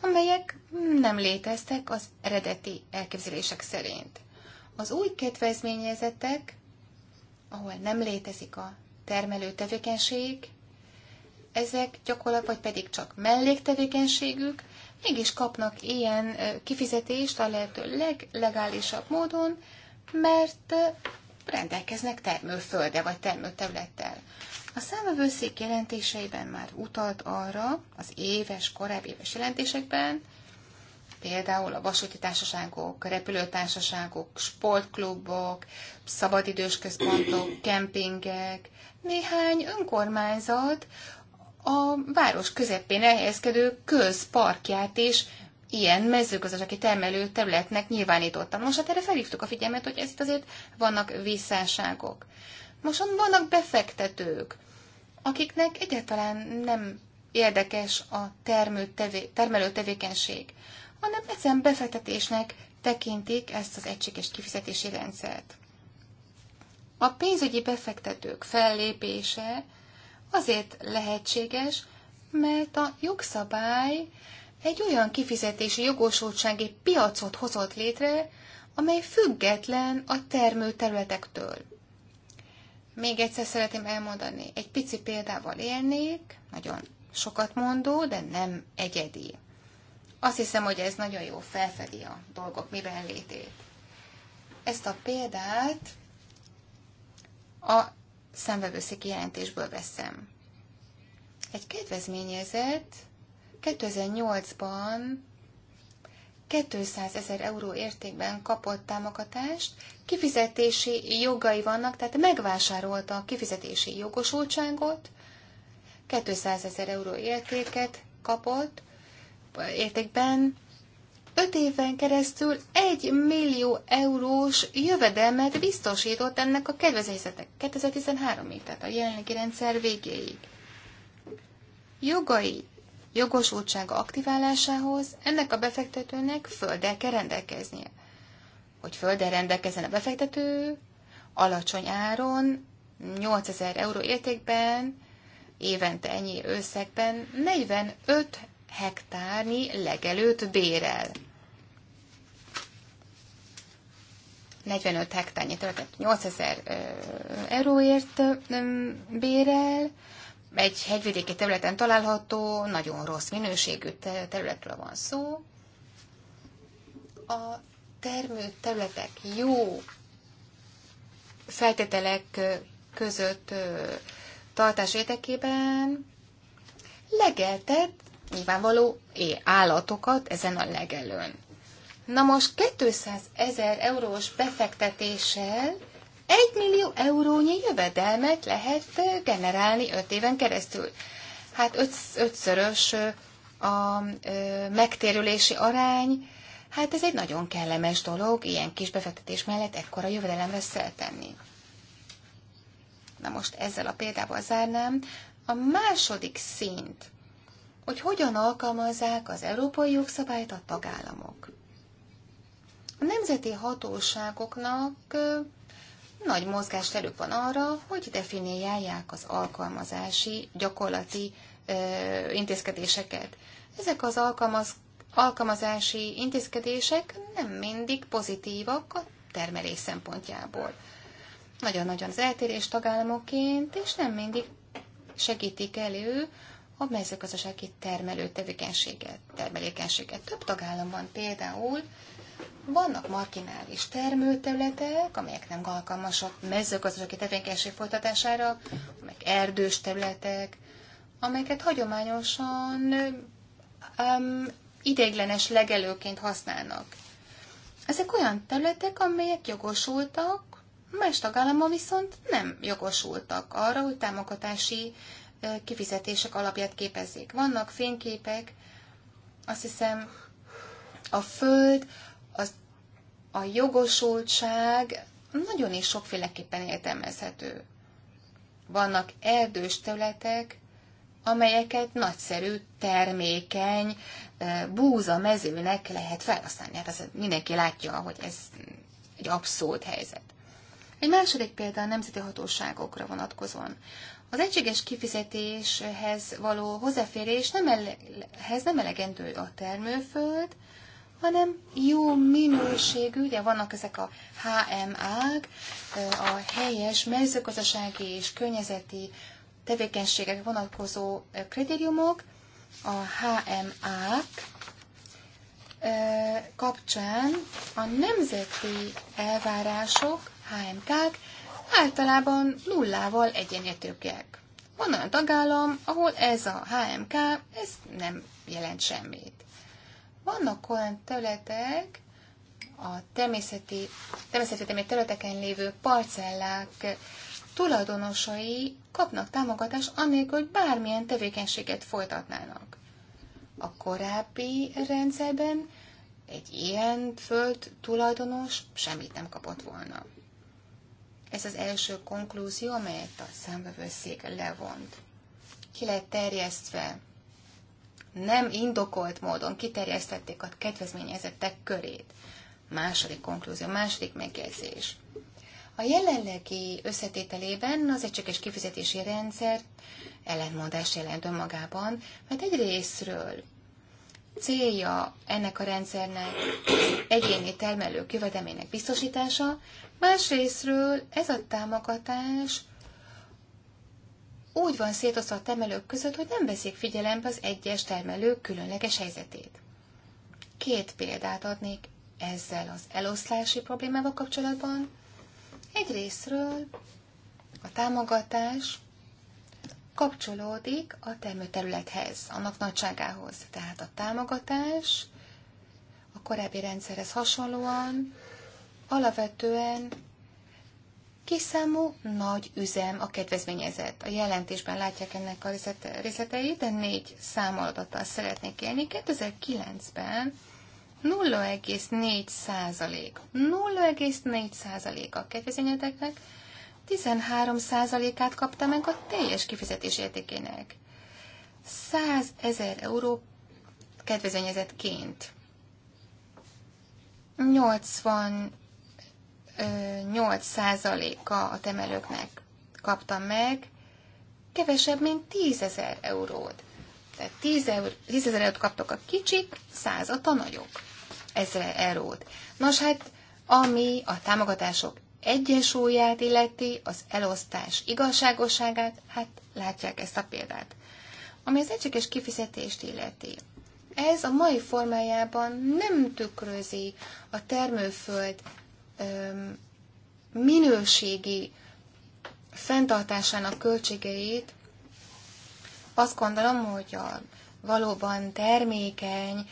amelyek nem léteztek az eredeti elképzelések szerint. Az új kedvezményezetek, ahol nem létezik a termelő tevékenység, ezek gyakorlatilag, vagy pedig csak melléktevékenységük, mégis kapnak ilyen kifizetést a lehető leglegálisabb módon, mert rendelkeznek termőfölde vagy termőterülettel. A számövőszék jelentéseiben már utalt arra, az éves, korábbi éves jelentésekben, például a vasúti társaságok, repülőtársaságok, sportklubok, szabadidős központok, (clears throat) kempingek, néhány önkormányzat a város közepén elhelyezkedő közparkját is ilyen mezőgazdasági termelő területnek nyilvánította. Most hát erre felhívtuk a figyelmet, hogy ez itt azért vannak visszáságok. Most vannak befektetők, akiknek egyáltalán nem érdekes a termő tevé, termelő tevékenység hanem egyszerűen befektetésnek tekintik ezt az egységes kifizetési rendszert. A pénzügyi befektetők fellépése azért lehetséges, mert a jogszabály egy olyan kifizetési jogosultsági piacot hozott létre, amely független a termő területektől. Még egyszer szeretném elmondani, egy pici példával élnék, nagyon sokat mondó, de nem egyedi. Azt hiszem, hogy ez nagyon jó felfedi a dolgok miben létét. Ezt a példát a szemvevőszéki jelentésből veszem. Egy kedvezményezett 2008-ban 200 ezer euró értékben kapott támogatást, kifizetési jogai vannak, tehát megvásárolta a kifizetési jogosultságot, 200 ezer euró értéket kapott, értékben 5 éven keresztül 1 millió eurós jövedelmet biztosított ennek a kedvezményezetek 2013-ig, tehát a jelenlegi rendszer végéig. Jogai jogosultsága aktiválásához ennek a befektetőnek földdel kell rendelkeznie. Hogy földdel rendelkezzen a befektető, alacsony áron, 8000 euró értékben, évente ennyi összegben 45 hektárnyi legelőt bérel. 45 hektárnyi területet 8000 euróért bérel, egy hegyvidéki területen található, nagyon rossz minőségű területről van szó. A termő területek jó feltételek között tartás érdekében legeltet nyilvánvaló állatokat ezen a legelőn. Na most 200 ezer eurós befektetéssel 1 millió eurónyi jövedelmet lehet generálni 5 éven keresztül. Hát öt, ötszörös a ö, megtérülési arány, hát ez egy nagyon kellemes dolog, ilyen kis befektetés mellett ekkora jövedelemre szeltenni. Na most ezzel a példával zárnám. A második szint, hogy hogyan alkalmazzák az európai jogszabályt a tagállamok. A nemzeti hatóságoknak nagy mozgásterük van arra, hogy definiálják az alkalmazási, gyakorlati ö, intézkedéseket. Ezek az alkalmaz, alkalmazási intézkedések nem mindig pozitívak a termelés szempontjából. Nagyon-nagyon az eltérés tagállamoként, és nem mindig segítik elő a mezőgazdasági termelő tevékenységet, termelékenységet. Több tagállamban például vannak marginális termőterületek, amelyek nem alkalmasak mezőgazdasági tevékenység folytatására, amelyek erdős területek, amelyeket hagyományosan um, ideiglenes legelőként használnak. Ezek olyan területek, amelyek jogosultak, más tagállamban viszont nem jogosultak arra, hogy támogatási kifizetések alapját képezzék. Vannak fényképek, azt hiszem a föld, az, a jogosultság nagyon is sokféleképpen értelmezhető. Vannak erdős területek, amelyeket nagyszerű, termékeny búza mezőnek lehet felhasználni. Hát az mindenki látja, hogy ez egy abszolút helyzet. Egy második példa a nemzeti hatóságokra vonatkozóan. Az egységes kifizetéshez való hozzáférés nem, ele- nem elegendő a termőföld, hanem jó minőségű, ugye vannak ezek a HMA-k, a helyes mezőgazdasági és környezeti tevékenységek vonatkozó kritériumok, a HMA-k kapcsán a nemzeti elvárások, HMK-k általában nullával egyenletőkják. Van olyan tagállam, ahol ez a HMK, ez nem jelent semmit. Vannak olyan területek, a természeti, természeti területeken lévő parcellák tulajdonosai kapnak támogatást annélkül, hogy bármilyen tevékenységet folytatnának. A korábbi rendszerben egy ilyen föld tulajdonos semmit nem kapott volna. Ez az első konklúzió, amelyet a számvevőszék levont. Ki lett terjesztve nem indokolt módon kiterjesztették a kedvezményezettek körét. Második konklúzió, második megjegyzés. A jelenlegi összetételében az egységes kifizetési rendszer ellentmondás jelent önmagában, mert egy részről célja ennek a rendszernek egyéni termelők jövedelmének biztosítása, Másrésztről ez a támogatás úgy van szétosztva a termelők között, hogy nem veszik figyelembe az egyes termelők különleges helyzetét. Két példát adnék ezzel az eloszlási problémával kapcsolatban. Egy részről a támogatás kapcsolódik a termőterülethez, annak nagyságához. Tehát a támogatás a korábbi rendszerhez hasonlóan alapvetően kiszámú nagy üzem a kedvezményezett. A jelentésben látják ennek a részleteit, de négy számoladattal szeretnék élni. 2009-ben 0,4 százalék, 0,4 százalék a kedvezményezeteknek 13 százalékát kapta meg a teljes kifizetés értékének. 100 ezer euró kedvezményezetként. 80 8%-a a temelőknek kapta meg kevesebb, mint 10 ezer eurót. Tehát 10 ezer, 10 ezer eurót kaptak a kicsik, 100 a nagyok. ezer eurót. Nos hát, ami a támogatások egyensúlyát illeti, az elosztás igazságosságát, hát látják ezt a példát. Ami az egységes kifizetést illeti, ez a mai formájában nem tükrözi a termőföld minőségi fenntartásának költségeit azt gondolom, hogy a valóban termékeny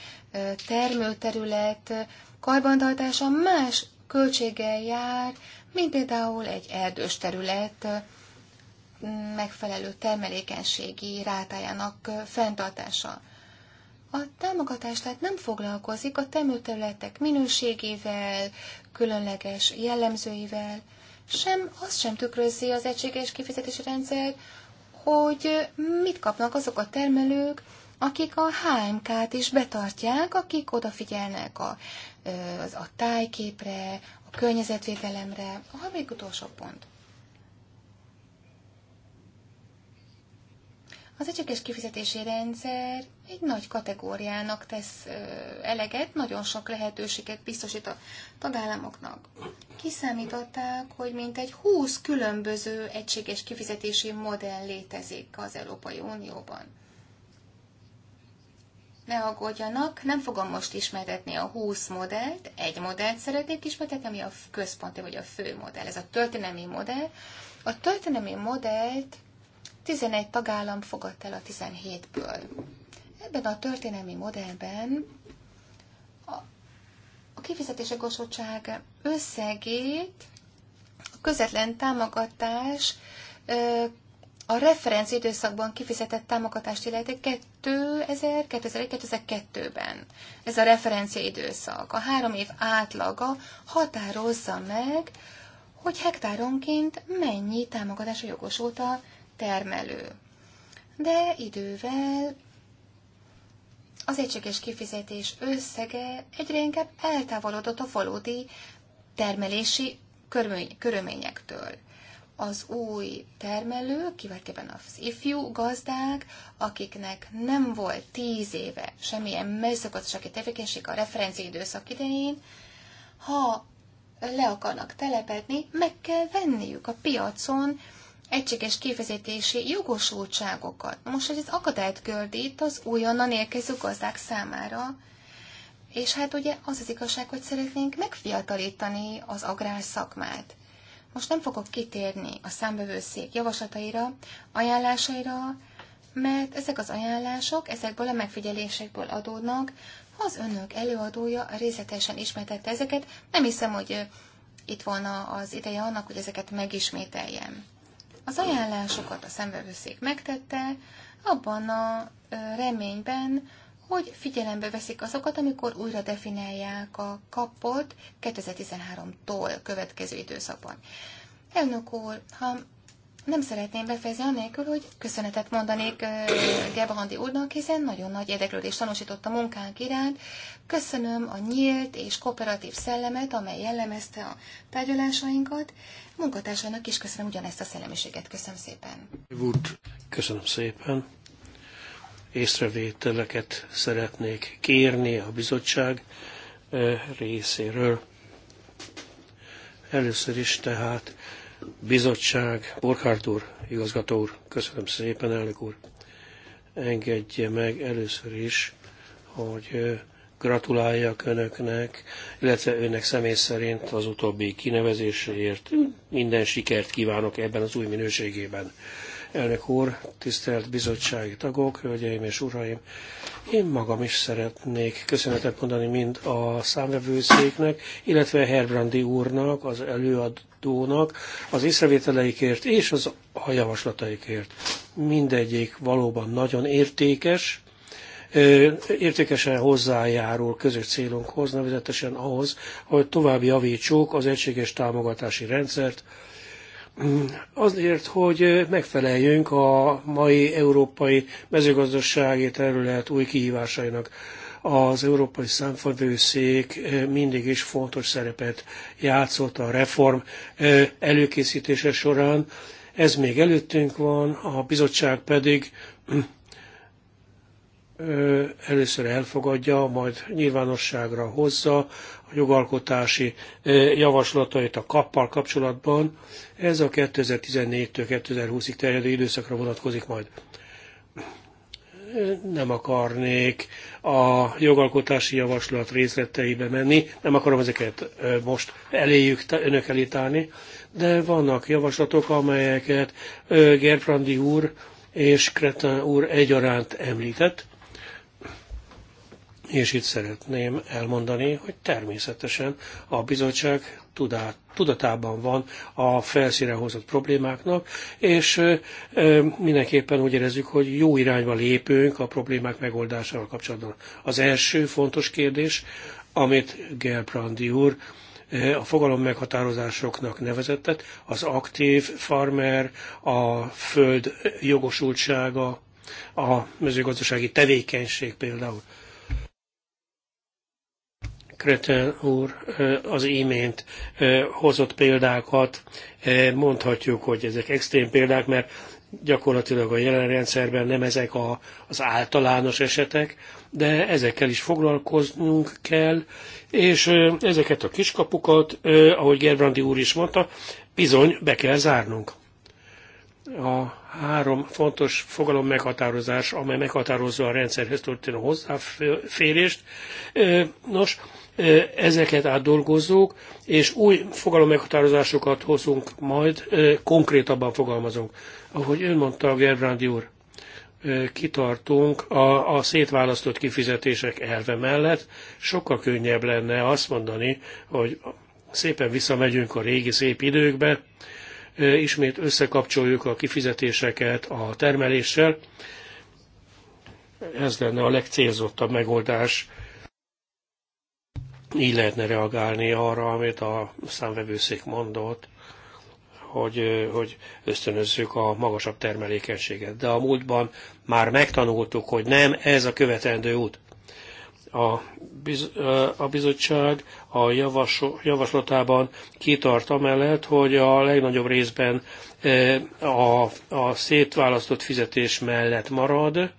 termőterület karbantartása más költséggel jár, mint például egy erdős terület megfelelő termelékenységi rátájának fenntartása. A támogatás tehát nem foglalkozik a temőterületek minőségével, különleges jellemzőivel, sem azt sem tükrözi az egységes kifizetési rendszer, hogy mit kapnak azok a termelők, akik a HMK-t is betartják, akik odafigyelnek a, a tájképre, a környezetvédelemre. A harmadik utolsó pont. Az egységes kifizetési rendszer egy nagy kategóriának tesz eleget, nagyon sok lehetőséget biztosít a tagállamoknak. Kiszámították, hogy mintegy 20 különböző egységes kifizetési modell létezik az Európai Unióban. Ne aggódjanak, nem fogom most ismertetni a 20 modellt, egy modellt szeretnék ismertetni, ami a központi vagy a fő modell, ez a történelmi modell. A történelmi modellt 11 tagállam fogadta el a 17-ből. Ebben a történelmi modellben a, a kifizetések összegét a közvetlen támogatás a referenc időszakban kifizetett támogatást illeti 2001-2002-ben. Ez a referencia időszak. A három év átlaga határozza meg, hogy hektáronként mennyi támogatásra jogosult a termelő. De idővel az egységes kifizetés összege egyre inkább eltávolodott a valódi termelési körülményektől. Az új termelő, kiváltképpen az ifjú gazdák, akiknek nem volt tíz éve semmilyen mezőgazdasági tevékenység a referenci időszak idején, ha le akarnak telepedni, meg kell venniük a piacon egységes kifizetési jogosultságokat. Most, hogy ez akadályt gördít az újonnan érkező gazdák számára, és hát ugye az az igazság, hogy szeretnénk megfiatalítani az agrárszakmát. Most nem fogok kitérni a számbevőszék javaslataira, ajánlásaira, mert ezek az ajánlások ezekből a megfigyelésekből adódnak, ha az önök előadója részletesen ismertette ezeket, nem hiszem, hogy itt volna az ideje annak, hogy ezeket megismételjem. Az ajánlásokat a szemvevőszék megtette, abban a reményben, hogy figyelembe veszik azokat, amikor újra definálják a kapot 2013-tól következő időszakban. Elnök úr, ha nem szeretném befejezni anélkül, hogy köszönetet mondanék Gebrandi úrnak, hiszen nagyon nagy érdeklődést tanúsított a munkánk iránt. Köszönöm a nyílt és kooperatív szellemet, amely jellemezte a tárgyalásainkat. munkatársainak is köszönöm ugyanezt a szellemiséget. Köszönöm szépen. Köszönöm szépen. Észrevételeket szeretnék kérni a bizottság részéről. Először is tehát bizottság, Burkhardt úr, igazgató úr, köszönöm szépen, elnök úr. Engedje meg először is, hogy gratuláljak önöknek, illetve önnek személy szerint az utóbbi kinevezéséért. Minden sikert kívánok ebben az új minőségében. Elnök úr, tisztelt bizottsági tagok, hölgyeim és uraim! Én magam is szeretnék köszönetet mondani mind a számvevőszéknek, illetve Herbrandi úrnak, az előadónak, az észrevételeikért és az a javaslataikért. Mindegyik valóban nagyon értékes, értékesen hozzájárul közös célunkhoz, nevezetesen ahhoz, hogy tovább javítsuk az egységes támogatási rendszert, Azért, hogy megfeleljünk a mai európai mezőgazdasági terület új kihívásainak. Az Európai Számfordőszék mindig is fontos szerepet játszott a reform előkészítése során. Ez még előttünk van, a bizottság pedig először elfogadja, majd nyilvánosságra hozza jogalkotási javaslatait a kappal kapcsolatban. Ez a 2014-től 2020-ig terjedő időszakra vonatkozik majd. Nem akarnék a jogalkotási javaslat részleteibe menni, nem akarom ezeket most eléjük, önök elé de vannak javaslatok, amelyeket Gerbrandi úr és Kretán úr egyaránt említett és itt szeretném elmondani, hogy természetesen a bizottság tudatában van a felszíre hozott problémáknak, és mindenképpen úgy érezzük, hogy jó irányba lépünk a problémák megoldásával kapcsolatban. Az első fontos kérdés, amit Gerbrandi úr a fogalom meghatározásoknak nevezettet, az aktív farmer, a föld jogosultsága, a mezőgazdasági tevékenység például. Kreten úr az imént hozott példákat, mondhatjuk, hogy ezek extrém példák, mert gyakorlatilag a jelen rendszerben nem ezek a, az általános esetek, de ezekkel is foglalkoznunk kell, és ezeket a kiskapukat, ahogy Gerbrandi úr is mondta, bizony be kell zárnunk. A három fontos fogalom meghatározás, amely meghatározza a rendszerhez történő hozzáférést. Nos, ezeket átdolgozzuk, és új fogalommeghatározásokat hozunk majd, konkrétabban fogalmazunk. Ahogy ön mondta, Gerbrandi úr, kitartunk a, a szétválasztott kifizetések elve mellett, sokkal könnyebb lenne azt mondani, hogy szépen visszamegyünk a régi szép időkbe, ismét összekapcsoljuk a kifizetéseket a termeléssel. Ez lenne a legcélzottabb megoldás így lehetne reagálni arra, amit a számvevőszék mondott, hogy, hogy ösztönözzük a magasabb termelékenységet. De a múltban már megtanultuk, hogy nem ez a követendő út. A, biz, a bizottság a javas, javaslatában kitart amellett, hogy a legnagyobb részben a, a szétválasztott fizetés mellett marad,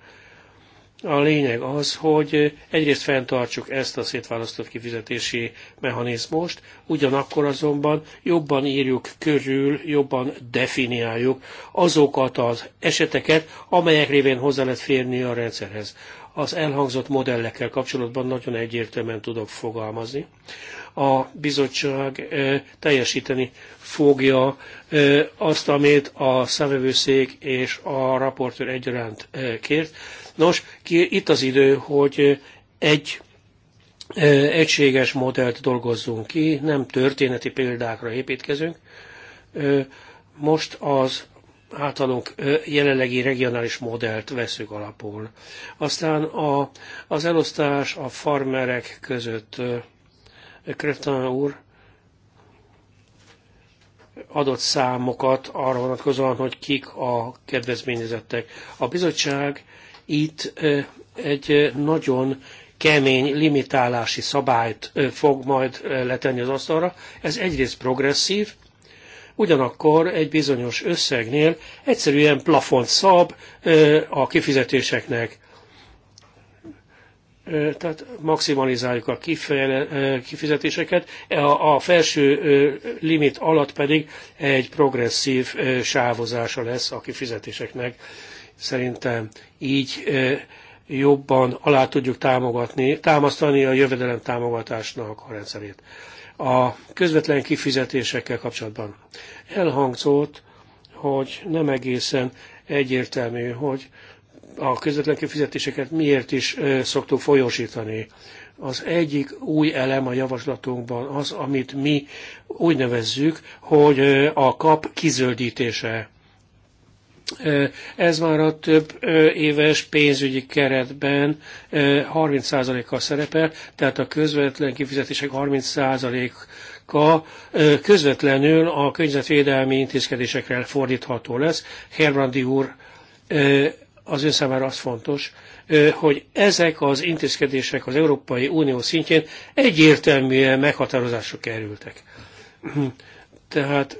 a lényeg az, hogy egyrészt fenntartsuk ezt a szétválasztott kifizetési mechanizmust, ugyanakkor azonban jobban írjuk körül, jobban definiáljuk azokat az eseteket, amelyek révén hozzá lehet férni a rendszerhez. Az elhangzott modellekkel kapcsolatban nagyon egyértelműen tudok fogalmazni a bizottság teljesíteni fogja azt, amit a szemevőszék és a raportőr egyaránt kért. Nos, itt az idő, hogy egy egységes modellt dolgozzunk ki, nem történeti példákra építkezünk. Most az általunk jelenlegi regionális modellt veszük alapul. Aztán a, az elosztás a farmerek között Kreftán úr adott számokat arra vonatkozóan, hogy kik a kedvezményezettek. A bizottság itt egy nagyon kemény limitálási szabályt fog majd letenni az asztalra. Ez egyrészt progresszív, ugyanakkor egy bizonyos összegnél egyszerűen plafont szab a kifizetéseknek tehát maximalizáljuk a kifizetéseket, e, a felső limit alatt pedig egy progresszív sávozása lesz a kifizetéseknek. Szerintem így jobban alá tudjuk támogatni, támasztani a jövedelem támogatásnak a rendszerét. A közvetlen kifizetésekkel kapcsolatban elhangzott, hogy nem egészen egyértelmű, hogy a közvetlen kifizetéseket miért is szoktuk folyósítani. Az egyik új elem a javaslatunkban az, amit mi úgy nevezzük, hogy a kap kizöldítése. Ez már a több éves pénzügyi keretben 30%-kal szerepel, tehát a közvetlen kifizetések 30%-a közvetlenül a környezetvédelmi intézkedésekre fordítható lesz. Herbrandi úr az ön számára az fontos, hogy ezek az intézkedések az Európai Unió szintjén egyértelműen meghatározásra kerültek. (clears throat) Tehát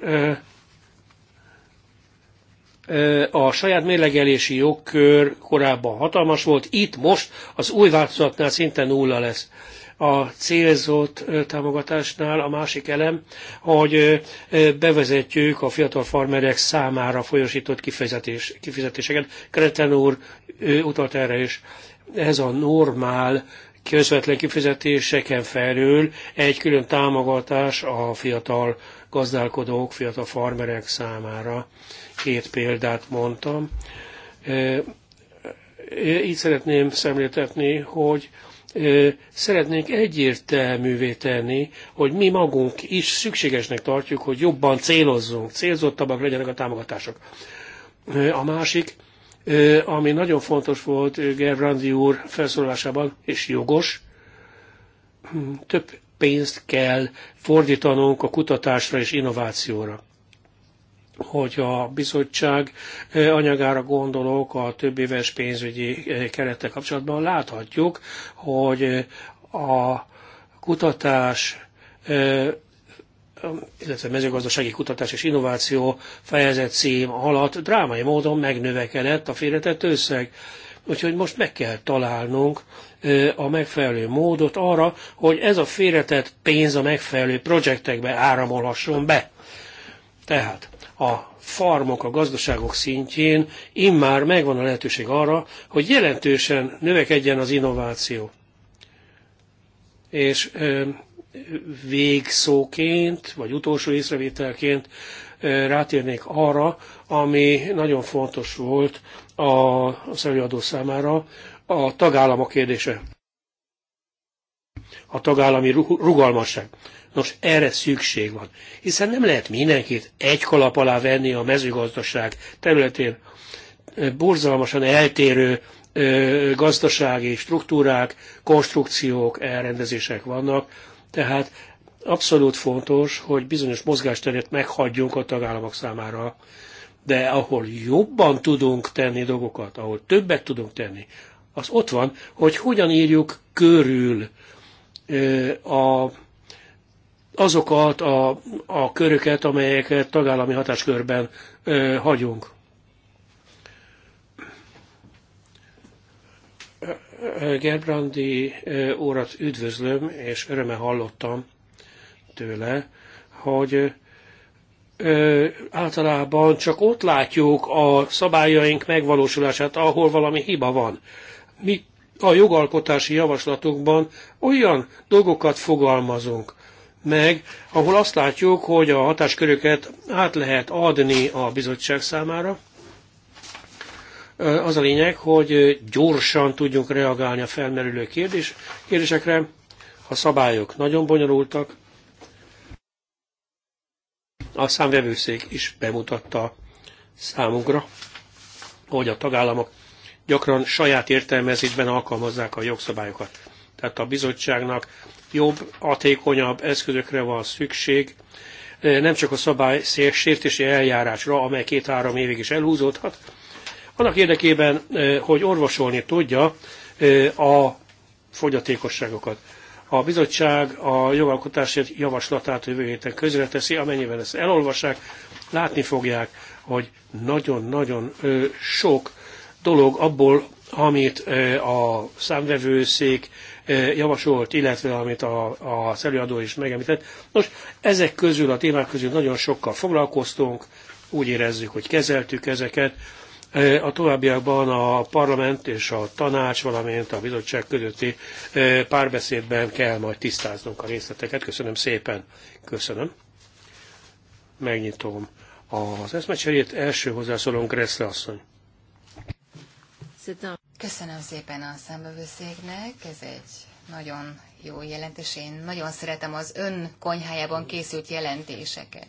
a saját mérlegelési jogkör korábban hatalmas volt, itt most az új változatnál szinte nulla lesz a célzott támogatásnál a másik elem, hogy bevezetjük a fiatal farmerek számára folyosított kifizetés, kifizetéseket. Kreten úr utalt erre is. Ez a normál közvetlen kifizetéseken felül egy külön támogatás a fiatal gazdálkodók, fiatal farmerek számára. Két példát mondtam. Így szeretném szemléltetni, hogy szeretnénk egyértelművé tenni, hogy mi magunk is szükségesnek tartjuk, hogy jobban célozzunk, célzottabbak legyenek a támogatások. A másik, ami nagyon fontos volt Gerbrandi úr felszólásában, és jogos, több pénzt kell fordítanunk a kutatásra és innovációra hogy a bizottság eh, anyagára gondolok a több éves pénzügyi eh, kerettel kapcsolatban, láthatjuk, hogy eh, a kutatás illetve mezőgazdasági kutatás és innováció fejezet cím alatt drámai módon megnövekedett a félretett összeg. Úgyhogy most meg kell találnunk a megfelelő módot arra, hogy ez a félretett pénz a megfelelő projektekbe áramolhasson be. Tehát a farmok, a gazdaságok szintjén immár megvan a lehetőség arra, hogy jelentősen növekedjen az innováció. És végszóként, vagy utolsó észrevételként rátérnék arra, ami nagyon fontos volt az előadó számára, a tagállamok kérdése. A tagállami rugalmasság. Nos, erre szükség van, hiszen nem lehet mindenkit egy kalap alá venni a mezőgazdaság területén. Borzalmasan eltérő gazdasági struktúrák, konstrukciók, elrendezések vannak, tehát abszolút fontos, hogy bizonyos mozgásteret meghagyjunk a tagállamok számára, de ahol jobban tudunk tenni dolgokat, ahol többet tudunk tenni, az ott van, hogy hogyan írjuk körül a azokat a, a köröket, amelyeket tagállami hatáskörben ö, hagyunk. Gerbrandi órat üdvözlöm, és öröme hallottam tőle, hogy ö, általában csak ott látjuk a szabályaink megvalósulását, ahol valami hiba van. Mi a jogalkotási javaslatokban olyan dolgokat fogalmazunk, meg, ahol azt látjuk, hogy a hatásköröket át lehet adni a bizottság számára. Az a lényeg, hogy gyorsan tudjunk reagálni a felmerülő kérdés, kérdésekre. A szabályok nagyon bonyolultak. A számvevőszék is bemutatta számunkra, hogy a tagállamok gyakran saját értelmezésben alkalmazzák a jogszabályokat tehát a bizottságnak jobb, hatékonyabb eszközökre van szükség, nem csak a szabály sértési eljárásra, amely két-három évig is elhúzódhat, annak érdekében, hogy orvosolni tudja a fogyatékosságokat. A bizottság a jogalkotásért javaslatát jövő héten közreteszi, amennyiben ezt elolvassák, látni fogják, hogy nagyon-nagyon sok dolog abból, amit a számvevőszék javasolt, illetve amit a, az előadó is megemlített. Nos, ezek közül, a témák közül nagyon sokkal foglalkoztunk, úgy érezzük, hogy kezeltük ezeket. A továbbiakban a parlament és a tanács, valamint a bizottság közötti párbeszédben kell majd tisztáznunk a részleteket. Köszönöm szépen. Köszönöm. Megnyitom az eszmecserét. Első hozzászólónk Reszle asszony. Köszönöm szépen a számbevőszéknek, ez egy nagyon jó jelentés. Én nagyon szeretem az ön konyhájában készült jelentéseket.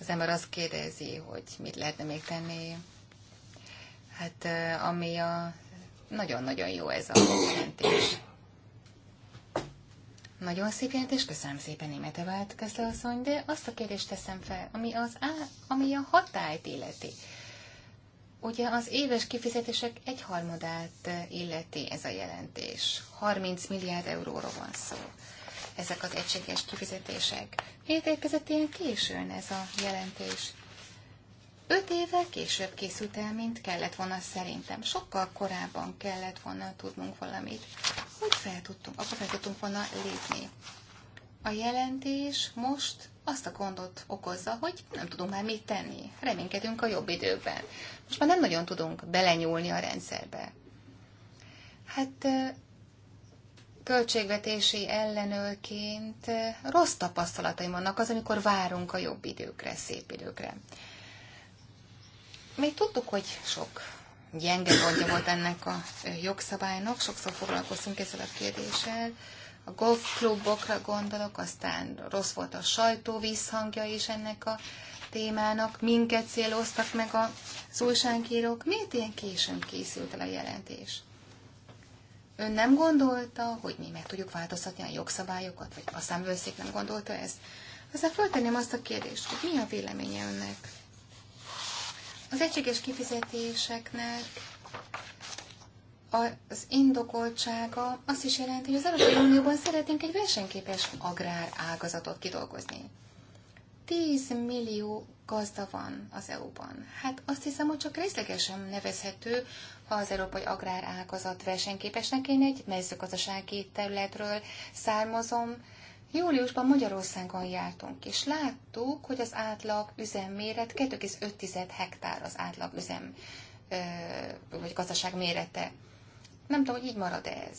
Az ember azt kérdezi, hogy mit lehetne még tenni. Hát ami a... Nagyon-nagyon jó ez a jelentés. Nagyon szép jelentés, köszönöm szépen Némete Vált köszönöm, de azt a kérdést teszem fel, ami, az á, ami a hatályt életi. Ugye az éves kifizetések egyharmadát eh, illeti ez a jelentés. 30 milliárd euróról van szó. Ezek az egységes kifizetések. Miért érkezett ilyen későn ez a jelentés? Öt évvel később készült el, mint kellett volna szerintem. Sokkal korábban kellett volna tudnunk valamit, hogy fel tudtunk, akkor fel tudtunk volna lépni a jelentés most azt a gondot okozza, hogy nem tudunk már mit tenni. Reménykedünk a jobb időben. Most már nem nagyon tudunk belenyúlni a rendszerbe. Hát költségvetési ellenőrként rossz tapasztalataim vannak az, amikor várunk a jobb időkre, szép időkre. Még tudtuk, hogy sok gyenge gondja volt ennek a jogszabálynak, sokszor foglalkoztunk ezzel a kérdéssel, a golfklubokra gondolok, aztán rossz volt a sajtó visszhangja is ennek a témának, minket céloztak meg a újságírók. Miért ilyen későn készült el a jelentés? Ön nem gondolta, hogy mi meg tudjuk változtatni a jogszabályokat, vagy a számvőszék nem gondolta ezt? Aztán föltenném azt a kérdést, hogy mi a véleménye önnek? Az egységes kifizetéseknek az indokoltsága azt is jelenti, hogy az Európai Unióban szeretnénk egy versenyképes agrár ágazatot kidolgozni. 10 millió gazda van az EU-ban. Hát azt hiszem, hogy csak részlegesen nevezhető az európai agrár ágazat versenyképesnek. Én egy mezőgazdasági területről származom. Júliusban Magyarországon jártunk, és láttuk, hogy az átlag üzemméret 2,5 hektár az átlag üzem vagy gazdaság mérete. Nem tudom, hogy így marad -e ez.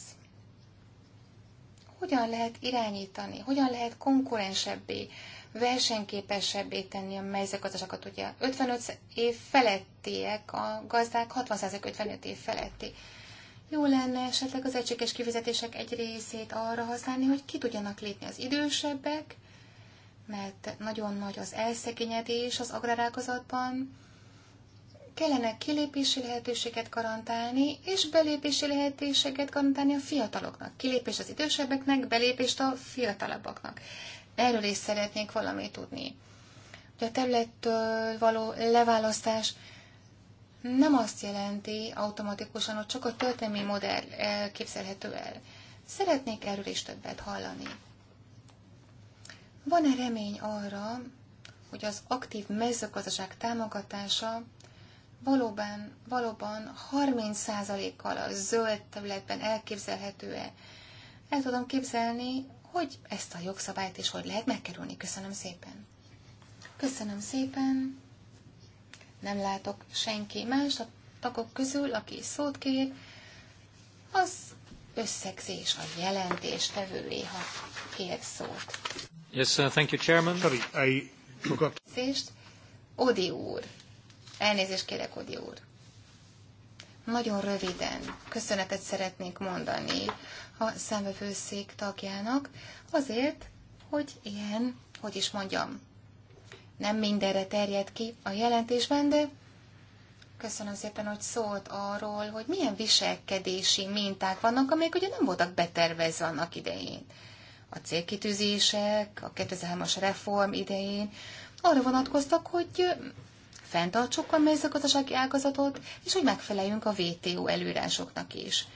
Hogyan lehet irányítani, hogyan lehet konkurensebbé, versenyképesebbé tenni a mezőgazdaságot. Ugye 55 év felettiek, a gazdák 60% 55 év feletti. Jó lenne esetleg az egységes kifizetések egy részét arra használni, hogy ki tudjanak lépni az idősebbek, mert nagyon nagy az elszegényedés az agrárágazatban, kellene kilépési lehetőséget garantálni, és belépési lehetőséget garantálni a fiataloknak. Kilépés az idősebbeknek, belépést a fiatalabbaknak. Erről is szeretnék valamit tudni. Hogy a területtől való leválasztás nem azt jelenti automatikusan, hogy csak a történelmi modell képzelhető el. Szeretnék erről is többet hallani. Van-e remény arra, hogy az aktív mezőgazdaság támogatása valóban, valóban 30%-kal a zöld területben elképzelhető-e. El tudom képzelni, hogy ezt a jogszabályt is hogy lehet megkerülni. Köszönöm szépen. Köszönöm szépen. Nem látok senki más a tagok közül, aki szót kér. Az összegzés, a jelentés tevővé, ha kér szót. Yes, uh, thank you, Chairman. Sorry, I forgot. Odi úr. Elnézést kérek, Odi úr. Nagyon röviden köszönetet szeretnék mondani a számvevőszék tagjának azért, hogy ilyen, hogy is mondjam, nem mindenre terjed ki a jelentésben, de köszönöm szépen, hogy szólt arról, hogy milyen viselkedési minták vannak, amelyek ugye nem voltak betervezve annak idején. A célkitűzések, a 2003-as reform idején arra vonatkoztak, hogy fenntartsuk a mezőgazdasági ágazatot, és hogy megfeleljünk a WTO előírásoknak is.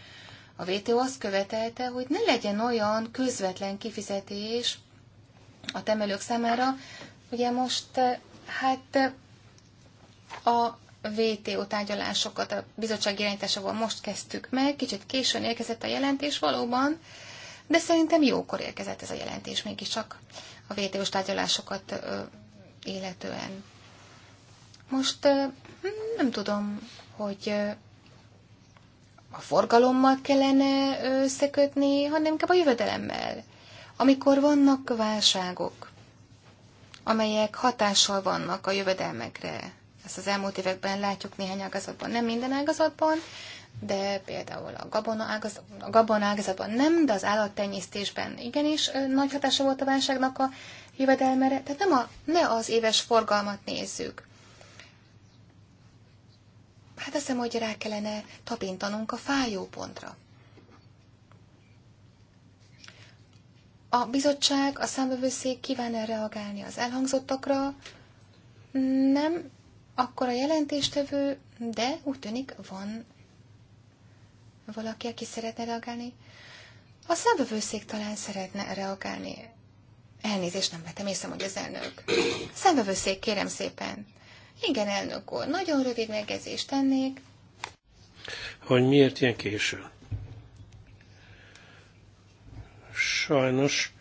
A WTO azt követelte, hogy ne legyen olyan közvetlen kifizetés a temelők számára. Ugye most hát a VTO tárgyalásokat a bizottság irányításával most kezdtük meg, kicsit későn érkezett a jelentés valóban, de szerintem jókor érkezett ez a jelentés mégiscsak a VTO-s tárgyalásokat életően. Most nem tudom, hogy a forgalommal kellene összekötni, hanem inkább a jövedelemmel. Amikor vannak válságok, amelyek hatással vannak a jövedelmekre, ezt az elmúlt években látjuk néhány ágazatban, nem minden ágazatban, de például a gabona, ágazat, a gabona ágazatban nem, de az állattenyésztésben igenis nagy hatása volt a válságnak a jövedelmere. Tehát nem a, ne az éves forgalmat nézzük, Hát azt hiszem, hogy rá kellene tapintanunk a fájó pontra. A bizottság, a számövőszék kíván -e reagálni az elhangzottakra? Nem, akkor a jelentéstevő, de úgy tűnik van valaki, aki szeretne reagálni. A számövőszék talán szeretne reagálni. Elnézést nem vettem észre, hogy az elnök. Számövőszék, kérem szépen. Igen, elnök úr, nagyon rövid megjegyzést tennék. Hogy miért ilyen késő? Sajnos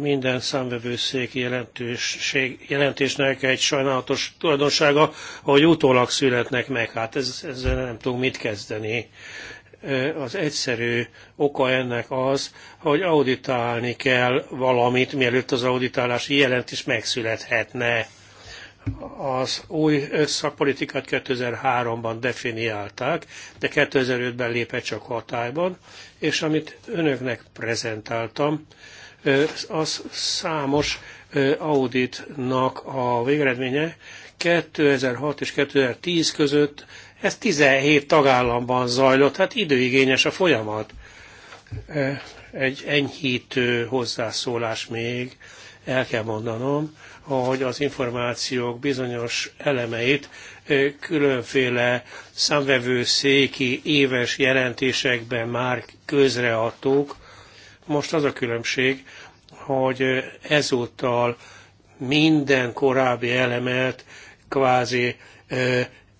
minden számvevőszék jelentőség, jelentésnek egy sajnálatos tulajdonsága, hogy utólag születnek meg. Hát ez, ezzel nem tudunk mit kezdeni. Az egyszerű oka ennek az, hogy auditálni kell valamit, mielőtt az auditálási jelentés megszülethetne az új szakpolitikát 2003-ban definiálták, de 2005-ben lépett csak hatályban, és amit önöknek prezentáltam, az számos auditnak a végeredménye 2006 és 2010 között, ez 17 tagállamban zajlott, hát időigényes a folyamat. Egy enyhítő hozzászólás még, el kell mondanom, hogy az információk bizonyos elemeit különféle számvevőszéki éves jelentésekben már közreadtuk. Most az a különbség, hogy ezúttal minden korábbi elemet kvázi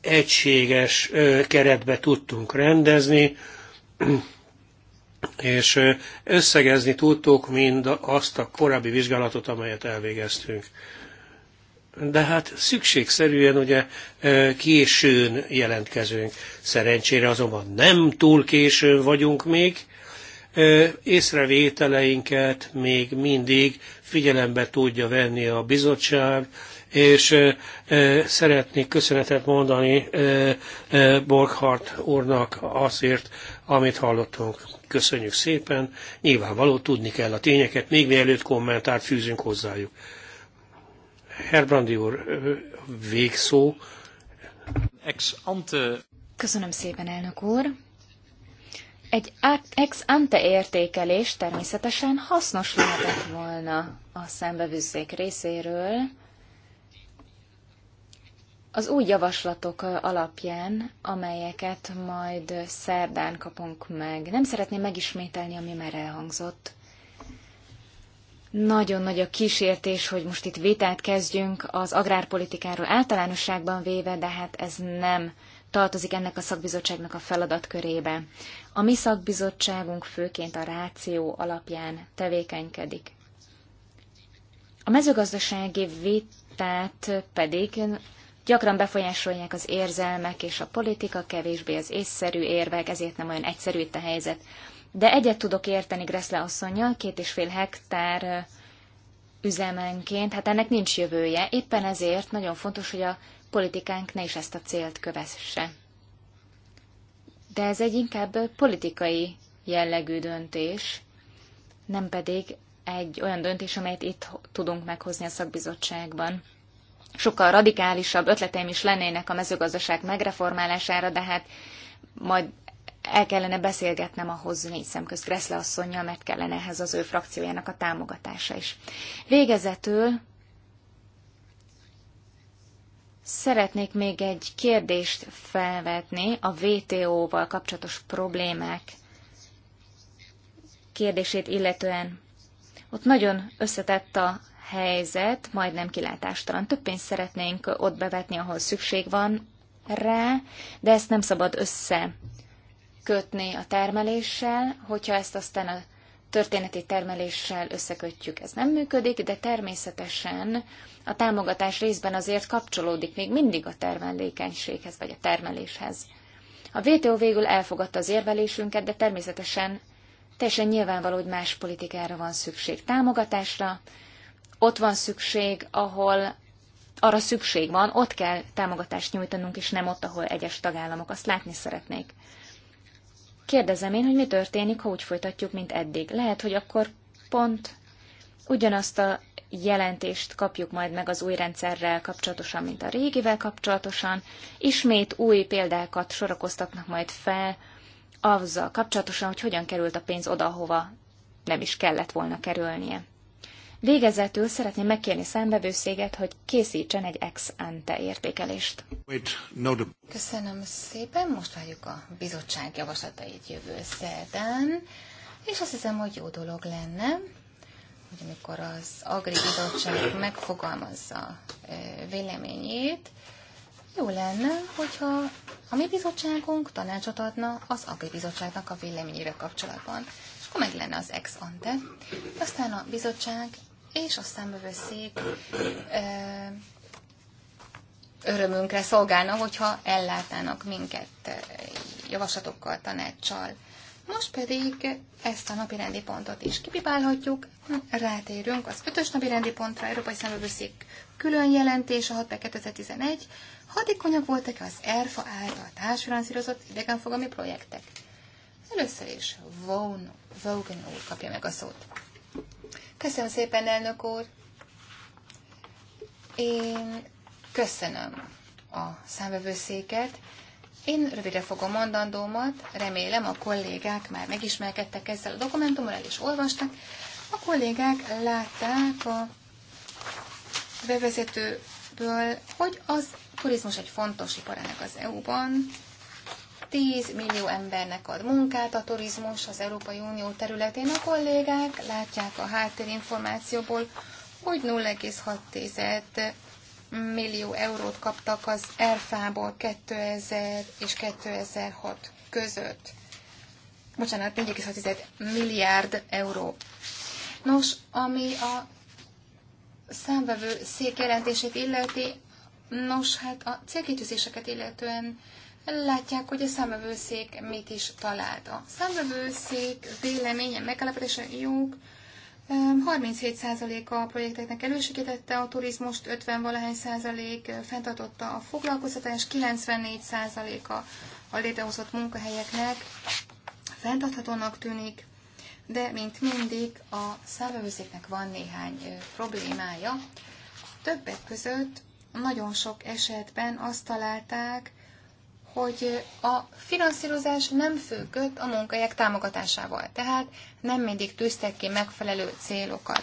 egységes keretbe tudtunk rendezni, és összegezni tudtuk mind azt a korábbi vizsgálatot, amelyet elvégeztünk. De hát szükségszerűen ugye későn jelentkezünk. Szerencsére azonban nem túl későn vagyunk még, észrevételeinket még mindig figyelembe tudja venni a bizottság, és szeretnék köszönetet mondani Borghardt úrnak azért, amit hallottunk. Köszönjük szépen, nyilvánvaló tudni kell a tényeket, még mielőtt kommentárt fűzünk hozzájuk. Herbrandi úr, végszó. Ex ante. Köszönöm szépen, elnök úr. Egy ex ante értékelés természetesen hasznos lehetett volna a szembevűszék részéről, az új javaslatok alapján, amelyeket majd szerdán kapunk meg, nem szeretném megismételni, ami már elhangzott. Nagyon nagy a kísértés, hogy most itt vitát kezdjünk az agrárpolitikáról általánosságban véve, de hát ez nem tartozik ennek a szakbizottságnak a feladatkörébe. A mi szakbizottságunk főként a ráció alapján tevékenykedik. A mezőgazdasági vitát pedig Gyakran befolyásolják az érzelmek és a politika, kevésbé az észszerű érvek, ezért nem olyan egyszerű itt a helyzet. De egyet tudok érteni Greszle asszonya két és fél hektár üzemenként, hát ennek nincs jövője. Éppen ezért nagyon fontos, hogy a politikánk ne is ezt a célt kövesse. De ez egy inkább politikai jellegű döntés, nem pedig egy olyan döntés, amelyet itt tudunk meghozni a szakbizottságban sokkal radikálisabb ötleteim is lennének a mezőgazdaság megreformálására, de hát majd el kellene beszélgetnem ahhoz négy szemköz Kreszle asszonynal, mert kellene ehhez az ő frakciójának a támogatása is. Végezetül szeretnék még egy kérdést felvetni a VTO-val kapcsolatos problémák kérdését illetően. Ott nagyon összetett a helyzet majdnem kilátástalan. Több pénzt szeretnénk ott bevetni, ahol szükség van rá, de ezt nem szabad összekötni a termeléssel, hogyha ezt aztán a történeti termeléssel összekötjük. Ez nem működik, de természetesen a támogatás részben azért kapcsolódik még mindig a termelékenységhez vagy a termeléshez. A WTO végül elfogadta az érvelésünket, de természetesen teljesen nyilvánvaló, hogy más politikára van szükség. Támogatásra, ott van szükség, ahol arra szükség van, ott kell támogatást nyújtanunk, és nem ott, ahol egyes tagállamok azt látni szeretnék. Kérdezem én, hogy mi történik, ha úgy folytatjuk, mint eddig. Lehet, hogy akkor pont ugyanazt a jelentést kapjuk majd meg az új rendszerrel kapcsolatosan, mint a régivel kapcsolatosan. Ismét új példákat sorakoztatnak majd fel azzal kapcsolatosan, hogy hogyan került a pénz oda, hova nem is kellett volna kerülnie. Végezetül szeretném megkérni szembevőszéget, hogy készítsen egy ex ante értékelést. Köszönöm szépen, most várjuk a bizottság javaslatait jövő szerdán, és azt hiszem, hogy jó dolog lenne, hogy amikor az Agri Bizottság megfogalmazza véleményét, jó lenne, hogyha a mi bizottságunk tanácsot adna az Agri Bizottságnak a véleményére kapcsolatban, és akkor meg lenne az ex ante. Aztán a bizottság és a számbevőszék örömünkre szolgálna, hogyha ellátának minket javaslatokkal, tanácssal. Most pedig ezt a napi rendi pontot is kipipálhatjuk, rátérünk az ötös napi rendi pontra, Európai Szemövőszék külön jelentés a 6 2011, hatékonyak voltak az ERFA által társfinanszírozott idegenfogami projektek. Először is Vaughan úr kapja meg a szót. Köszönöm szépen, elnök úr. Én köszönöm a számvevőszéket. Én rövidre fogom mondandómat, remélem a kollégák már megismerkedtek ezzel a dokumentummal, el is olvastak. A kollégák látták a bevezetőből, hogy az turizmus egy fontos iparának az EU-ban, 10 millió embernek ad munkát a turizmus az Európai Unió területén. A kollégák látják a háttérinformációból, hogy 0,6 millió eurót kaptak az ERFA-ból 2000 és 2006 között. Bocsánat, 4,6 milliárd euró. Nos, ami a számvevő szék jelentését illeti, nos, hát a célkitűzéseket illetően Látják, hogy a szemövőszék mit is talált. A szemövőszék véleménye megállapodása jók. 37%-a ehm, a projekteknek elősegítette a turizmust, 50-valahány százalék eh, fenntartotta a foglalkoztatás, 94%-a a létrehozott munkahelyeknek fenntarthatónak tűnik, de mint mindig a szemövőszéknek van néhány eh, problémája. Többek között nagyon sok esetben azt találták, hogy a finanszírozás nem függött a munkahelyek támogatásával, tehát nem mindig tűztek ki megfelelő célokat.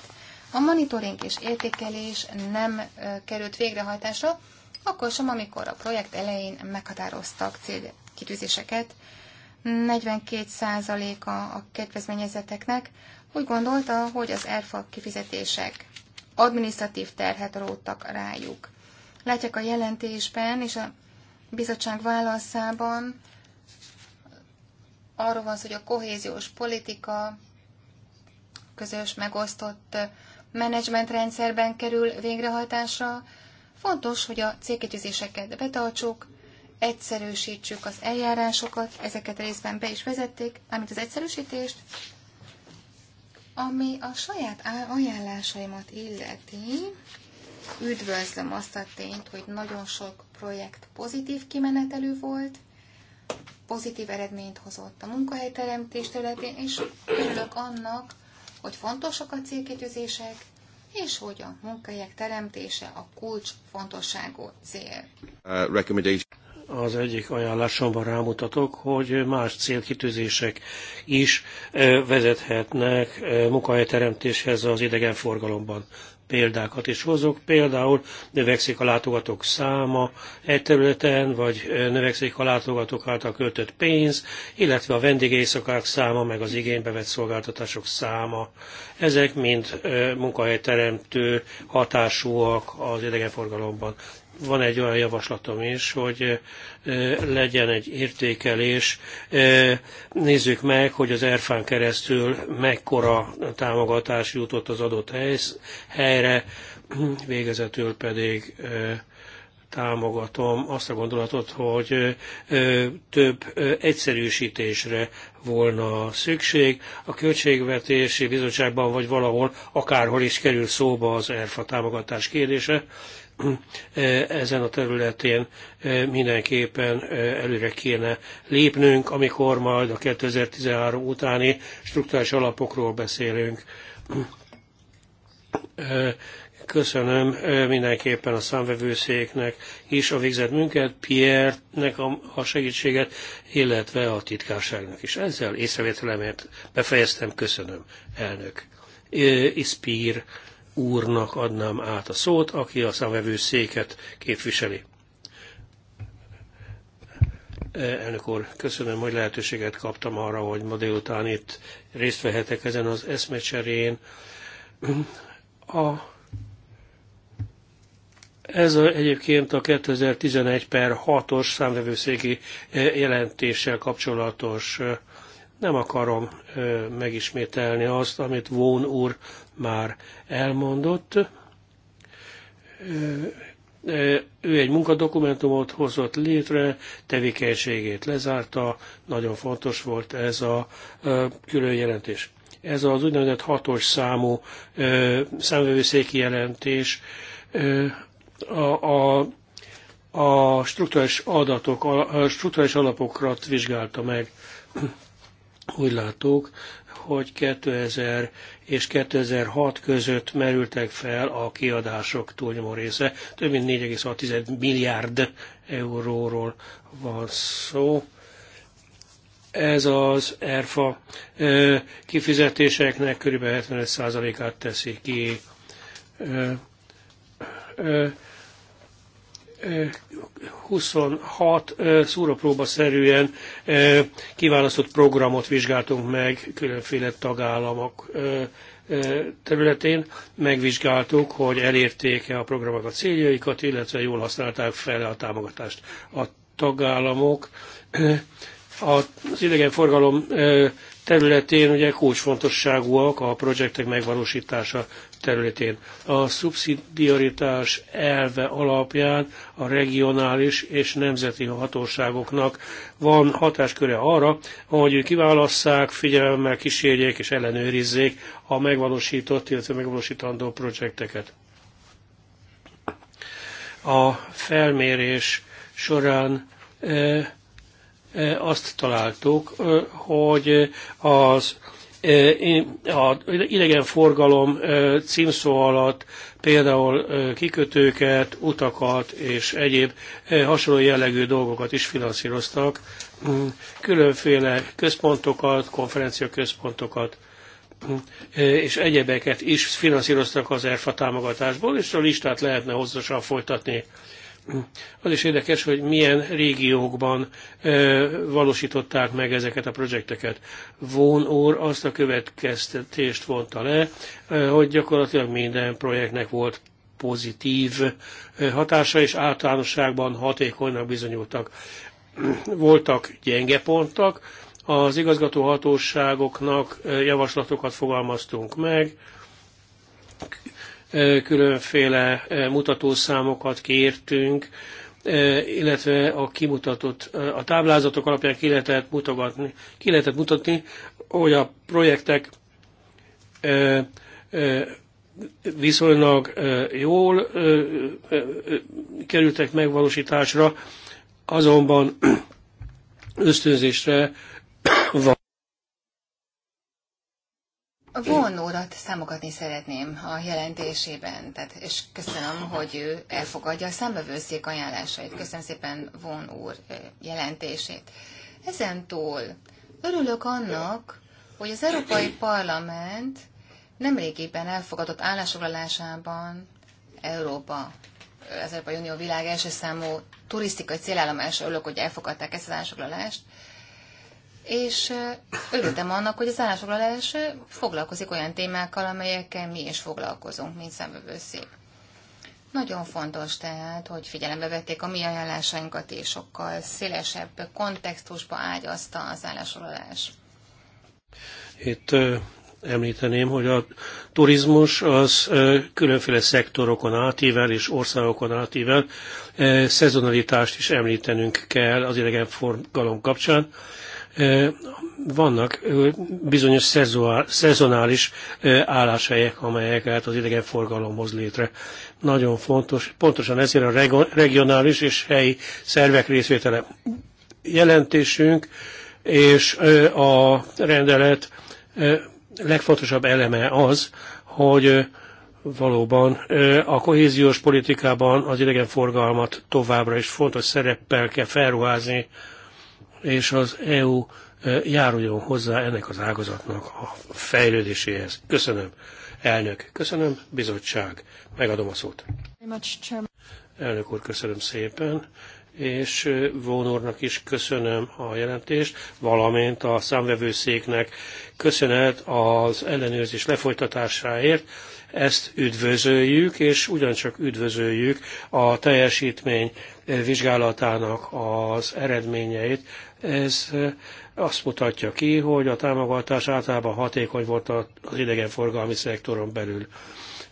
A monitoring és értékelés nem került végrehajtásra, akkor sem, amikor a projekt elején meghatároztak célkitűzéseket. 42%-a a kedvezményezeteknek úgy gondolta, hogy az ERFA kifizetések adminisztratív terhet róttak rájuk. Látják a jelentésben és a bizottság válaszában arról van szó, hogy a kohéziós politika közös megosztott menedzsmentrendszerben kerül végrehajtásra. Fontos, hogy a cégkétyüzéseket betartsuk, egyszerűsítsük az eljárásokat, ezeket részben be is vezették, amit az egyszerűsítést, ami a saját ajánlásaimat illeti, Üdvözlöm azt a tényt, hogy nagyon sok projekt pozitív kimenetelű volt, pozitív eredményt hozott a munkahelyteremtés területén, és örülök annak, hogy fontosak a célkitűzések, és hogy a munkahelyek teremtése a kulcs fontosságú cél. Uh, az egyik ajánlásomban rámutatok, hogy más célkitűzések is uh, vezethetnek uh, munkahelyteremtéshez az idegenforgalomban példákat is hozok. Például növekszik a látogatók száma egy területen, vagy növekszik a látogatók által költött pénz, illetve a vendégészakák száma, meg az igénybe vett szolgáltatások száma. Ezek mind munkahelyteremtő hatásúak az idegenforgalomban van egy olyan javaslatom is, hogy eh, legyen egy értékelés. Eh, nézzük meg, hogy az erfán keresztül mekkora támogatás jutott az adott helyre, végezetül pedig eh, támogatom azt a gondolatot, hogy több egyszerűsítésre volna szükség. A Költségvetési Bizottságban vagy valahol, akárhol is kerül szóba az ERFA támogatás kérdése ezen a területén mindenképpen előre kéne lépnünk, amikor majd a 2013 utáni struktúrás alapokról beszélünk. Köszönöm mindenképpen a számvevőszéknek is a végzett munkát, Pierre-nek a segítséget, illetve a titkárságnak is. Ezzel észrevételemért befejeztem, köszönöm, elnök. Ispír úrnak adnám át a szót, aki a széket képviseli. E, elnök úr, köszönöm, hogy lehetőséget kaptam arra, hogy ma délután itt részt vehetek ezen az eszmecserén. A, ez a, egyébként a 2011 per 6-os számvevőszéki e, jelentéssel kapcsolatos e, nem akarom megismételni azt, amit Vón úr már elmondott. Ő egy munkadokumentumot hozott létre, tevékenységét lezárta, nagyon fontos volt ez a külön jelentés. Ez az úgynevezett hatos számú számvevőszéki jelentés a, a a struktúrális adatok, a struktúrális alapokat vizsgálta meg. Úgy látok, hogy 2000 és 2006 között merültek fel a kiadások túlnyomó része. Több mint 4,6 milliárd euróról van szó. Ez az ERFA kifizetéseknek kb. 75%-át teszi ki 26 szúrapróbaszerűen kiválasztott programot vizsgáltunk meg különféle tagállamok területén. Megvizsgáltuk, hogy elérték-e a programok a céljaikat, illetve jól használták fel a támogatást a tagállamok. Az idegenforgalom területén ugye kulcsfontosságúak a projektek megvalósítása területén. A szubszidiaritás elve alapján a regionális és nemzeti hatóságoknak van hatásköre arra, hogy kiválasszák, figyelemmel kísérjék és ellenőrizzék a megvalósított, illetve megvalósítandó projekteket. A felmérés során eh, azt találtuk, hogy az a idegenforgalom címszó alatt például kikötőket, utakat és egyéb hasonló jellegű dolgokat is finanszíroztak, mm, különféle központokat, konferenciaközpontokat mm, és egyebeket is finanszíroztak az ERFA támogatásból, és a listát lehetne hosszasan folytatni. Az is érdekes, hogy milyen régiókban ö, valósították meg ezeket a projekteket. Von úr azt a következtetést vonta le, ö, hogy gyakorlatilag minden projektnek volt pozitív ö, hatása, és általánosságban hatékonynak bizonyultak. Voltak gyenge pontok, az igazgatóhatóságoknak javaslatokat fogalmaztunk meg, különféle mutatószámokat kértünk, illetve a kimutatott, a táblázatok alapján ki lehetett mutogatni, ki lehetett mutatni, hogy a projektek viszonylag jól kerültek megvalósításra, azonban (clears throat) ösztönzésre vonórat urat számogatni szeretném a jelentésében, tehát, és köszönöm, hogy ő elfogadja a számbevőszék ajánlásait. Köszönöm szépen Von úr eh, jelentését. Ezen túl örülök annak, hogy az Európai Parlament nemrégiben elfogadott állásfoglalásában Európa, az Európai Unió világ első számú turisztikai célállomása örülök, hogy elfogadták ezt az állásfoglalást, és örültem annak, hogy az állásfoglalás foglalkozik olyan témákkal, amelyekkel mi is foglalkozunk, mint szemövőszék. Nagyon fontos tehát, hogy figyelembe vették a mi ajánlásainkat, és sokkal szélesebb kontextusba ágyazta az állásfoglalás. Itt említeném, hogy a turizmus az különféle szektorokon átível és országokon átível szezonalitást is említenünk kell az idegenforgalom kapcsán. Vannak bizonyos szezonális álláshelyek, amelyeket hát az idegenforgalom hoz létre. Nagyon fontos, pontosan ezért a regionális és helyi szervek részvétele jelentésünk, és a rendelet legfontosabb eleme az, hogy valóban a kohéziós politikában az idegenforgalmat továbbra is fontos szereppel kell felruházni és az EU e, járuljon hozzá ennek az ágazatnak a fejlődéséhez. Köszönöm, elnök, köszönöm, bizottság, megadom a szót. Elnök úr, köszönöm szépen, és e, Vónornak is köszönöm a jelentést, valamint a számvevőszéknek köszönet az ellenőrzés lefolytatásáért. Ezt üdvözöljük, és ugyancsak üdvözöljük a teljesítmény e, vizsgálatának az eredményeit, ez azt mutatja ki, hogy a támogatás általában hatékony volt az idegenforgalmi szektoron belül.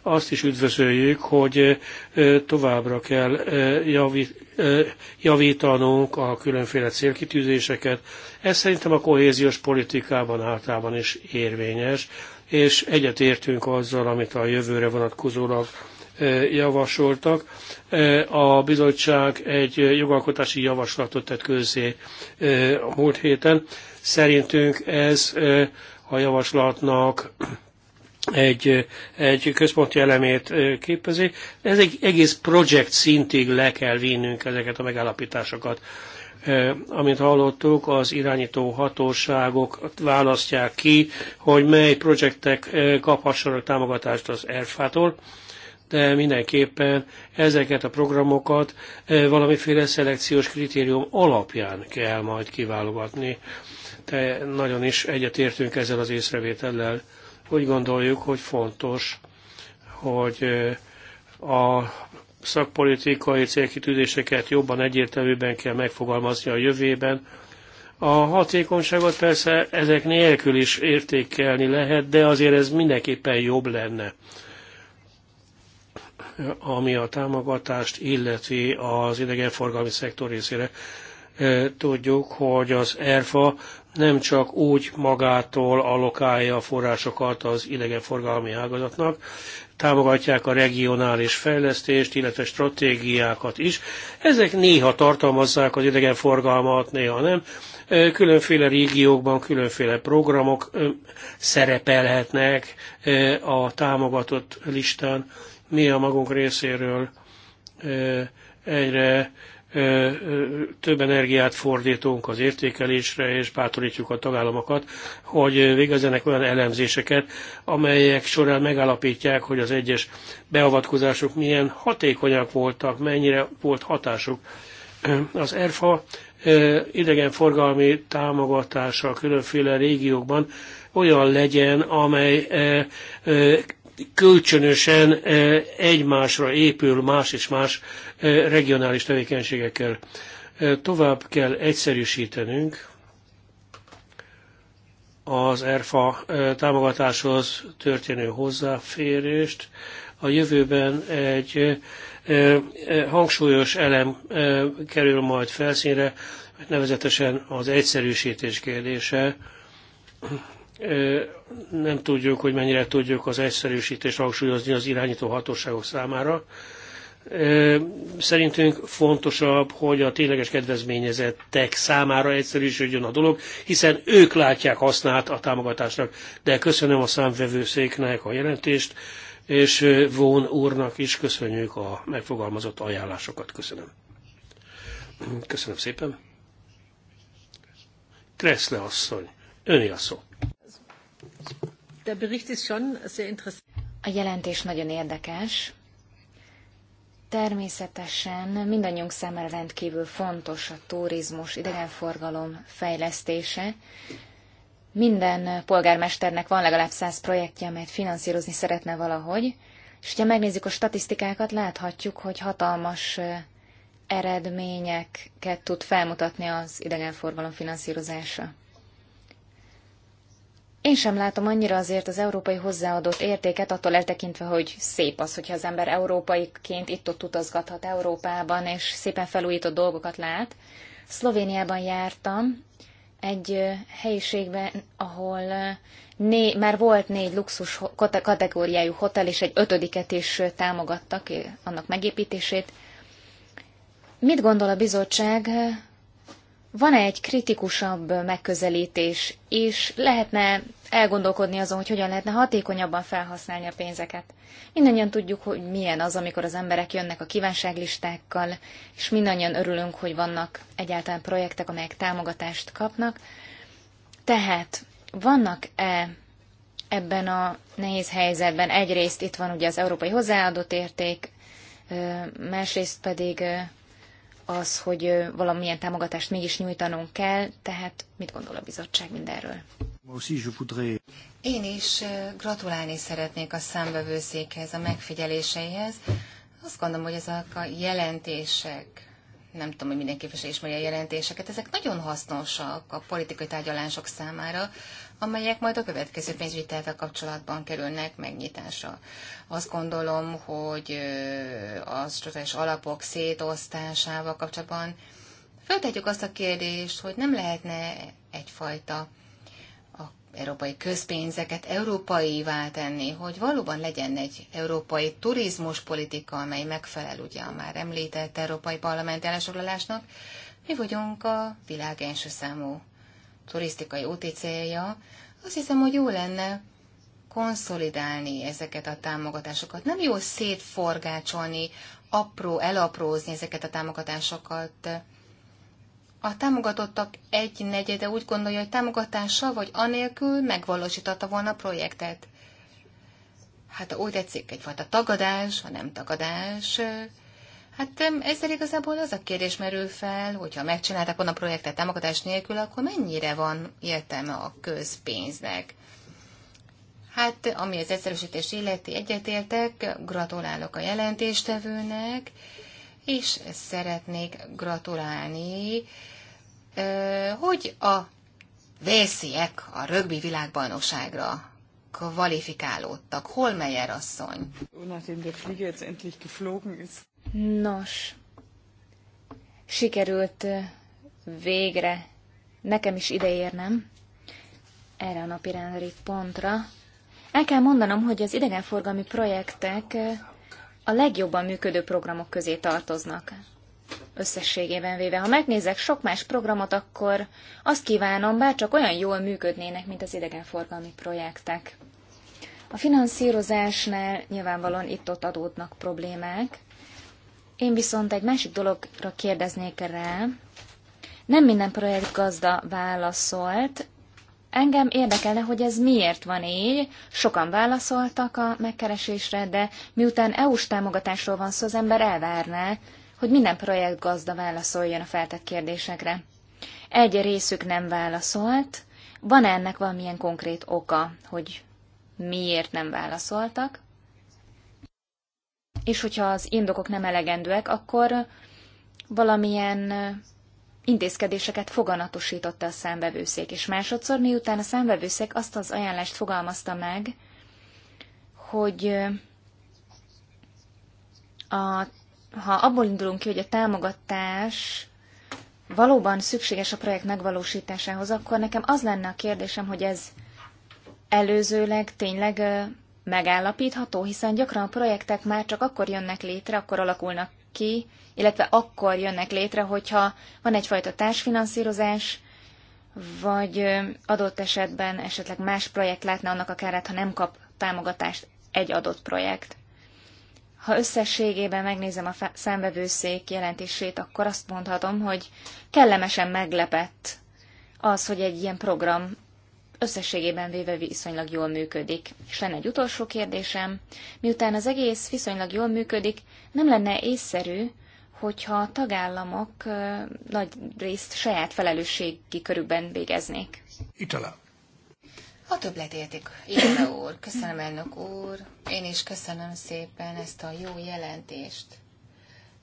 Azt is üdvözöljük, hogy továbbra kell javítanunk a különféle célkitűzéseket. Ez szerintem a kohéziós politikában általában is érvényes, és egyetértünk azzal, amit a jövőre vonatkozólag javasoltak. A bizottság egy jogalkotási javaslatot tett közzé a múlt héten. Szerintünk ez a javaslatnak egy, egy központi elemét képezi. Ez egy egész projekt szintig le kell vinnünk ezeket a megállapításokat. Amint hallottuk, az irányító hatóságok választják ki, hogy mely projektek kaphassanak támogatást az ERFA-tól de mindenképpen ezeket a programokat e, valamiféle szelekciós kritérium alapján kell majd kiválogatni. Te nagyon is egyetértünk ezzel az észrevétellel. Úgy gondoljuk, hogy fontos, hogy e, a szakpolitikai célkitűzéseket jobban egyértelműben kell megfogalmazni a jövőben. A hatékonyságot persze ezek nélkül is értékelni lehet, de azért ez mindenképpen jobb lenne ami a támogatást illeti az idegenforgalmi szektor részére. E, tudjuk, hogy az ERFA nem csak úgy magától alokálja a forrásokat az idegenforgalmi ágazatnak, támogatják a regionális fejlesztést, illetve stratégiákat is. Ezek néha tartalmazzák az idegenforgalmat, néha nem. E, különféle régiókban különféle programok e, szerepelhetnek a támogatott listán mi a magunk részéről egyre több energiát fordítunk az értékelésre, és bátorítjuk a tagállamokat, hogy végezzenek olyan elemzéseket, amelyek során megállapítják, hogy az egyes beavatkozások milyen hatékonyak voltak, mennyire volt hatásuk. Az ERFA idegenforgalmi támogatása a különféle régiókban olyan legyen, amely kölcsönösen eh, egymásra épül más és más eh, regionális tevékenységekkel. Eh, tovább kell egyszerűsítenünk az ERFA támogatáshoz történő hozzáférést. A jövőben egy hangsúlyos elem kerül majd felszínre, nevezetesen az egyszerűsítés kérdése nem tudjuk, hogy mennyire tudjuk az egyszerűsítést hangsúlyozni az irányító hatóságok számára. Szerintünk fontosabb, hogy a tényleges kedvezményezettek számára egyszerűsödjön a dolog, hiszen ők látják hasznát a támogatásnak. De köszönöm a számvevőszéknek a jelentést, és Vón úrnak is köszönjük a megfogalmazott ajánlásokat. Köszönöm. Köszönöm szépen. Kreszle asszony, öni a szó. Der Bericht ist schon sehr interessant. A jelentés nagyon érdekes. Természetesen mindannyiunk számára rendkívül fontos a turizmus, idegenforgalom fejlesztése. Minden polgármesternek van legalább száz projektje, amelyet finanszírozni szeretne valahogy, és ha megnézzük a statisztikákat, láthatjuk, hogy hatalmas eredményeket tud felmutatni az idegenforgalom finanszírozása. Én sem látom annyira azért az európai hozzáadott értéket, attól eltekintve, hogy szép az, hogyha az ember európaiként itt-ott utazgathat Európában, és szépen felújított dolgokat lát. Szlovéniában jártam, egy helyiségben, ahol né, már volt négy luxus kategóriájú hotel, és egy ötödiket is támogattak annak megépítését. Mit gondol a bizottság van-e egy kritikusabb megközelítés, és lehetne elgondolkodni azon, hogy hogyan lehetne hatékonyabban felhasználni a pénzeket? Mindannyian tudjuk, hogy milyen az, amikor az emberek jönnek a kívánságlistákkal, és mindannyian örülünk, hogy vannak egyáltalán projektek, amelyek támogatást kapnak. Tehát vannak-e ebben a nehéz helyzetben. Egyrészt itt van ugye az európai hozzáadott érték, másrészt pedig az, hogy valamilyen támogatást mégis nyújtanunk kell, tehát mit gondol a bizottság mindenről? Én is gratulálni szeretnék a számbevőszékhez, a megfigyeléseihez. Azt gondolom, hogy ezek a jelentések, nem tudom, hogy mindenki ismeri a jelentéseket, ezek nagyon hasznosak a politikai tárgyalások számára, amelyek majd a következő pénzvitával kapcsolatban kerülnek megnyitásra. Azt gondolom, hogy az struktúrás alapok szétosztásával kapcsolatban feltetjük azt a kérdést, hogy nem lehetne egyfajta európai közpénzeket európaivá tenni, hogy valóban legyen egy európai turizmuspolitika, amely megfelel ugye a már említett európai parlament állásfoglalásnak. Mi vagyunk a világ első számú turisztikai úti célja, azt hiszem, hogy jó lenne konszolidálni ezeket a támogatásokat. Nem jó szétforgácsolni, apró, elaprózni ezeket a támogatásokat. A támogatottak egy negyede úgy gondolja, hogy támogatással vagy anélkül megvalósította volna a projektet. Hát úgy tetszik, egyfajta tagadás, ha nem tagadás, Hát ezzel igazából az a kérdés merül fel, hogyha megcsinálták volna a projektet támogatás nélkül, akkor mennyire van értelme a közpénznek? Hát, ami az egyszerűsítés illeti egyetértek, gratulálok a jelentéstevőnek, és szeretnék gratulálni, hogy a vésziek a rögbi világbajnokságra kvalifikálódtak. Holmeyer asszony. Nachdem der Flieger jetzt endlich geflogen ist. Nos, sikerült végre nekem is ideérnem erre a rendőri pontra. El kell mondanom, hogy az idegenforgalmi projektek a legjobban működő programok közé tartoznak. Összességében véve, ha megnézek sok más programot, akkor azt kívánom, bár csak olyan jól működnének, mint az idegenforgalmi projektek. A finanszírozásnál nyilvánvalóan itt-ott adódnak problémák, én viszont egy másik dologra kérdeznék rá. Nem minden projekt gazda válaszolt. Engem érdekelne, hogy ez miért van így. Sokan válaszoltak a megkeresésre, de miután EU-s támogatásról van szó, az ember elvárná, hogy minden projekt gazda válaszoljon a feltett kérdésekre. Egy részük nem válaszolt. Van -e ennek valamilyen konkrét oka, hogy miért nem válaszoltak? és hogyha az indokok nem elegendőek, akkor valamilyen intézkedéseket foganatosította a számbevőszék. És másodszor, miután a számbevőszék azt az ajánlást fogalmazta meg, hogy a, ha abból indulunk ki, hogy a támogatás valóban szükséges a projekt megvalósításához, akkor nekem az lenne a kérdésem, hogy ez előzőleg tényleg megállapítható, hiszen gyakran a projektek már csak akkor jönnek létre, akkor alakulnak ki, illetve akkor jönnek létre, hogyha van egyfajta társfinanszírozás, vagy adott esetben esetleg más projekt látna annak a kárát, ha nem kap támogatást egy adott projekt. Ha összességében megnézem a számvevőszék jelentését, akkor azt mondhatom, hogy kellemesen meglepett az, hogy egy ilyen program összességében véve viszonylag jól működik. És lenne egy utolsó kérdésem, miután az egész viszonylag jól működik, nem lenne észszerű, hogyha a tagállamok nagy részt saját felelősségi körükben végeznék. Itala. A értik, Itala úr, köszönöm elnök úr, én is köszönöm szépen ezt a jó jelentést.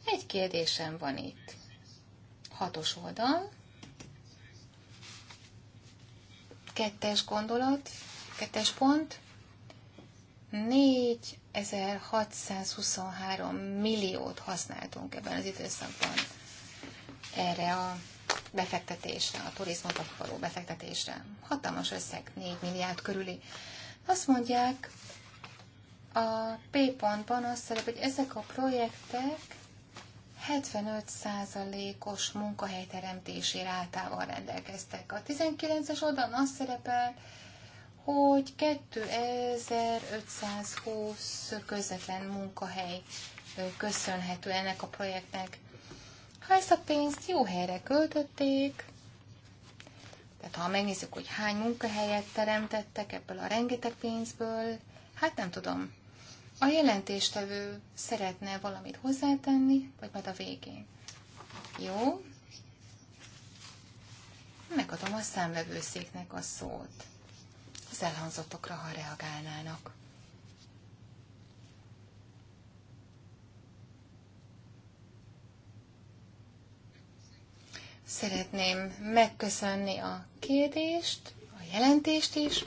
Egy kérdésem van itt. Hatos oldal, Kettes gondolat, kettes pont, 4623 milliót használtunk ebben az időszakban erre a befektetésre, a turizmusba való befektetésre. Hatalmas összeg, 4 milliárd körüli. Azt mondják, a P pontban azt szerep, hogy ezek a projektek 75%-os munkahelyteremtési rátával rendelkeztek. A 19-es oldalon az szerepel, hogy 2520 közvetlen munkahely köszönhető ennek a projektnek. Ha ezt a pénzt jó helyre költötték, tehát ha megnézzük, hogy hány munkahelyet teremtettek ebből a rengeteg pénzből, hát nem tudom, a jelentéstevő szeretne valamit hozzátenni, vagy majd a végén? Jó. Megadom a számvevőszéknek a szót. Az elhangzottokra, ha reagálnának. Szeretném megköszönni a kérdést, a jelentést is,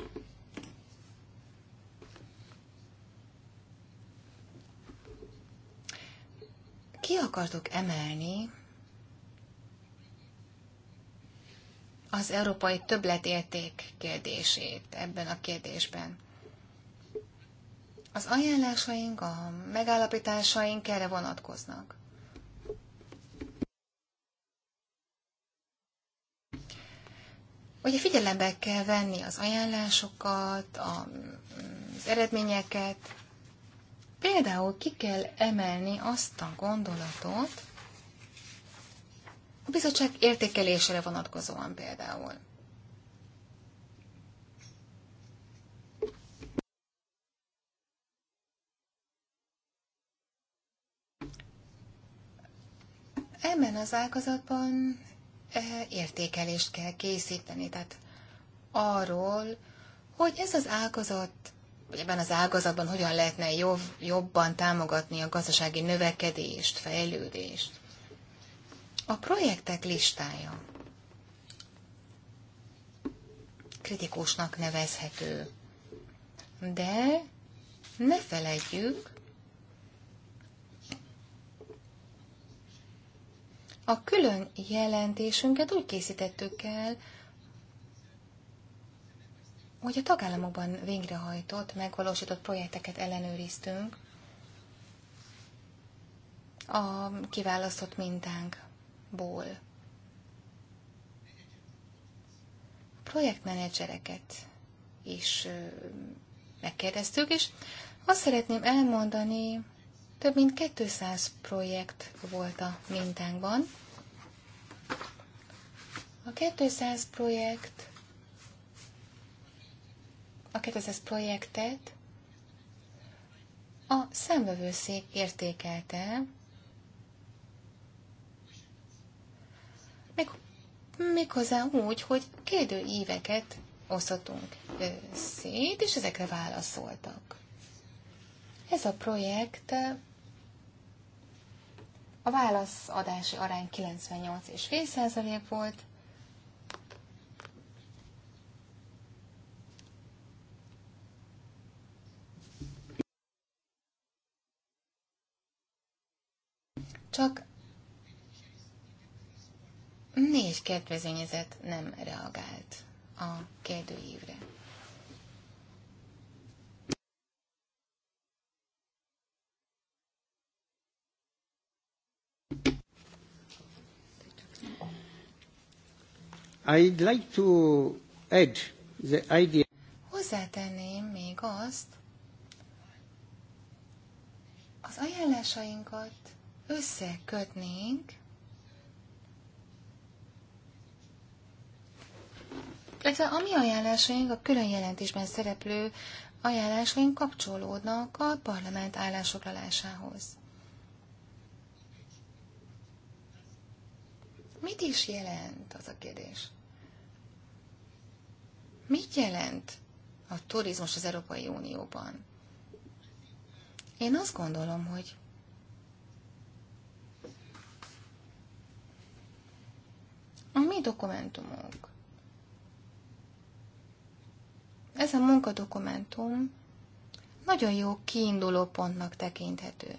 ki akartok emelni az európai többletérték kérdését ebben a kérdésben. Az ajánlásaink, a megállapításaink erre vonatkoznak. Ugye figyelembe kell venni az ajánlásokat, az eredményeket, Például ki kell emelni azt a gondolatot, a bizottság értékelésére vonatkozóan például. Ebben az ágazatban eh, értékelést kell készíteni, tehát arról, hogy ez az ágazat hogy ebben az ágazatban hogyan lehetne jobb, jobban támogatni a gazdasági növekedést, fejlődést. A projektek listája kritikusnak nevezhető, de ne felejtjük, a külön jelentésünket úgy készítettük el, hogy a tagállamokban végrehajtott, megvalósított projekteket ellenőriztünk, a kiválasztott mintánkból. A projektmenedzsereket is megkérdeztük, és azt szeretném elmondani, több mint 200 projekt volt a mintánkban. A 200 projekt a 200 projektet a számvevőszék értékelte, még, méghozzá úgy, hogy kérdő éveket osztottunk szét, és ezekre válaszoltak. Ez a projekt a válaszadási arány 98,5% volt, kedvezményezett nem reagált a kérdőívre. I'd like to add the idea. Hozzátenném még azt, az ajánlásainkat összekötnénk Ez a, a mi ajánlásaink a külön jelentésben szereplő ajánlásaink kapcsolódnak a parlament állásoklalásához. Mit is jelent az a kérdés? Mit jelent a turizmus az Európai Unióban? Én azt gondolom, hogy a mi dokumentumunk, Ez a munkadokumentum nagyon jó kiinduló pontnak tekinthető.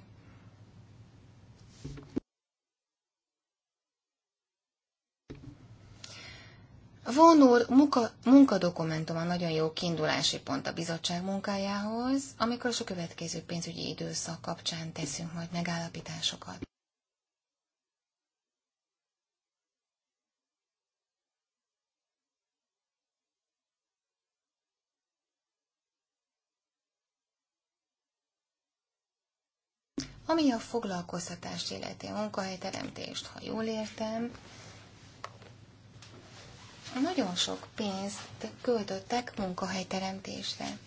Von munka munka, a nagyon jó kiindulási pont a bizottság munkájához, amikor a következő pénzügyi időszak kapcsán teszünk majd megállapításokat. ami a foglalkoztatást illeti, a munkahelyteremtést, ha jól értem, nagyon sok pénzt költöttek munkahelyteremtésre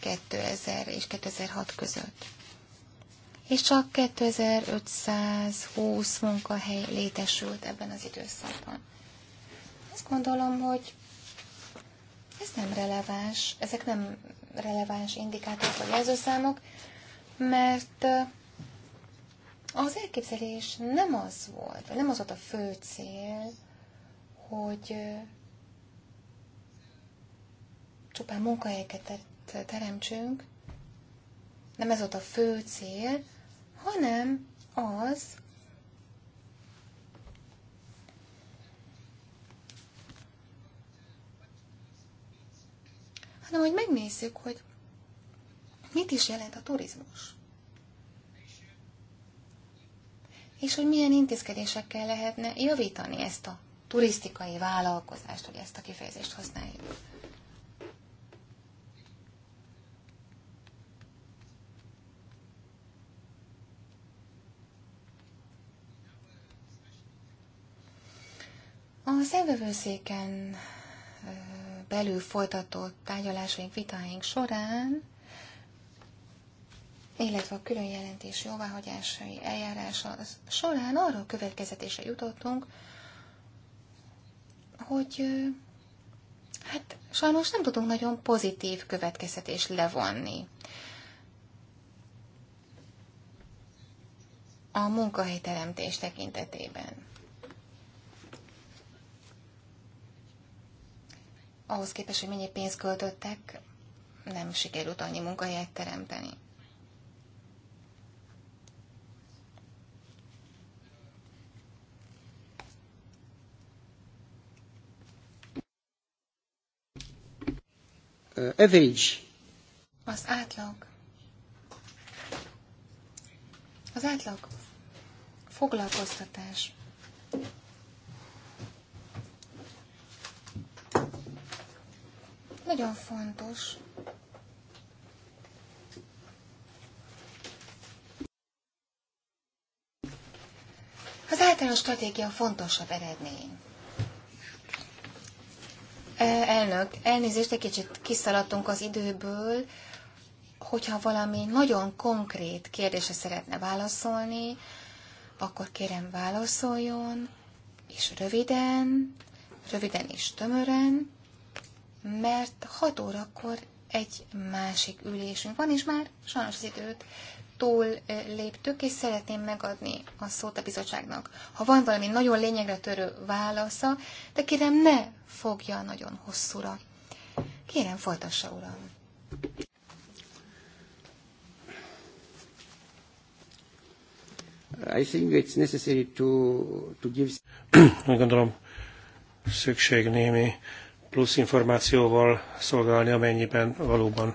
2000 és 2006 között. És csak 2520 munkahely létesült ebben az időszakban. Azt gondolom, hogy ez nem releváns, ezek nem releváns indikátorok vagy jelzőszámok, mert az elképzelés nem az volt, vagy nem az volt a fő cél, hogy csupán munkahelyeket teremtsünk, nem ez volt a fő cél, hanem az, hanem hogy megnézzük, hogy mit is jelent a turizmus. És hogy milyen intézkedésekkel lehetne javítani ezt a turisztikai vállalkozást, hogy ezt a kifejezést használjuk. A szemvevőszéken belül folytatott tárgyalásaink, vitáink során illetve a külön jelentés jóváhagyásai eljárása során arra a következetésre jutottunk, hogy hát sajnos nem tudunk nagyon pozitív következetés levonni. a munkahelyteremtés tekintetében. Ahhoz képest, hogy mennyi pénzt költöttek, nem sikerült annyi munkahelyet teremteni. average. Uh, Az átlag. Az átlag foglalkoztatás. Nagyon fontos, Az általános stratégia fontosabb eredmény. E, elnök, elnézést, egy kicsit kiszaladtunk az időből. Hogyha valami nagyon konkrét kérdése szeretne válaszolni, akkor kérem válaszoljon, és röviden, röviden és tömören, mert 6 órakor egy másik ülésünk van, és már sajnos az időt túl eh, léptük, és szeretném megadni a szót a bizottságnak. Ha van valami nagyon lényegre törő válasza, de kérem ne fogja nagyon hosszúra. Kérem, folytassa, uram. I think it's necessary to, to give... Úgy gondolom, szükség némi plusz információval szolgálni, amennyiben valóban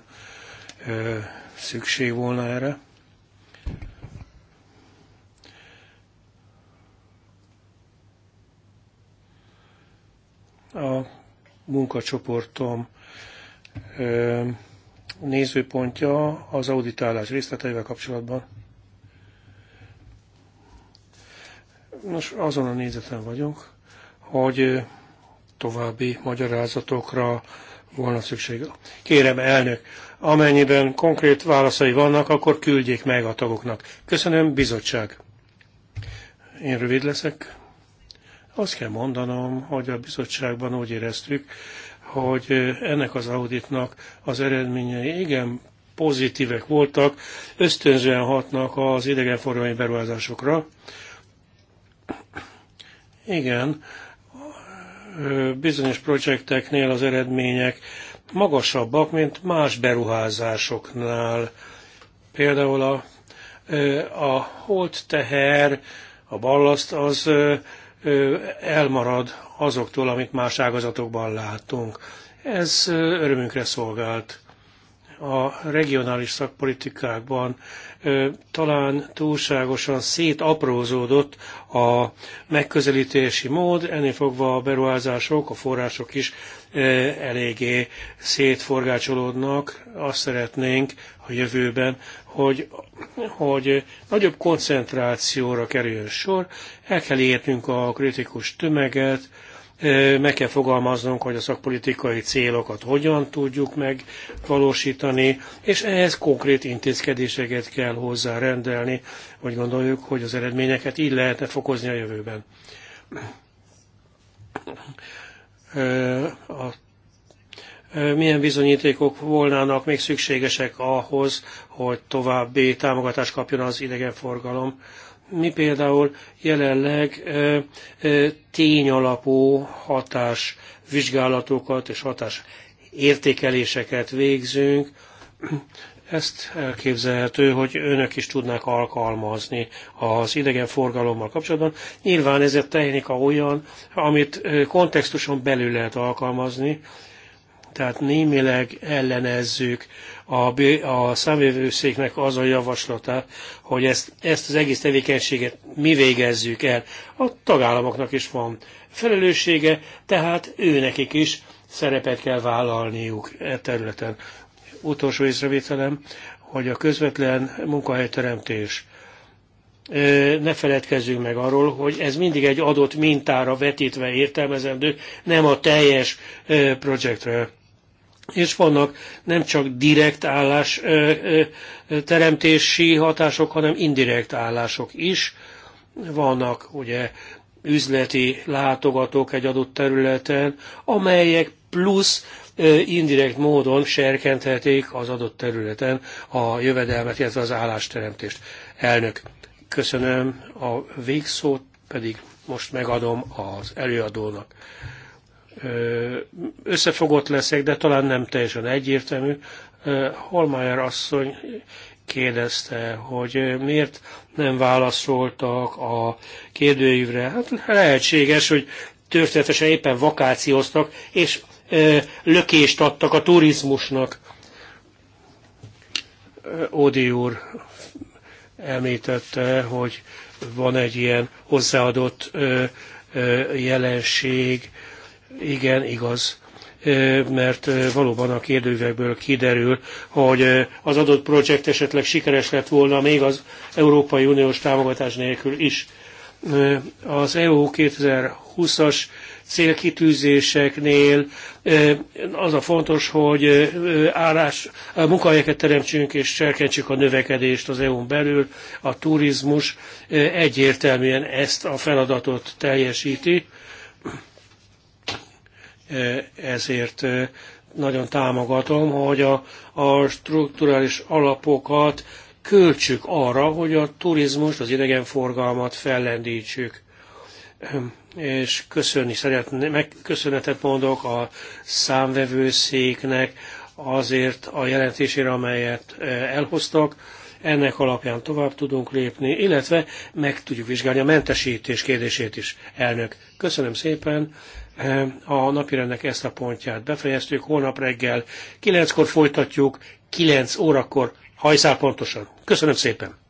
ö, eh, szükség volna erre. munkacsoportom nézőpontja az auditálás részleteivel kapcsolatban. Nos, azon a nézeten vagyunk, hogy további magyarázatokra volna szükség. Kérem, elnök, amennyiben konkrét válaszai vannak, akkor küldjék meg a tagoknak. Köszönöm, bizottság. Én rövid leszek. Azt kell mondanom, hogy a bizottságban úgy éreztük, hogy ennek az auditnak az eredményei igen pozitívek voltak, ösztönzően hatnak az idegenforgalmi beruházásokra. Igen, bizonyos projekteknél az eredmények magasabbak, mint más beruházásoknál. Például a, a holt teher, a ballaszt az elmarad azoktól, amit más ágazatokban látunk. Ez örömünkre szolgált. A regionális szakpolitikákban talán túlságosan szétaprózódott a megközelítési mód, ennél fogva a beruházások, a források is eléggé szétforgácsolódnak. Azt szeretnénk a jövőben, hogy, hogy nagyobb koncentrációra kerüljön sor, el kell értnünk a kritikus tömeget, meg kell fogalmaznunk, hogy a szakpolitikai célokat hogyan tudjuk megvalósítani, és ehhez konkrét intézkedéseket kell hozzá rendelni, hogy gondoljuk, hogy az eredményeket így lehetne fokozni a jövőben. A milyen bizonyítékok volnának még szükségesek ahhoz, hogy további támogatást kapjon az idegenforgalom. forgalom mi például jelenleg tényalapú hatás vizsgálatokat és hatás értékeléseket végzünk. Ezt elképzelhető, hogy önök is tudnák alkalmazni az idegenforgalommal kapcsolatban. Nyilván ez a technika olyan, amit kontextuson belül lehet alkalmazni, tehát némileg ellenezzük a, a számvevőszéknek az a javaslata, hogy ezt, ezt az egész tevékenységet mi végezzük el. A tagállamoknak is van felelőssége, tehát őnekik is szerepet kell vállalniuk e területen. Utolsó észrevételem, hogy a közvetlen munkahelyteremtés. Ne feledkezzünk meg arról, hogy ez mindig egy adott mintára vetítve értelmezendő, nem a teljes projektre és vannak nem csak direkt állás teremtési hatások, hanem indirekt állások is. Vannak ugye üzleti látogatók egy adott területen, amelyek plusz indirekt módon serkenthetik az adott területen a jövedelmet, illetve az állásteremtést. Elnök, köszönöm a végszót, pedig most megadom az előadónak összefogott leszek, de talán nem teljesen egyértelmű. Holmeyer asszony kérdezte, hogy miért nem válaszoltak a kérdőívre. Hát lehetséges, hogy történetesen éppen vakációztak, és lökést adtak a turizmusnak. Ódi úr említette, hogy van egy ilyen hozzáadott jelenség, igen, igaz mert valóban a kérdővekből kiderül, hogy az adott projekt esetleg sikeres lett volna még az Európai Uniós támogatás nélkül is. Az EU 2020-as célkitűzéseknél az a fontos, hogy állás, munkahelyeket teremtsünk és serkentsük a növekedést az EU-n belül. A turizmus egyértelműen ezt a feladatot teljesíti ezért nagyon támogatom, hogy a, a strukturális alapokat költsük arra, hogy a turizmust, az idegenforgalmat fellendítsük. És köszönni szeretném, megköszönetet köszönetet mondok a számvevőszéknek azért a jelentésére, amelyet elhoztak. Ennek alapján tovább tudunk lépni, illetve meg tudjuk vizsgálni a mentesítés kérdését is, elnök. Köszönöm szépen, a napirendnek ezt a pontját befejeztük, holnap reggel 9-kor folytatjuk, 9 órakor hajszál pontosan. Köszönöm szépen!